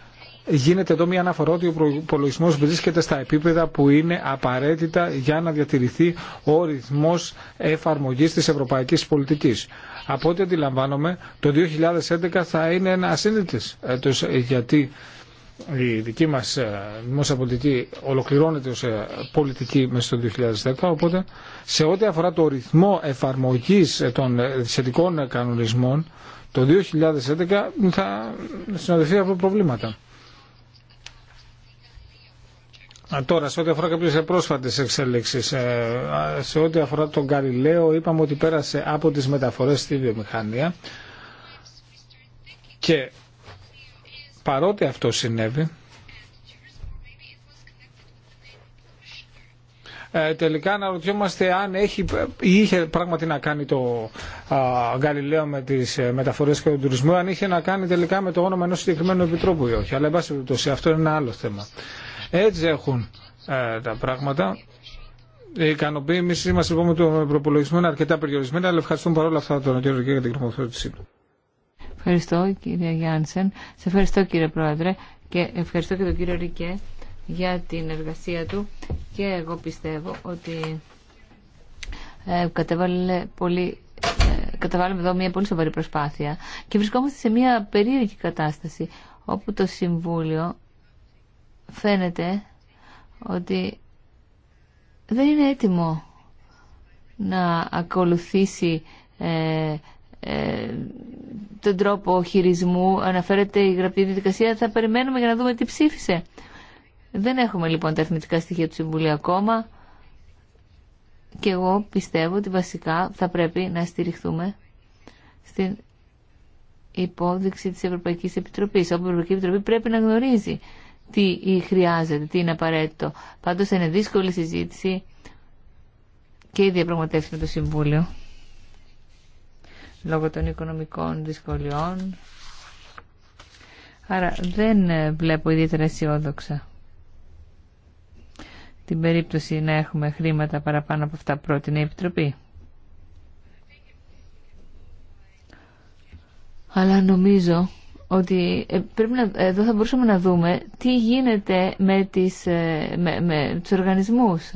γίνεται εδώ μια αναφορά ότι ο προπολογισμό βρίσκεται στα επίπεδα που είναι απαραίτητα για να διατηρηθεί ο ρυθμό εφαρμογή τη ευρωπαϊκή πολιτική. Από ό,τι αντιλαμβάνομαι, το 2011 θα είναι ένα ασύνδετο έτο ε, γιατί η δική μας ε, δημόσια πολιτική ολοκληρώνεται ως ε, πολιτική μέσα στο 2010, οπότε σε ό,τι αφορά το ρυθμό εφαρμογής των σχετικών κανονισμών, το 2011 θα συναντηθεί από προβλήματα. Τώρα, σε ό,τι αφορά κάποιε πρόσφατε εξέλιξει, ε, σε ό,τι αφορά τον Γαλιλαίο, είπαμε ότι πέρασε από τι μεταφορέ στη βιομηχανία και παρότι αυτό συνέβη, ε, τελικά αναρωτιόμαστε αν έχει ή είχε πράγματι να κάνει το Γαλιλαίο με τις ε, μεταφορές και τον τουρισμό, αν είχε να κάνει τελικά με το όνομα ενό συγκεκριμένου επιτρόπου ή όχι. Αλλά εν πάση αυτό είναι ένα άλλο θέμα. Έτσι έχουν ε, τα πράγματα. Η ικανοποίησή μα λοιπόν με τον προπολογισμό είναι αρκετά περιορισμένη, αλλά ευχαριστούμε παρόλα αυτά τον κύριο Ρουκέ για την κριμοθέτησή του. Ευχαριστώ κύριε Γιάνσεν. Σε ευχαριστώ κύριε Πρόεδρε και ευχαριστώ και τον κύριο Ρικέ για την εργασία του και εγώ πιστεύω ότι ε, κατέβαλε πολύ ε, εδώ μια πολύ σοβαρή προσπάθεια και βρισκόμαστε σε μια περίεργη κατάσταση όπου το Συμβούλιο φαίνεται ότι δεν είναι έτοιμο να ακολουθήσει ε, ε, τον τρόπο χειρισμού. Αναφέρεται η γραπτή διαδικασία. Θα περιμένουμε για να δούμε τι ψήφισε. Δεν έχουμε λοιπόν τα αριθμητικά στοιχεία του Συμβουλίου ακόμα. Και εγώ πιστεύω ότι βασικά θα πρέπει να στηριχθούμε στην υπόδειξη της Ευρωπαϊκής Επιτροπής. Όπου η Ευρωπαϊκή Επιτροπή πρέπει να γνωρίζει τι χρειάζεται, τι είναι απαραίτητο. Πάντως είναι δύσκολη συζήτηση και η διαπραγματεύση με το Συμβούλιο λόγω των οικονομικών δυσκολιών. Άρα δεν βλέπω ιδιαίτερα αισιόδοξα την περίπτωση να έχουμε χρήματα παραπάνω από αυτά πρότεινε η Επιτροπή. Αλλά νομίζω ότι ε, πρέπει να, εδώ θα μπορούσαμε να δούμε τι γίνεται με, τις, ε, με, με τους οργανισμούς.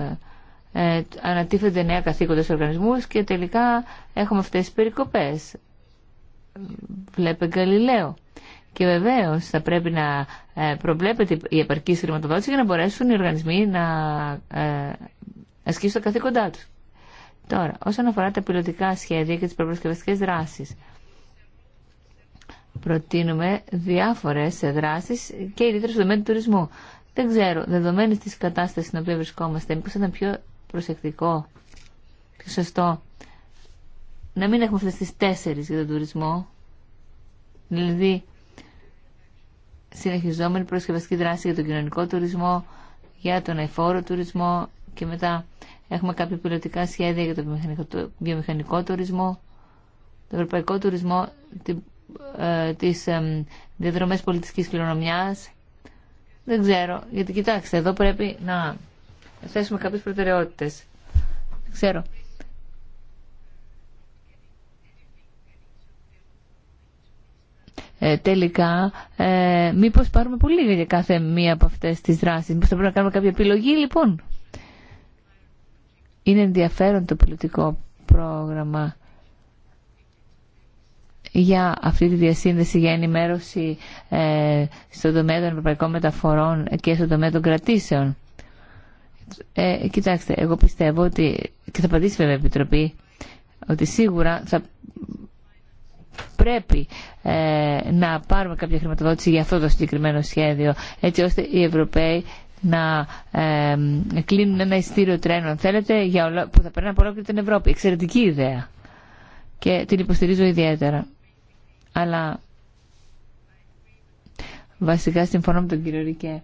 Ε, νέα καθήκοντα στους οργανισμούς και τελικά έχουμε αυτές τις περικοπές. Βλέπε Γκαλιλαίο. Και βεβαίω θα πρέπει να ε, προβλέπεται η επαρκή χρηματοδότηση για να μπορέσουν οι οργανισμοί να ασκήσουν τα καθήκοντά τους. Τώρα, όσον αφορά τα πιλωτικά σχέδια και τι προπροσκευαστικές δράσει, προτείνουμε διάφορες δράσεις και ιδιαίτερα στο τομέα του τουρισμού. Δεν ξέρω, δεδομένη της κατάστασης στην οποία βρισκόμαστε, μήπως ήταν πιο προσεκτικό, πιο σωστό, να μην έχουμε αυτές τις τέσσερις για τον τουρισμό, δηλαδή συνεχιζόμενη προσκευαστική δράση για τον κοινωνικό τουρισμό, για τον εφόρο τουρισμό και μετά έχουμε κάποια πιλωτικά σχέδια για τον βιομηχανικό τουρισμό, τον ευρωπαϊκό τουρισμό, την ε, τις ε, διαδρομές πολιτικής κληρονομιάς. Δεν ξέρω, γιατί κοιτάξτε, εδώ πρέπει να θέσουμε κάποιες προτεραιότητες. Δεν ξέρω. Ε, τελικά, ε, μήπως πάρουμε πολύ λίγα για κάθε μία από αυτές τις δράσεις. Μήπως θα πρέπει να κάνουμε κάποια επιλογή, λοιπόν. Είναι ενδιαφέρον το πολιτικό πρόγραμμα για αυτή τη διασύνδεση για ενημέρωση ε, στον τομέα των ευρωπαϊκών μεταφορών και στον τομέα των κρατήσεων. Ε, κοιτάξτε, εγώ πιστεύω ότι, και θα απαντήσει βέβαια Επιτροπή, ότι σίγουρα θα πρέπει ε, να πάρουμε κάποια χρηματοδότηση για αυτό το συγκεκριμένο σχέδιο, έτσι ώστε οι Ευρωπαίοι να ε, κλείνουν ένα ειστήριο τρένο, θέλετε, για που θα περνά από ολόκληρη την Ευρώπη. Εξαιρετική ιδέα. Και την υποστηρίζω ιδιαίτερα αλλά βασικά συμφωνώ με τον κύριο Ρικέ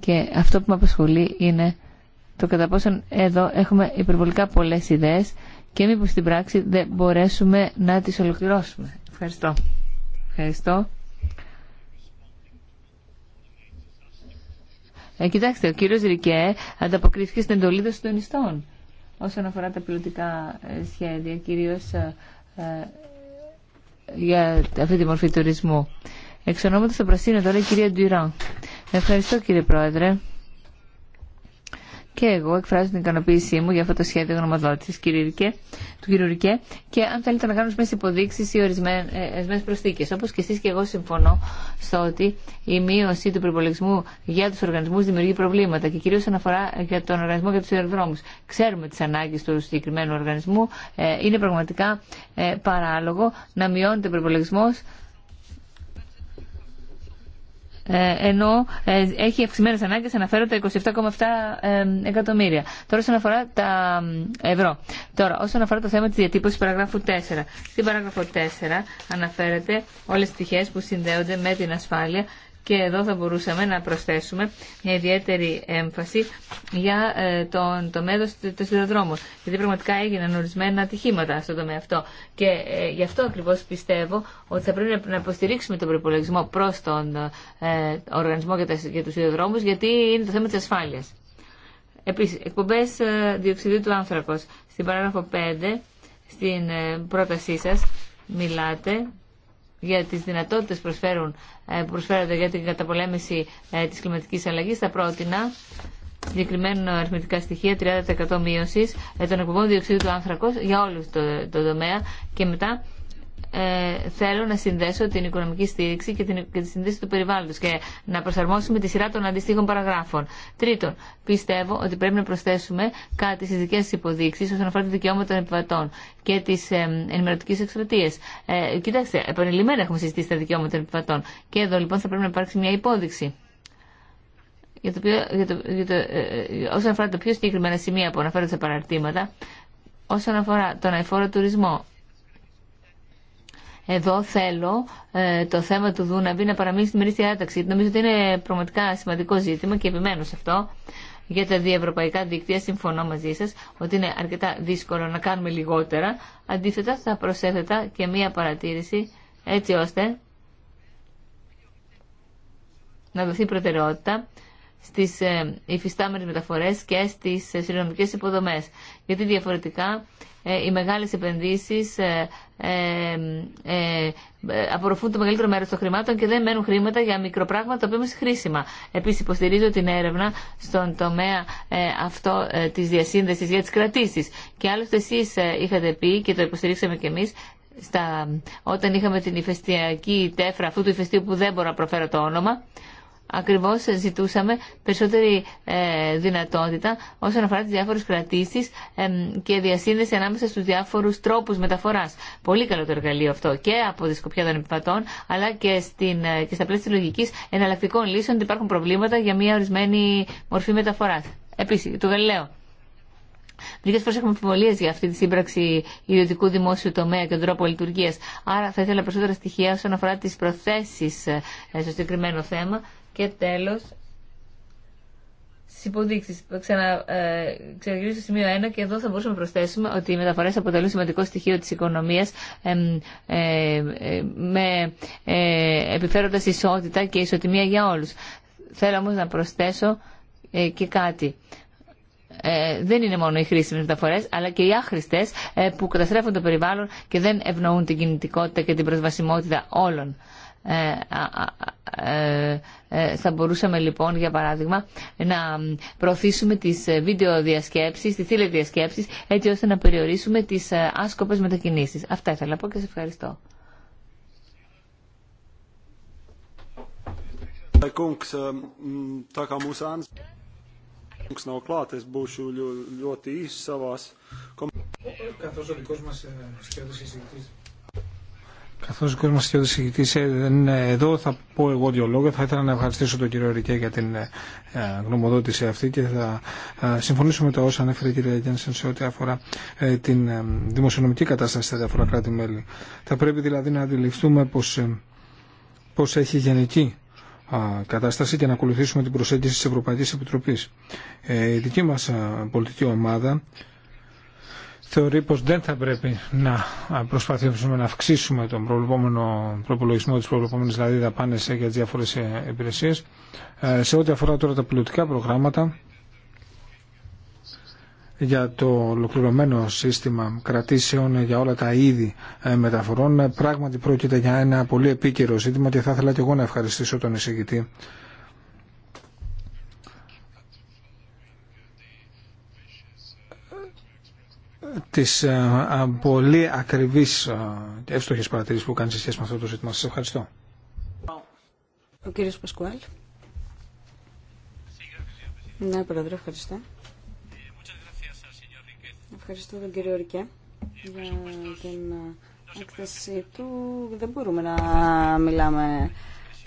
και αυτό που με απασχολεί είναι το κατά πόσον εδώ έχουμε υπερβολικά πολλές ιδέες και μήπως στην πράξη δεν μπορέσουμε να τις ολοκληρώσουμε. Ευχαριστώ. Ευχαριστώ. Ε, κοιτάξτε, ο κύριος Ρικέ ανταποκρίθηκε στην εντολή των συντονιστών όσον αφορά τα πιλωτικά ε, σχέδια, κυρίως ε, ε, για αυτή τη μορφή τουρισμού. Εξ στο πρασίνο τώρα η κυρία Ντουιράν. Ευχαριστώ κύριε Πρόεδρε. Και εγώ εκφράζω την ικανοποίησή μου για αυτό το σχέδιο γνωμοδότηση, του κύριου Ρικέ, και αν θέλετε να κάνουμε τι υποδείξει ή ε, ορισμένε προσθήκε. Όπω και εσεί και εγώ συμφωνώ στο ότι η μείωση του προπολογισμού για του οργανισμού δημιουργεί προβλήματα και κυρίω αναφορά ε, για τον οργανισμό για του αεροδρόμου. Ξέρουμε τι ανάγκε του συγκεκριμένου οργανισμού. Ε, είναι πραγματικά παράλογο να μειώνεται ο προπολογισμό ε, ενώ ε, έχει αυξημένε ανάγκε, αναφέρονται 27,7 ε, εκατομμύρια. Τώρα, όσον αφορά τα ευρώ. Τώρα, όσον αφορά το θέμα τη διατύπωση παραγράφου 4. Στην παράγραφο 4 αναφέρεται όλε τι τυχέ που συνδέονται με την ασφάλεια και εδώ θα μπορούσαμε να προσθέσουμε μια ιδιαίτερη έμφαση για ε, το μέδο των σιδηροδρόμων. Γιατί πραγματικά έγιναν ορισμένα ατυχήματα στον τομέα αυτό. Και ε, γι' αυτό ακριβώ πιστεύω ότι θα πρέπει να υποστηρίξουμε τον προπολογισμό προ τον ε, οργανισμό για του σιδηροδρόμου, γιατί είναι το θέμα τη ασφάλεια. Επίση, εκπομπέ διοξιδίου του άνθρακο. Στην παράγραφο 5, στην πρότασή σα, μιλάτε για τις δυνατότητες ε, που προσφέρονται για την καταπολέμηση ε, της κλιματικής αλλαγής, θα πρότεινα συγκεκριμένα αριθμητικά στοιχεία, 30% μείωση ε, των εκπομπών διοξείδου του άνθρακος για όλο το, το τομέα και μετά ε, θέλω να συνδέσω την οικονομική στήριξη και, την, και τη συνδέση του περιβάλλοντος και να προσαρμόσουμε τη σειρά των αντιστοίχων παραγράφων. Τρίτον, πιστεύω ότι πρέπει να προσθέσουμε κάτι στις δικές υποδείξεις όσον αφορά τα δικαιώματα των επιβατών και τι ε, ενημερωτικέ εκστρατείε. Ε, κοιτάξτε, επανειλημμένα έχουμε συζητήσει τα δικαιώματα των επιβατών. Και εδώ λοιπόν θα πρέπει να υπάρξει μια υπόδειξη. Για το το, για το, ε, ε, όσον αφορά τα πιο συγκεκριμένα σημεία που αναφέρονται σε παραρτήματα, όσον αφορά τον αεφόρο τουρισμό, εδώ θέλω ε, το θέμα του Δούναβη να παραμείνει στη μερίστη άταξη. Νομίζω ότι είναι πραγματικά σημαντικό ζήτημα και επιμένω σε αυτό. Για τα διευρωπαϊκά δίκτυα συμφωνώ μαζί σας ότι είναι αρκετά δύσκολο να κάνουμε λιγότερα. Αντίθετα θα προσέθετα και μία παρατήρηση έτσι ώστε να δοθεί προτεραιότητα στις ε, υφιστάμενες μεταφορές και στις ε, συνομικέ υποδομές. Γιατί διαφορετικά ε, οι μεγάλες επενδύσεις απορροφούν το μεγαλύτερο μέρος των χρημάτων και δεν μένουν χρήματα για μικροπράγματα τα οποία είναι χρήσιμα. Επίσης υποστηρίζω την έρευνα στον τομέα αυτό της διασύνδεσης για τις κρατήσεις. Και άλλωστε εσείς είχατε πει και το υποστηρίξαμε κι εμείς στα, όταν είχαμε την ηφαιστιακή τέφρα αυτού του ηφαιστείου που δεν μπορώ να προφέρω το όνομα, ακριβώς ζητούσαμε περισσότερη ε, δυνατότητα όσον αφορά τις διάφορες κρατήσεις ε, και διασύνδεση ανάμεσα στους διάφορους τρόπους μεταφοράς. Πολύ καλό το εργαλείο αυτό και από τη σκοπιά των επιβατών αλλά και, στην, ε, και στα πλαίσια της λογικής εναλλακτικών λύσεων ότι υπάρχουν προβλήματα για μια ορισμένη μορφή μεταφοράς. Επίσης, το Γαλιλαίο. Μερικέ φορέ έχουμε αμφιβολίε για αυτή τη σύμπραξη ιδιωτικού δημόσιου τομέα και τον τρόπο λειτουργία. Άρα θα ήθελα περισσότερα στοιχεία όσον αφορά τι προθέσει στο συγκεκριμένο θέμα και τέλος, στι υποδείξει. Ξανα, ε, στο σημείο 1 και εδώ θα μπορούσαμε να προσθέσουμε ότι οι μεταφορέ αποτελούν σημαντικό στοιχείο τη οικονομία ε, ε, με ε, επιφέροντα ισότητα και ισοτιμία για όλου. Θέλω όμω να προσθέσω ε, και κάτι. Ε, δεν είναι μόνο οι χρήσιμε μεταφορέ, αλλά και οι άχρηστε ε, που καταστρέφουν το περιβάλλον και δεν ευνοούν την κινητικότητα και την προσβασιμότητα όλων. Ε, ε, ε, θα μπορούσαμε λοιπόν, για παράδειγμα, να προωθήσουμε τις βίντεο διασκέψεις, τις διασκέψεις, έτσι ώστε να περιορίσουμε τις άσκοπες μετακινήσεις. Αυτά ήθελα να πω και σε ευχαριστώ. Καθώς ο δικός μας καθώς ο κ. και ο ε, δεν είναι εδώ, θα πω εγώ δύο λόγια. Θα ήθελα να ευχαριστήσω τον κύριο Ρικέ για την ε, γνωμοδότηση αυτή και θα ε, συμφωνήσω με τα όσα ανέφερε η κυρία Γένσεν σε ό,τι αφορά την δημοσιονομική κατάσταση στα διάφορα κράτη-μέλη. Θα πρέπει δηλαδή να αντιληφθούμε πώ έχει γενική κατάσταση και να ακολουθήσουμε την προσέγγιση της Ευρωπαϊκής Επιτροπής. Η δική μας πολιτική ομάδα θεωρεί πως δεν θα πρέπει να προσπαθήσουμε να αυξήσουμε τον προβλεπόμενο προπολογισμό της προβλεπόμενης δηλαδή δαπάνες για τις διάφορες ε, υπηρεσίες. Ε, σε ό,τι αφορά τώρα τα πιλωτικά προγράμματα για το ολοκληρωμένο σύστημα κρατήσεων για όλα τα είδη ε, μεταφορών, πράγματι πρόκειται για ένα πολύ επίκαιρο ζήτημα και θα ήθελα και εγώ να ευχαριστήσω τον εισηγητή τις ε, πολύ ακριβείς και ε, εύστοχες παρατηρήσεις που κάνει σε σχέση με αυτό το ζήτημα. Σας ευχαριστώ. Ο κύριος Πασκουάλ. Ναι, Πρόεδρε, ευχαριστώ. Ευχαριστώ τον κύριο Ρικέ για την ε, έκθεσή του. Δεν μπορούμε να μιλάμε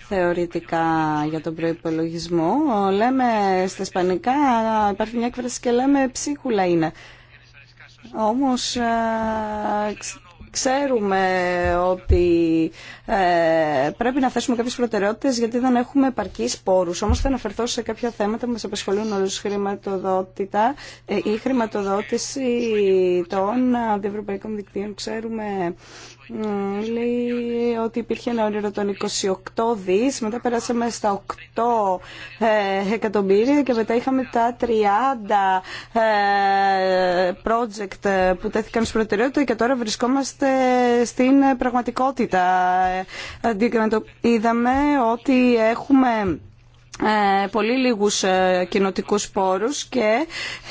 θεωρητικά για τον προϋπολογισμό. Λέμε στα ισπανικά, υπάρχει μια έκφραση και λέμε ψίχουλα είναι όμως ε, ξέρουμε ότι ε, πρέπει να θέσουμε κάποιες προτεραιότητες γιατί δεν έχουμε επαρκείς πόρους. Όμως θα αναφερθώ σε κάποια θέματα που μας απασχολούν όλους χρηματοδότητα ή ε, χρηματοδότηση των αντιευρωπαϊκών δικτύων. Ξέρουμε ε, λέει ότι υπήρχε ένα όνειρο των 28 δις, μετά περάσαμε στα 8 ε, εκατομμύρια και μετά είχαμε τα 30 ε, project που τέθηκαν στην προτεραιότητα και τώρα βρισκόμαστε στην πραγματικότητα. Είδαμε ότι έχουμε ε, πολύ λίγους ε, κοινοτικούς πόρους και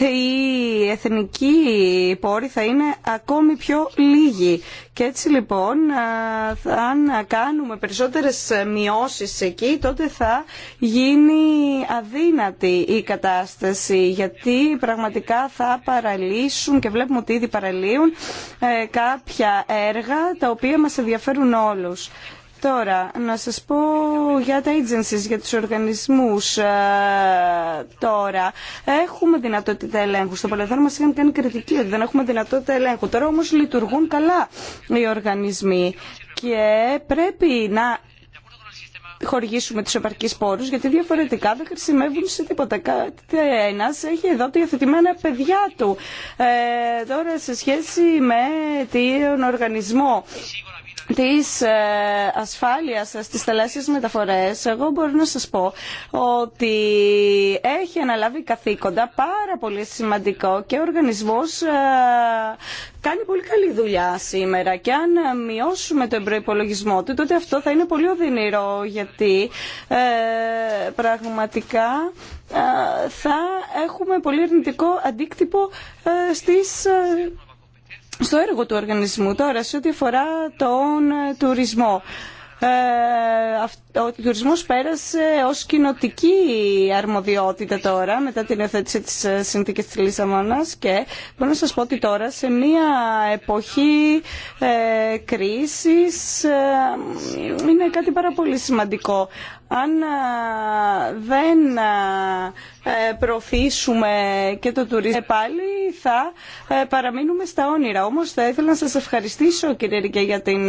οι εθνικοί πόροι θα είναι ακόμη πιο λίγοι. Και έτσι λοιπόν, ε, αν κάνουμε περισσότερες μειώσεις εκεί, τότε θα γίνει αδύνατη η κατάσταση, γιατί πραγματικά θα παραλύσουν και βλέπουμε ότι ήδη παραλύουν κάποια έργα τα οποία μας ενδιαφέρουν όλους. Τώρα, να σας πω για τα agencies, για τους οργανισμούς ε, τώρα. Έχουμε δυνατότητα ελέγχου. Στο παρελθόν μας είχαν κάνει κριτική ότι δεν έχουμε δυνατότητα ελέγχου. Τώρα όμως λειτουργούν καλά οι οργανισμοί και πρέπει να χορηγήσουμε τους επαρκείς πόρους γιατί διαφορετικά δεν χρησιμεύουν σε τίποτα. Κάτι ένας έχει εδώ τα υιοθετημένα παιδιά του. Ε, τώρα σε σχέση με τον οργανισμό της ε, ασφάλειας στις θαλάσσιες μεταφορές, εγώ μπορώ να σας πω ότι έχει αναλάβει καθήκοντα πάρα πολύ σημαντικό και ο οργανισμός ε, κάνει πολύ καλή δουλειά σήμερα και αν μειώσουμε τον προϋπολογισμό του τότε αυτό θα είναι πολύ οδυνηρό γιατί ε, πραγματικά θα έχουμε πολύ αρνητικό αντίκτυπο στις στο έργο του οργανισμού. Τώρα, σε ό,τι αφορά τον ε, τουρισμό. Ε, ο τουρισμός πέρασε ως κοινοτική αρμοδιότητα τώρα μετά την εθέτηση της ε, συνθήκης της Λισαμόνας και μπορώ να σας πω ότι τώρα σε μια εποχή κρίσης είναι κάτι πάρα πολύ σημαντικό αν δεν ε, προωθήσουμε και το τουρισμό πάλι θα ε, παραμείνουμε στα όνειρα. Όμως θα ήθελα να σας ευχαριστήσω κύριε Ρικέ για, την,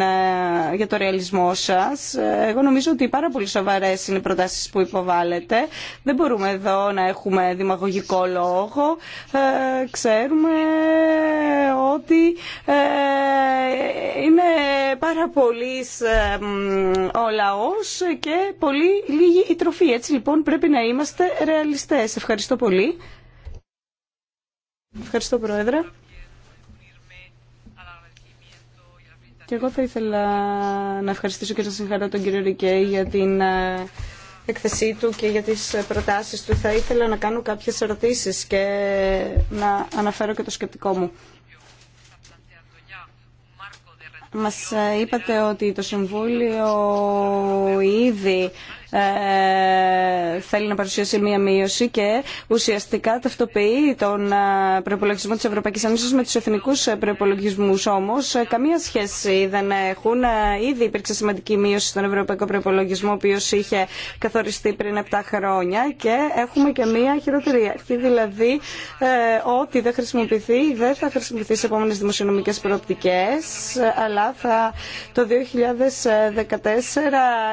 για το ρεαλισμό σας. Εγώ νομίζω ότι πάρα πολύ σοβαρές είναι οι προτάσεις που υποβάλλετε. Δεν μπορούμε εδώ να έχουμε δημαγωγικό λόγο. Ε, ξέρουμε ότι είναι πάρα πολύ ο λαός και πολύ λίγη η τροφή. Έτσι λοιπόν πρέπει να είμαστε ρεαλιστές. Ευχαριστώ πολύ. Ευχαριστώ Πρόεδρε. Και εγώ θα ήθελα να ευχαριστήσω και να συγχαρώ τον κύριο Ρικέ για την εκθεσή του και για τις ε, προτάσεις του. Θα ήθελα να κάνω κάποιες ερωτήσεις και να αναφέρω και το σκεπτικό μου. Μας ε, είπατε ότι το Συμβούλιο ήδη ε, θέλει να παρουσιάσει μία μείωση και ουσιαστικά ταυτοποιεί τον ε, προπολογισμό της Ευρωπαϊκής Ένωσης με τους εθνικούς ε, προπολογισμούς όμως καμία σχέση δεν έχουν ήδη υπήρξε σημαντική μείωση στον Ευρωπαϊκό Προπολογισμό ο οποίος είχε καθοριστεί πριν 7 χρόνια και έχουμε και μία χειροτερία δηλαδή ότι δεν χρησιμοποιηθεί δεν θα χρησιμοποιηθεί σε επόμενες δημοσιονομικές προοπτικές αλλά θα το 2014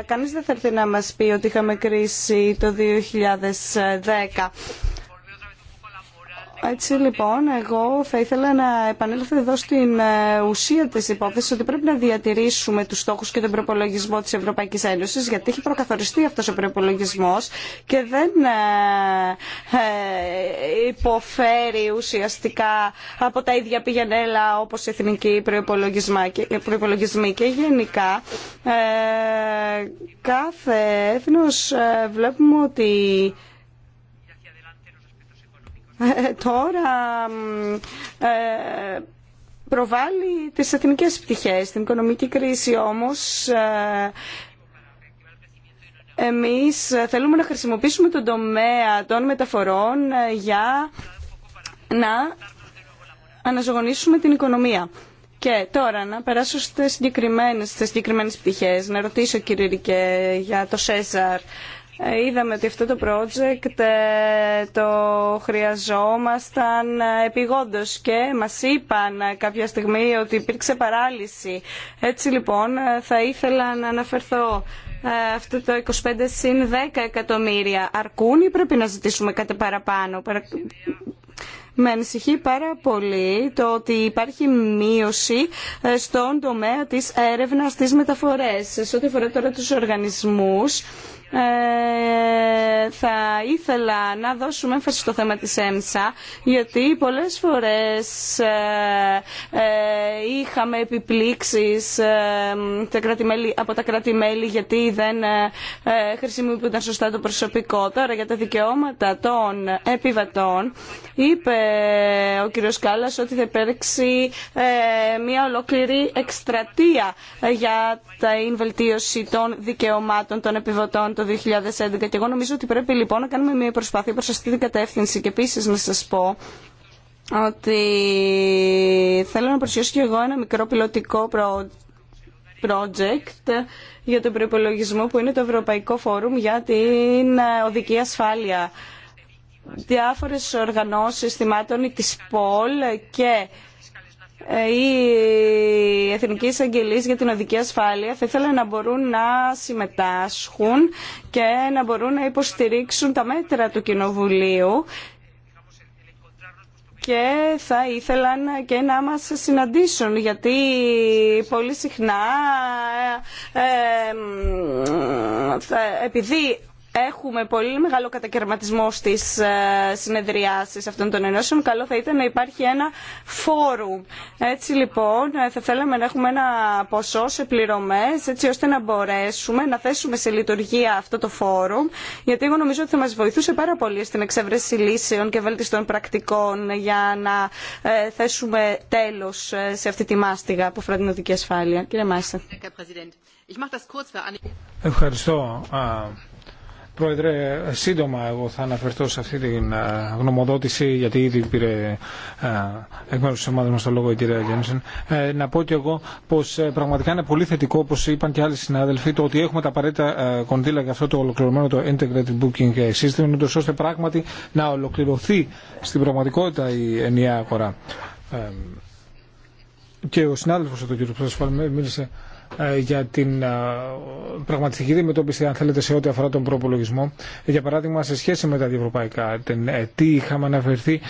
κανείς δεν θα έρθει να μας πει ότι είχαμε κρίση το 2010 έτσι λοιπόν, εγώ θα ήθελα να επανέλθω εδώ στην ε, ουσία τη υπόθεση ότι πρέπει να διατηρήσουμε τους στόχου και τον προπολογισμό της Ευρωπαϊκής Ένωσης γιατί έχει προκαθοριστεί αυτός ο προπολογισμό και δεν ε, ε, υποφέρει ουσιαστικά από τα ίδια πηγενέλα όπως οι εθνικοί προπολογισμοί και γενικά κάθε έθνος βλέπουμε ότι ε, ε, τώρα ε, προβάλλει τις εθνικές πτυχές. Την οικονομική κρίση όμως ε, εμείς θέλουμε να χρησιμοποιήσουμε τον τομέα των μεταφορών ε, για να αναζωογονήσουμε την οικονομία. Και τώρα να περάσω στις συγκεκριμένες, στις συγκεκριμένες πτυχές, να ρωτήσω κύριε Ρικέ για το ΣΕΖΑΡ. Ε, είδαμε ότι αυτό το project ε, το χρειαζόμασταν ε, επιγόντως και μας είπαν κάποια στιγμή ότι υπήρξε παράλυση. Έτσι λοιπόν θα ήθελα να αναφερθώ αυτό το 25 συν 10 εκατομμύρια αρκούν ή πρέπει να ζητήσουμε κάτι παραπάνω. Με ανησυχεί πάρα πολύ το ότι υπάρχει μείωση στον τομέα της έρευνας στις μεταφορές. Σε ό,τι αφορά τώρα τους οργανισμούς, ε, θα ήθελα να δώσουμε έμφαση στο θέμα της ΕΜΣΑ γιατί πολλές φορές ε, ε, είχαμε επιπλήξεις από τα κράτη-μέλη γιατί δεν χρησιμοποιούνταν σωστά το προσωπικό. Τώρα για τα δικαιώματα των επιβατών είπε ο κ. Κάλλας ότι θα υπέρξει μια ολόκληρη εκστρατεία για την βελτίωση των δικαιωμάτων των επιβατών 2011 και εγώ νομίζω ότι πρέπει λοιπόν να κάνουμε μια προσπάθεια προς αυτή την κατεύθυνση και επίση να σας πω ότι θέλω να προσφέρω και εγώ ένα μικρό πιλωτικό project για τον προπολογισμό που είναι το Ευρωπαϊκό Φόρουμ για την ε, οδική ασφάλεια. Διάφορες οργανώσεις θυμάτων της ΠΟΛ και οι ε, εθνικοί εισαγγελεί για την οδική ασφάλεια θα ήθελαν να μπορούν να συμμετάσχουν και να μπορούν να υποστηρίξουν τα μέτρα του Κοινοβουλίου και θα ήθελαν και να μας συναντήσουν γιατί πολύ συχνά ε, ε, επειδή Έχουμε πολύ μεγάλο κατακαιρματισμό στις ε, συνεδριάσεις αυτών των ενώσεων. Καλό θα ήταν να υπάρχει ένα φόρουμ. Έτσι λοιπόν ε, θα θέλαμε να έχουμε ένα ποσό σε πληρωμές έτσι ώστε να μπορέσουμε να θέσουμε σε λειτουργία αυτό το φόρουμ γιατί εγώ νομίζω ότι θα μας βοηθούσε πάρα πολύ στην εξεύρεση λύσεων και βέλτιστων πρακτικών για να ε, θέσουμε τέλος σε αυτή τη μάστιγα από φροντινωτική ασφάλεια. Κύριε Μάιστα. Ευχαριστώ. Πρόεδρε, σύντομα εγώ θα αναφερθώ σε αυτή την γνωμοδότηση, γιατί ήδη πήρε εκ μέρου τη ομάδα μα το λόγο η κυρία Γιάννησεν. Ε, να πω και εγώ πω ε, πραγματικά είναι πολύ θετικό, όπω είπαν και άλλοι συνάδελφοι, το ότι έχουμε τα απαραίτητα κονδύλα για αυτό το ολοκληρωμένο το Integrated Booking ε, System, ώστε πράγματι να ολοκληρωθεί στην πραγματικότητα η ενιαία αγορά. Και ο συνάδελφο, ο κ. Πρόεδρε, μίλησε ε, για την ε, πραγματική αντιμετώπιση, αν θέλετε, σε ό,τι αφορά τον προπολογισμό. Για παράδειγμα, σε σχέση με τα διευρωπαϊκά, ε, τι είχαμε αναφερθεί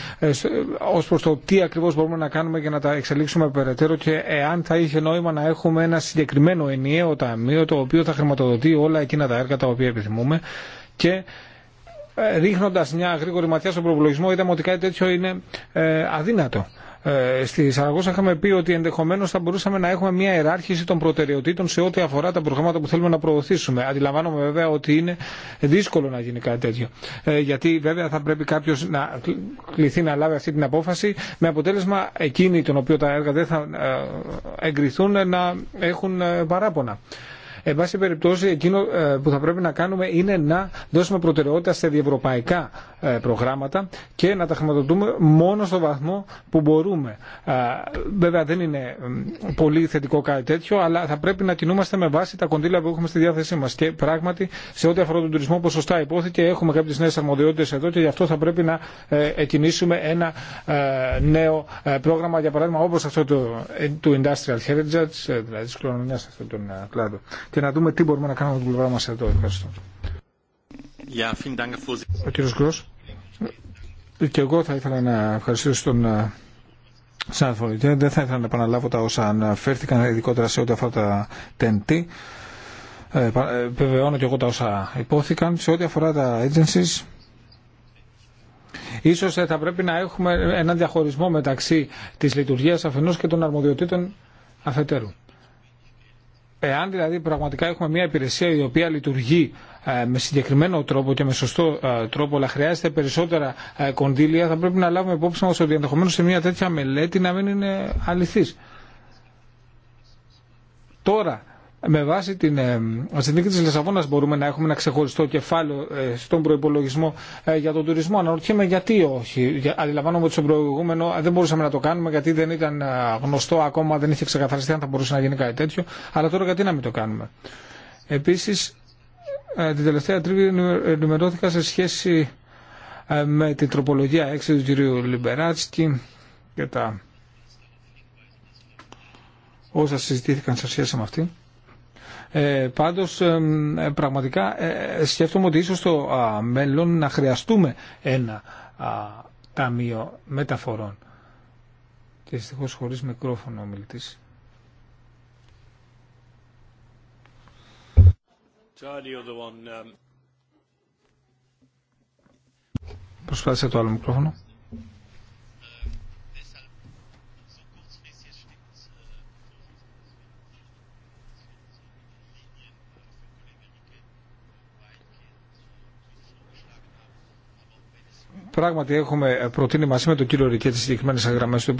ω προ το τι ακριβώ μπορούμε να κάνουμε για να τα εξελίξουμε περαιτέρω και εάν θα είχε νόημα να έχουμε ένα συγκεκριμένο ενιαίο ταμείο το οποίο θα χρηματοδοτεί όλα εκείνα τα έργα τα οποία επιθυμούμε και ρίχνοντα μια γρήγορη ματιά στον προπολογισμό, είδαμε ότι κάτι τέτοιο είναι αδύνατο. Ε, στη Σαραγώσα είχαμε πει ότι ενδεχομένω θα μπορούσαμε να έχουμε μια εράρχηση των προτεραιοτήτων σε ό,τι αφορά τα προγράμματα που θέλουμε να προωθήσουμε. Αντιλαμβάνομαι βέβαια ότι είναι δύσκολο να γίνει κάτι τέτοιο. Ε, γιατί βέβαια θα πρέπει κάποιο να κληθεί να λάβει αυτή την απόφαση με αποτέλεσμα εκείνοι των οποίων τα έργα δεν θα ε, εγκριθούν να έχουν παράπονα. Εν πάση περιπτώσει, εκείνο ε, που θα πρέπει να κάνουμε είναι να δώσουμε προτεραιότητα σε διευρωπαϊκά ε, προγράμματα και να τα χρηματοδοτούμε μόνο στο βαθμό που μπορούμε. Ε, βέβαια, δεν είναι πολύ θετικό κάτι τέτοιο, αλλά θα πρέπει να κινούμαστε με βάση τα κονδύλια που έχουμε στη διάθεσή μα. Και πράγματι, σε ό,τι αφορά τον τουρισμό, όπω σωστά υπόθηκε, έχουμε κάποιε νέε αρμοδιότητε εδώ και γι' αυτό θα πρέπει να εκκινήσουμε ένα νέο πρόγραμμα, για παράδειγμα, όπω αυτό του Industrial Heritage, δηλαδή τη κληρονομιά αυτών τον κλάδο και να δούμε τι μπορούμε να κάνουμε από την πλευρά μας εδώ. Ευχαριστώ. Ο κύριο Γκρός. Και εγώ θα ήθελα να ευχαριστήσω τον ε, συνάδελφο. Δεν θα ήθελα να επαναλάβω τα όσα αναφέρθηκαν, ειδικότερα σε ό,τι αφορά τα TNT. Ε, ε, βεβαιώνω και εγώ τα όσα υπόθηκαν. Σε ό,τι αφορά τα agencies, ίσως θα πρέπει να έχουμε έναν διαχωρισμό μεταξύ της λειτουργίας αφενός και των αρμοδιοτήτων αφετέρου. Εάν δηλαδή πραγματικά έχουμε μια υπηρεσία η οποία λειτουργεί ε, με συγκεκριμένο τρόπο και με σωστό ε, τρόπο, αλλά χρειάζεται περισσότερα ε, κονδύλια, θα πρέπει να λάβουμε υπόψη μα ότι ενδεχομένω σε μια τέτοια μελέτη να μην είναι αληθή. Τώρα, με βάση την ε, συνθήκη τη Λισαβόνα μπορούμε να έχουμε ένα ξεχωριστό κεφάλαιο ε, στον προπολογισμό ε, για τον τουρισμό. Αναρωτιέμαι γιατί όχι. Αντιλαμβάνομαι ότι στον προηγούμενο δεν μπορούσαμε να το κάνουμε γιατί δεν ήταν γνωστό ακόμα, δεν είχε ξεκαθαριστεί αν θα μπορούσε να γίνει κάτι τέτοιο. Αλλά τώρα γιατί να μην το κάνουμε. Επίση, την τελευταία τρίτη ενημερώθηκα σε σχέση με την τροπολογία 6 του κυρίου Λιμπεράτσκι και τα όσα συζητήθηκαν σε σχέση με αυτή. Ε, πάντως ε, πραγματικά ε, ε, σκέφτομαι ότι ίσως στο μέλλον να χρειαστούμε ένα ταμείο μεταφορών. Και δυστυχώς χωρίς μικρόφωνο ο μιλητής. Um, Προσπάθησε το άλλο μικρόφωνο. Πράγματι, έχουμε προτείνει μαζί με τον κύριο Ρικέ τι συγκεκριμένε γραμμέ του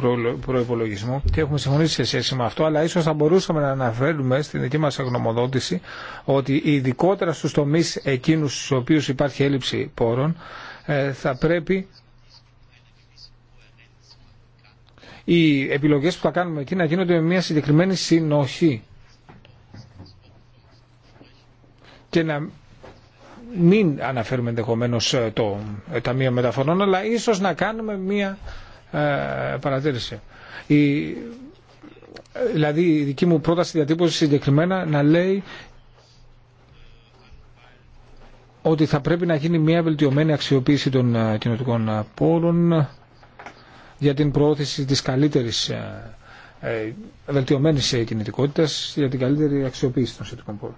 προπολογισμού και έχουμε συμφωνήσει σε σχέση με αυτό, αλλά ίσω θα μπορούσαμε να αναφέρουμε στην δική μα αγνομοδότηση ότι ειδικότερα στου τομεί εκείνου στου οποίου υπάρχει έλλειψη πόρων, ε, θα πρέπει οι επιλογές που θα κάνουμε εκεί να γίνονται με μια συγκεκριμένη συνοχή και να μην αναφέρουμε ενδεχομένω ε, το ε, Ταμείο Μεταφορών, αλλά πρόταση διατύπωση συγκεκριμένα να κάνουμε μία ε, παρατήρηση. Η, δηλαδή η δική μου πρόταση διατύπωση συγκεκριμένα να λέει ότι θα πρέπει να γίνει μια βελτιωμένη αξιοποίηση των κοινωτικών πόρων για την προώθηση της καλύτερης βελτιωμένης κινητικότητας για την καλύτερη αξιοποίηση των σχετικών πόρων.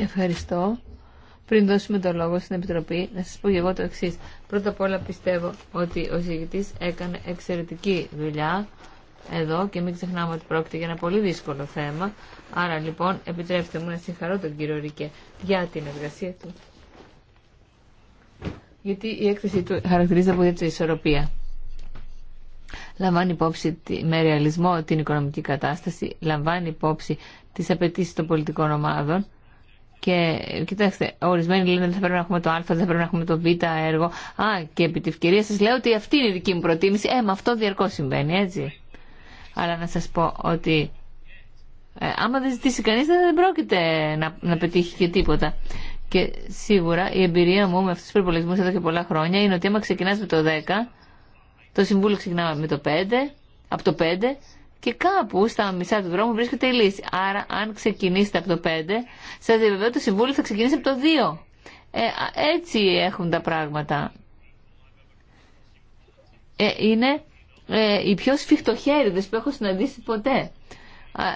Ευχαριστώ. Πριν δώσουμε το λόγο στην Επιτροπή, να σας πω και εγώ το εξής. Πρώτα απ' όλα πιστεύω ότι ο συζητητής έκανε εξαιρετική δουλειά εδώ και μην ξεχνάμε ότι πρόκειται για ένα πολύ δύσκολο θέμα. Άρα λοιπόν επιτρέψτε μου να συγχαρώ τον κύριο Ρίκε για την εργασία του. Γιατί η έκθεση του χαρακτηρίζεται από την ισορροπία. Λαμβάνει υπόψη με ρεαλισμό την οικονομική κατάσταση, λαμβάνει υπόψη τις απαιτήσει των πολιτικών ομάδων, και κοιτάξτε, ορισμένοι λένε ότι θα πρέπει να έχουμε το Α, θα πρέπει να έχουμε το Β έργο. Α, και επί τη ευκαιρία σα λέω ότι αυτή είναι η δική μου προτίμηση. Ε, μα αυτό διαρκώ συμβαίνει, έτσι. Αλλά να σα πω ότι ε, άμα δεν ζητήσει κανεί, δεν πρόκειται να, να πετύχει και τίποτα. Και σίγουρα η εμπειρία μου με αυτού του προπολογισμού εδώ και πολλά χρόνια είναι ότι άμα ξεκινά με το 10, το συμβούλιο ξεκινάμε με το 5, από το 5 και κάπου στα μισά του δρόμου βρίσκεται η λύση. Άρα, αν ξεκινήσετε από το 5, σα διαβεβαιώ το Συμβούλιο θα ξεκινήσει από το 2. Ε, έτσι έχουν τα πράγματα. Ε, είναι ε, οι πιο σφιχτοχέριδες που έχω συναντήσει ποτέ.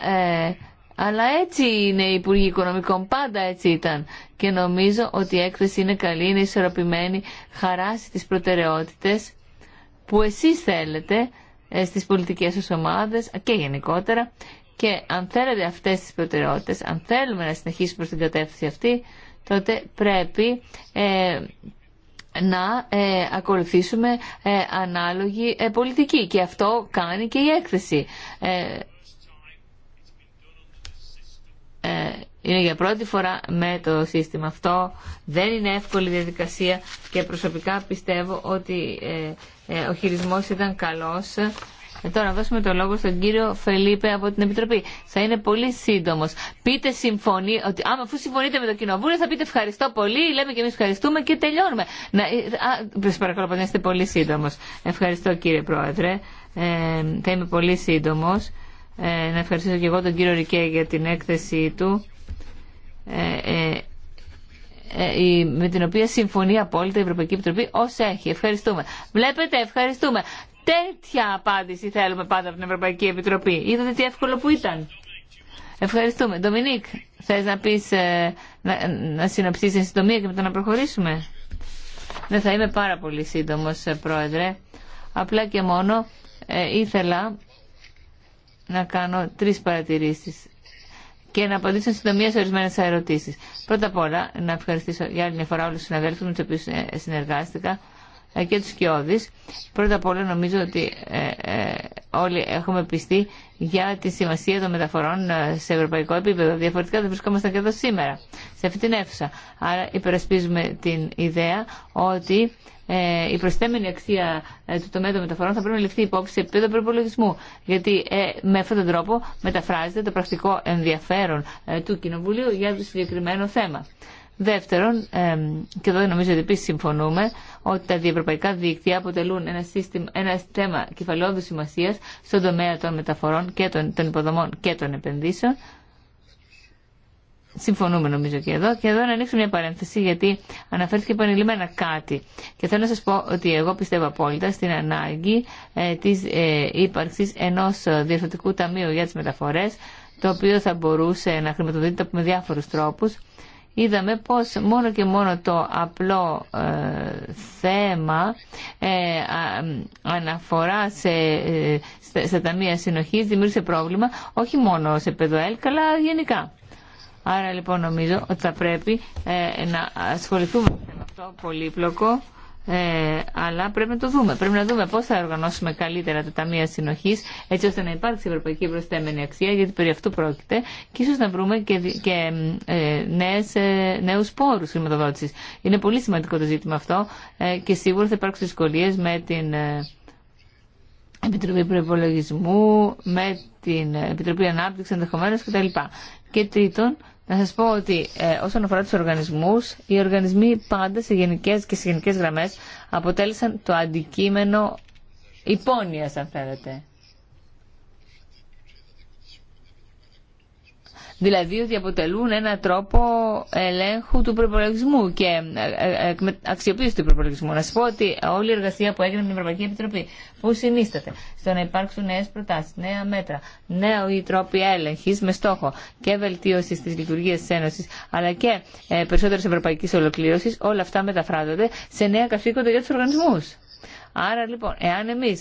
Ε, αλλά έτσι είναι οι Υπουργοί Οικονομικών, πάντα έτσι ήταν. Και νομίζω ότι η έκθεση είναι καλή, είναι ισορροπημένη, χαράσει τις προτεραιότητες που εσείς θέλετε ε, στις πολιτικές τους ομάδες και γενικότερα. Και αν θέλετε αυτές τις προτεραιότητες, αν θέλουμε να συνεχίσουμε προς την κατεύθυνση αυτή, τότε πρέπει ε, να ε, ακολουθήσουμε ανάλογη πολιτική. Και αυτό κάνει και η έκθεση. Είναι για πρώτη φορά με το σύστημα αυτό. Δεν είναι εύκολη διαδικασία και προσωπικά πιστεύω ότι ε, ε, ο χειρισμός ήταν καλός. Ε, τώρα να δώσουμε το λόγο στον κύριο Φελίπε από την Επιτροπή. Θα είναι πολύ σύντομο. Πείτε συμφωνεί, ότι άμα αφού συμφωνείτε με το Κοινοβούλιο θα πείτε ευχαριστώ πολύ, λέμε και εμεί ευχαριστούμε και τελειώνουμε. Να, α, σας παρακαλώ να είστε πολύ σύντομο. Ευχαριστώ κύριε Πρόεδρε. Ε, θα είμαι πολύ σύντομο. Ε, να ευχαριστήσω και εγώ τον κύριο Ρικέ για την έκθεσή του. Ε, ε, ε, με την οποία συμφωνεί απόλυτα η Ευρωπαϊκή Επιτροπή ως έχει. Ευχαριστούμε. Βλέπετε, ευχαριστούμε. Τέτοια απάντηση θέλουμε πάντα από την Ευρωπαϊκή Επιτροπή. Είδατε τι εύκολο που ήταν. Ευχαριστούμε. Ντομινίκ, θες να πεις, να, να συνοψίσεις εν συντομία και μετά να προχωρήσουμε. Ναι, θα είμαι πάρα πολύ σύντομος, Πρόεδρε. Απλά και μόνο ήθελα να κάνω τρεις παρατηρήσεις και να απαντήσω στην συντομία σε ορισμένε ερωτήσει. Πρώτα απ' όλα, να ευχαριστήσω για άλλη μια φορά όλου του συναδέλφου με του οποίου ε, συνεργάστηκα ε, και τους κοιόδης. Πρώτα απ' όλα νομίζω ότι ε, ε, όλοι έχουμε πιστεί για τη σημασία των μεταφορών σε ευρωπαϊκό επίπεδο. Διαφορετικά δεν βρισκόμαστε και εδώ σήμερα, σε αυτή την αίθουσα. Άρα υπερασπίζουμε την ιδέα ότι η προσθέμενη αξία του τομέα των μεταφορών θα πρέπει να ληφθεί υπόψη σε επίπεδο προπολογισμού. Γιατί με αυτόν τον τρόπο μεταφράζεται το πρακτικό ενδιαφέρον του Κοινοβουλίου για το συγκεκριμένο θέμα. Δεύτερον, και εδώ νομίζω ότι επίση συμφωνούμε, ότι τα διευρωπαϊκά δίκτυα αποτελούν ένα, σύστημα, ένα θέμα κεφαλαιόδου σημασία στον τομέα των μεταφορών και των, των υποδομών και των επενδύσεων. Συμφωνούμε νομίζω και εδώ. Και εδώ να ανοίξω μια παρένθεση γιατί αναφέρθηκε επανειλημμένα κάτι. Και θέλω να σας πω ότι εγώ πιστεύω απόλυτα στην ανάγκη ε, της ε, ύπαρξης ενός διευθυντικού ταμείου για τις μεταφορές το οποίο θα μπορούσε να χρηματοδοτείται με διάφορους τρόπους είδαμε πως μόνο και μόνο το απλό ε, θέμα ε, αναφορά σε, ε, στα, ταμεία συνοχής δημιούργησε πρόβλημα όχι μόνο σε παιδοέλκα αλλά γενικά. Άρα λοιπόν νομίζω ότι θα πρέπει ε, να ασχοληθούμε με αυτό πολύπλοκο ε, αλλά πρέπει να το δούμε. Πρέπει να δούμε πώ θα οργανώσουμε καλύτερα τα ταμεία συνοχή, έτσι ώστε να υπάρξει ευρωπαϊκή προστέμενη αξία, γιατί περί αυτού πρόκειται, και ίσω να βρούμε και, και ε, ε, νέου πόρου χρηματοδότηση. Είναι πολύ σημαντικό το ζήτημα αυτό ε, και σίγουρα θα υπάρξουν δυσκολίε ε, με την Επιτροπή Προπολογισμού, με την Επιτροπή Ανάπτυξη ενδεχομένω κτλ. Και τρίτον, να σας πω ότι ε, όσον αφορά τους οργανισμούς, οι οργανισμοί πάντα σε γενικές και σε γενικές γραμμές αποτέλεσαν το αντικείμενο υπόνοιας, αν θέλετε. Δηλαδή ότι αποτελούν ένα τρόπο ελέγχου του προπολογισμού και ε, ε, αξιοποίηση του προπολογισμού. Να σα πω ότι όλη η εργασία που έγινε με την Ευρωπαϊκή Επιτροπή, που συνίσταται στο να υπάρξουν νέε προτάσει, νέα μέτρα, νέοι τρόποι έλεγχη με στόχο και βελτίωση τη λειτουργία τη Ένωση, αλλά και ε, περισσότερη ευρωπαϊκή ολοκλήρωση, όλα αυτά μεταφράζονται σε νέα καθήκοντα για του οργανισμού. Άρα λοιπόν, εάν εμεί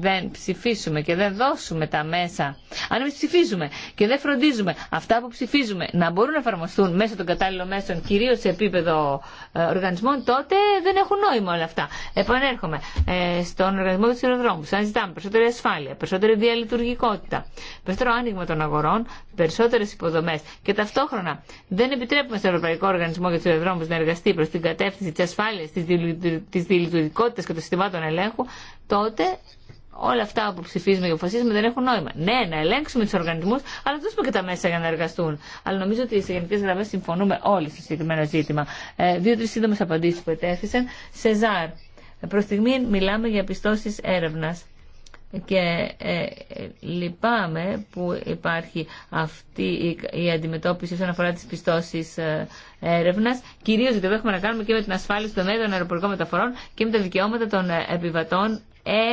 δεν ψηφίσουμε και δεν δώσουμε τα μέσα, αν εμεί ψηφίζουμε και δεν φροντίζουμε αυτά που ψηφίζουμε να μπορούν να εφαρμοστούν μέσα των κατάλληλων μέσων, κυρίω σε επίπεδο ε, οργανισμών, τότε δεν έχουν νόημα όλα αυτά. Επανέρχομαι ε, στον οργανισμό του συνοδρόμου. Αν ζητάμε περισσότερη ασφάλεια, περισσότερη διαλειτουργικότητα, περισσότερο άνοιγμα των αγορών, περισσότερε υποδομέ και ταυτόχρονα δεν επιτρέπουμε στον Ευρωπαϊκό Οργανισμό για του Συνοδρόμου να εργαστεί προ την κατεύθυνση τη ασφάλεια, τη διαλειτουργικότητα και των συστημάτων ελέγχου, τότε όλα αυτά που ψηφίζουμε και αποφασίζουμε δεν έχουν νόημα. Ναι, να ελέγξουμε του οργανισμού, αλλά να δώσουμε και τα μέσα για να εργαστούν. Αλλά νομίζω ότι σε γενικέ γραμμέ συμφωνούμε όλοι στο συγκεκριμένο ζήτημα. Ε, Δύο-τρει σύντομε απαντήσει που ετέθησαν. Σεζάρ. Προ στιγμή μιλάμε για πιστώσει έρευνα και ε, ε, λυπάμαι που υπάρχει αυτή η, αντιμετώπιση όσον αφορά τις πιστώσεις ε, έρευνας, κυρίως γιατί έχουμε να κάνουμε και με την ασφάλιση των των αεροπορικών μεταφορών και με τα δικαιώματα των ε, επιβατών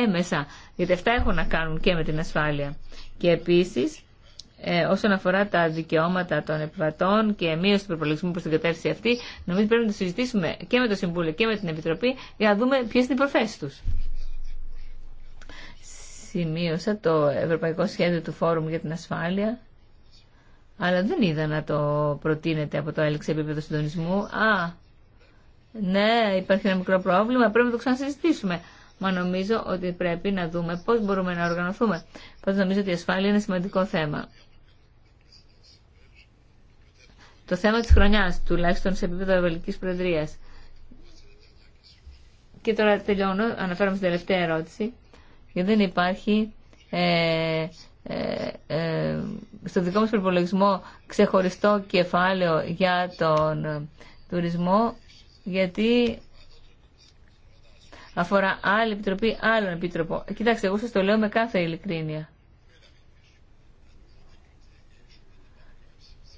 έμεσα, γιατί αυτά έχουν να κάνουν και με την ασφάλεια. Και επίσης, ε, όσον αφορά τα δικαιώματα των επιβατών και μείωση του προπολογισμού προ την κατεύθυνση αυτή, νομίζω πρέπει να το συζητήσουμε και με το Συμβούλιο και με την Επιτροπή για να δούμε ποιε είναι οι προθέσει του. Σημείωσα το Ευρωπαϊκό Σχέδιο του Φόρουμ για την Ασφάλεια, αλλά δεν είδα να το προτείνεται από το έλεξη επίπεδο συντονισμού. Α, ναι, υπάρχει ένα μικρό πρόβλημα, πρέπει να το ξανασυζητήσουμε. Μα νομίζω ότι πρέπει να δούμε πώς μπορούμε να οργανωθούμε. Πάντως νομίζω ότι η ασφάλεια είναι σημαντικό θέμα. Το θέμα της χρονιάς, τουλάχιστον σε επίπεδο ευρωπαϊκής προεδρίας. Και τώρα τελειώνω, αναφέρομαι στην τελευταία ερώτηση γιατί δεν υπάρχει ε, ε, ε, στο δικό μας προπολογισμό ξεχωριστό κεφάλαιο για τον ε, τουρισμό, γιατί αφορά άλλη επιτροπή, άλλον επίτροπο. Κοιτάξτε, εγώ σας το λέω με κάθε ειλικρίνεια.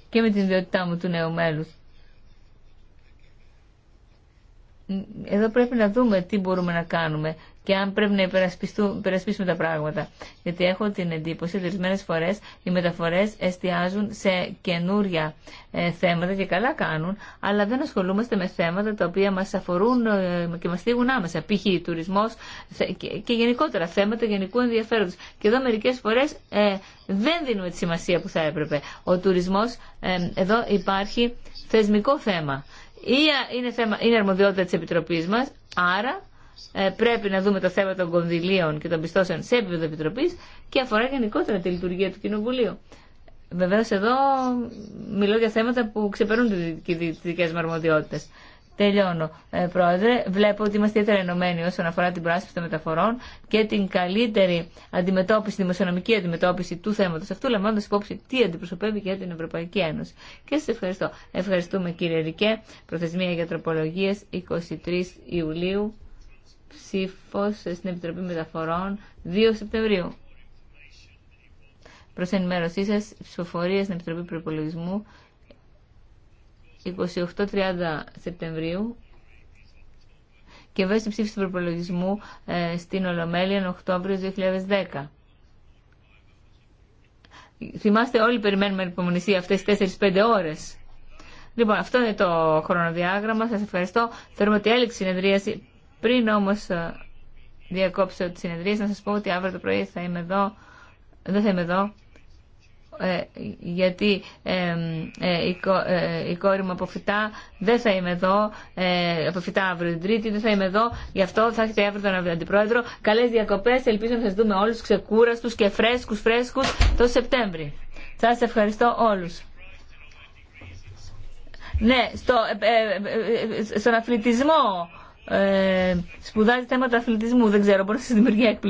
Και με την ιδιότητά μου του νέου μέλους. Εδώ πρέπει να δούμε τι μπορούμε να κάνουμε και αν πρέπει να υπερασπίσουμε τα πράγματα. Γιατί έχω την εντύπωση ότι ορισμένε φορέ οι μεταφορέ εστιάζουν σε καινούρια ε, θέματα και καλά κάνουν, αλλά δεν ασχολούμαστε με θέματα τα οποία μα αφορούν ε, και μα θίγουν άμεσα. Π.χ. τουρισμό και, και γενικότερα θέματα γενικού ενδιαφέροντο. Και εδώ μερικέ φορέ ε, δεν δίνουμε τη σημασία που θα έπρεπε. Ο τουρισμό, ε, εδώ υπάρχει θεσμικό θέμα. Ή είναι, θέμα, είναι αρμοδιότητα της Επιτροπής μας, άρα ε, πρέπει να δούμε το θέμα των κονδυλίων και των πιστώσεων σε επίπεδο επιτροπή και αφορά γενικότερα τη λειτουργία του Κοινοβουλίου. Βεβαίω εδώ μιλώ για θέματα που ξεπερνούν τι δικέ μου αρμοδιότητε. Τελειώνω, ε, Πρόεδρε. Βλέπω ότι είμαστε ιδιαίτερα ενωμένοι όσον αφορά την πράσινη των μεταφορών και την καλύτερη αντιμετώπιση, δημοσιονομική αντιμετώπιση του θέματο αυτού, λαμβάνοντα υπόψη τι αντιπροσωπεύει και την Ευρωπαϊκή Ένωση. Και σα ευχαριστώ. Ευχαριστούμε, κύριε Ρικέ. Προθεσμία για 23 Ιουλίου. Ψήφο στην Επιτροπή Μεταφορών 2 Σεπτεμβρίου. Προ ενημέρωσή σα, ψηφοφορία στην Επιτροπή Προπολογισμού 28-30 Σεπτεμβρίου και στην ψήφιση του προπολογισμού ε, στην Ολομέλεια Οκτώβριο 2010. Θυμάστε όλοι περιμένουμε υπομονησία αυτές τις 4-5 ώρες. Λοιπόν, αυτό είναι το χρονοδιάγραμμα. Σας ευχαριστώ. Θεωρούμε ότι έληξε η συνεδρίαση. Πριν όμως ε, διακόψω τη συνεδρία, να σας πω ότι αύριο το πρωί θα είμαι εδώ, δεν θα είμαι εδώ, ε, γιατί ε, η κόρη μου αποφυτά δεν θα είμαι εδώ, αποφυτά αύριο την Τρίτη, δεν θα είμαι εδώ, γι' αυτό θα έχετε αύριο τον Αντιπρόεδρο. Καλές διακοπές, ελπίζω να σας δούμε όλους ξεκούραστους και φρέσκους φρέσκους το Σεπτέμβρη. Σας ευχαριστώ όλους. Ναι, στον αθλητισμό ε, σπουδάζει θέματα αθλητισμού. Δεν ξέρω, μπορεί να σα δημιουργεί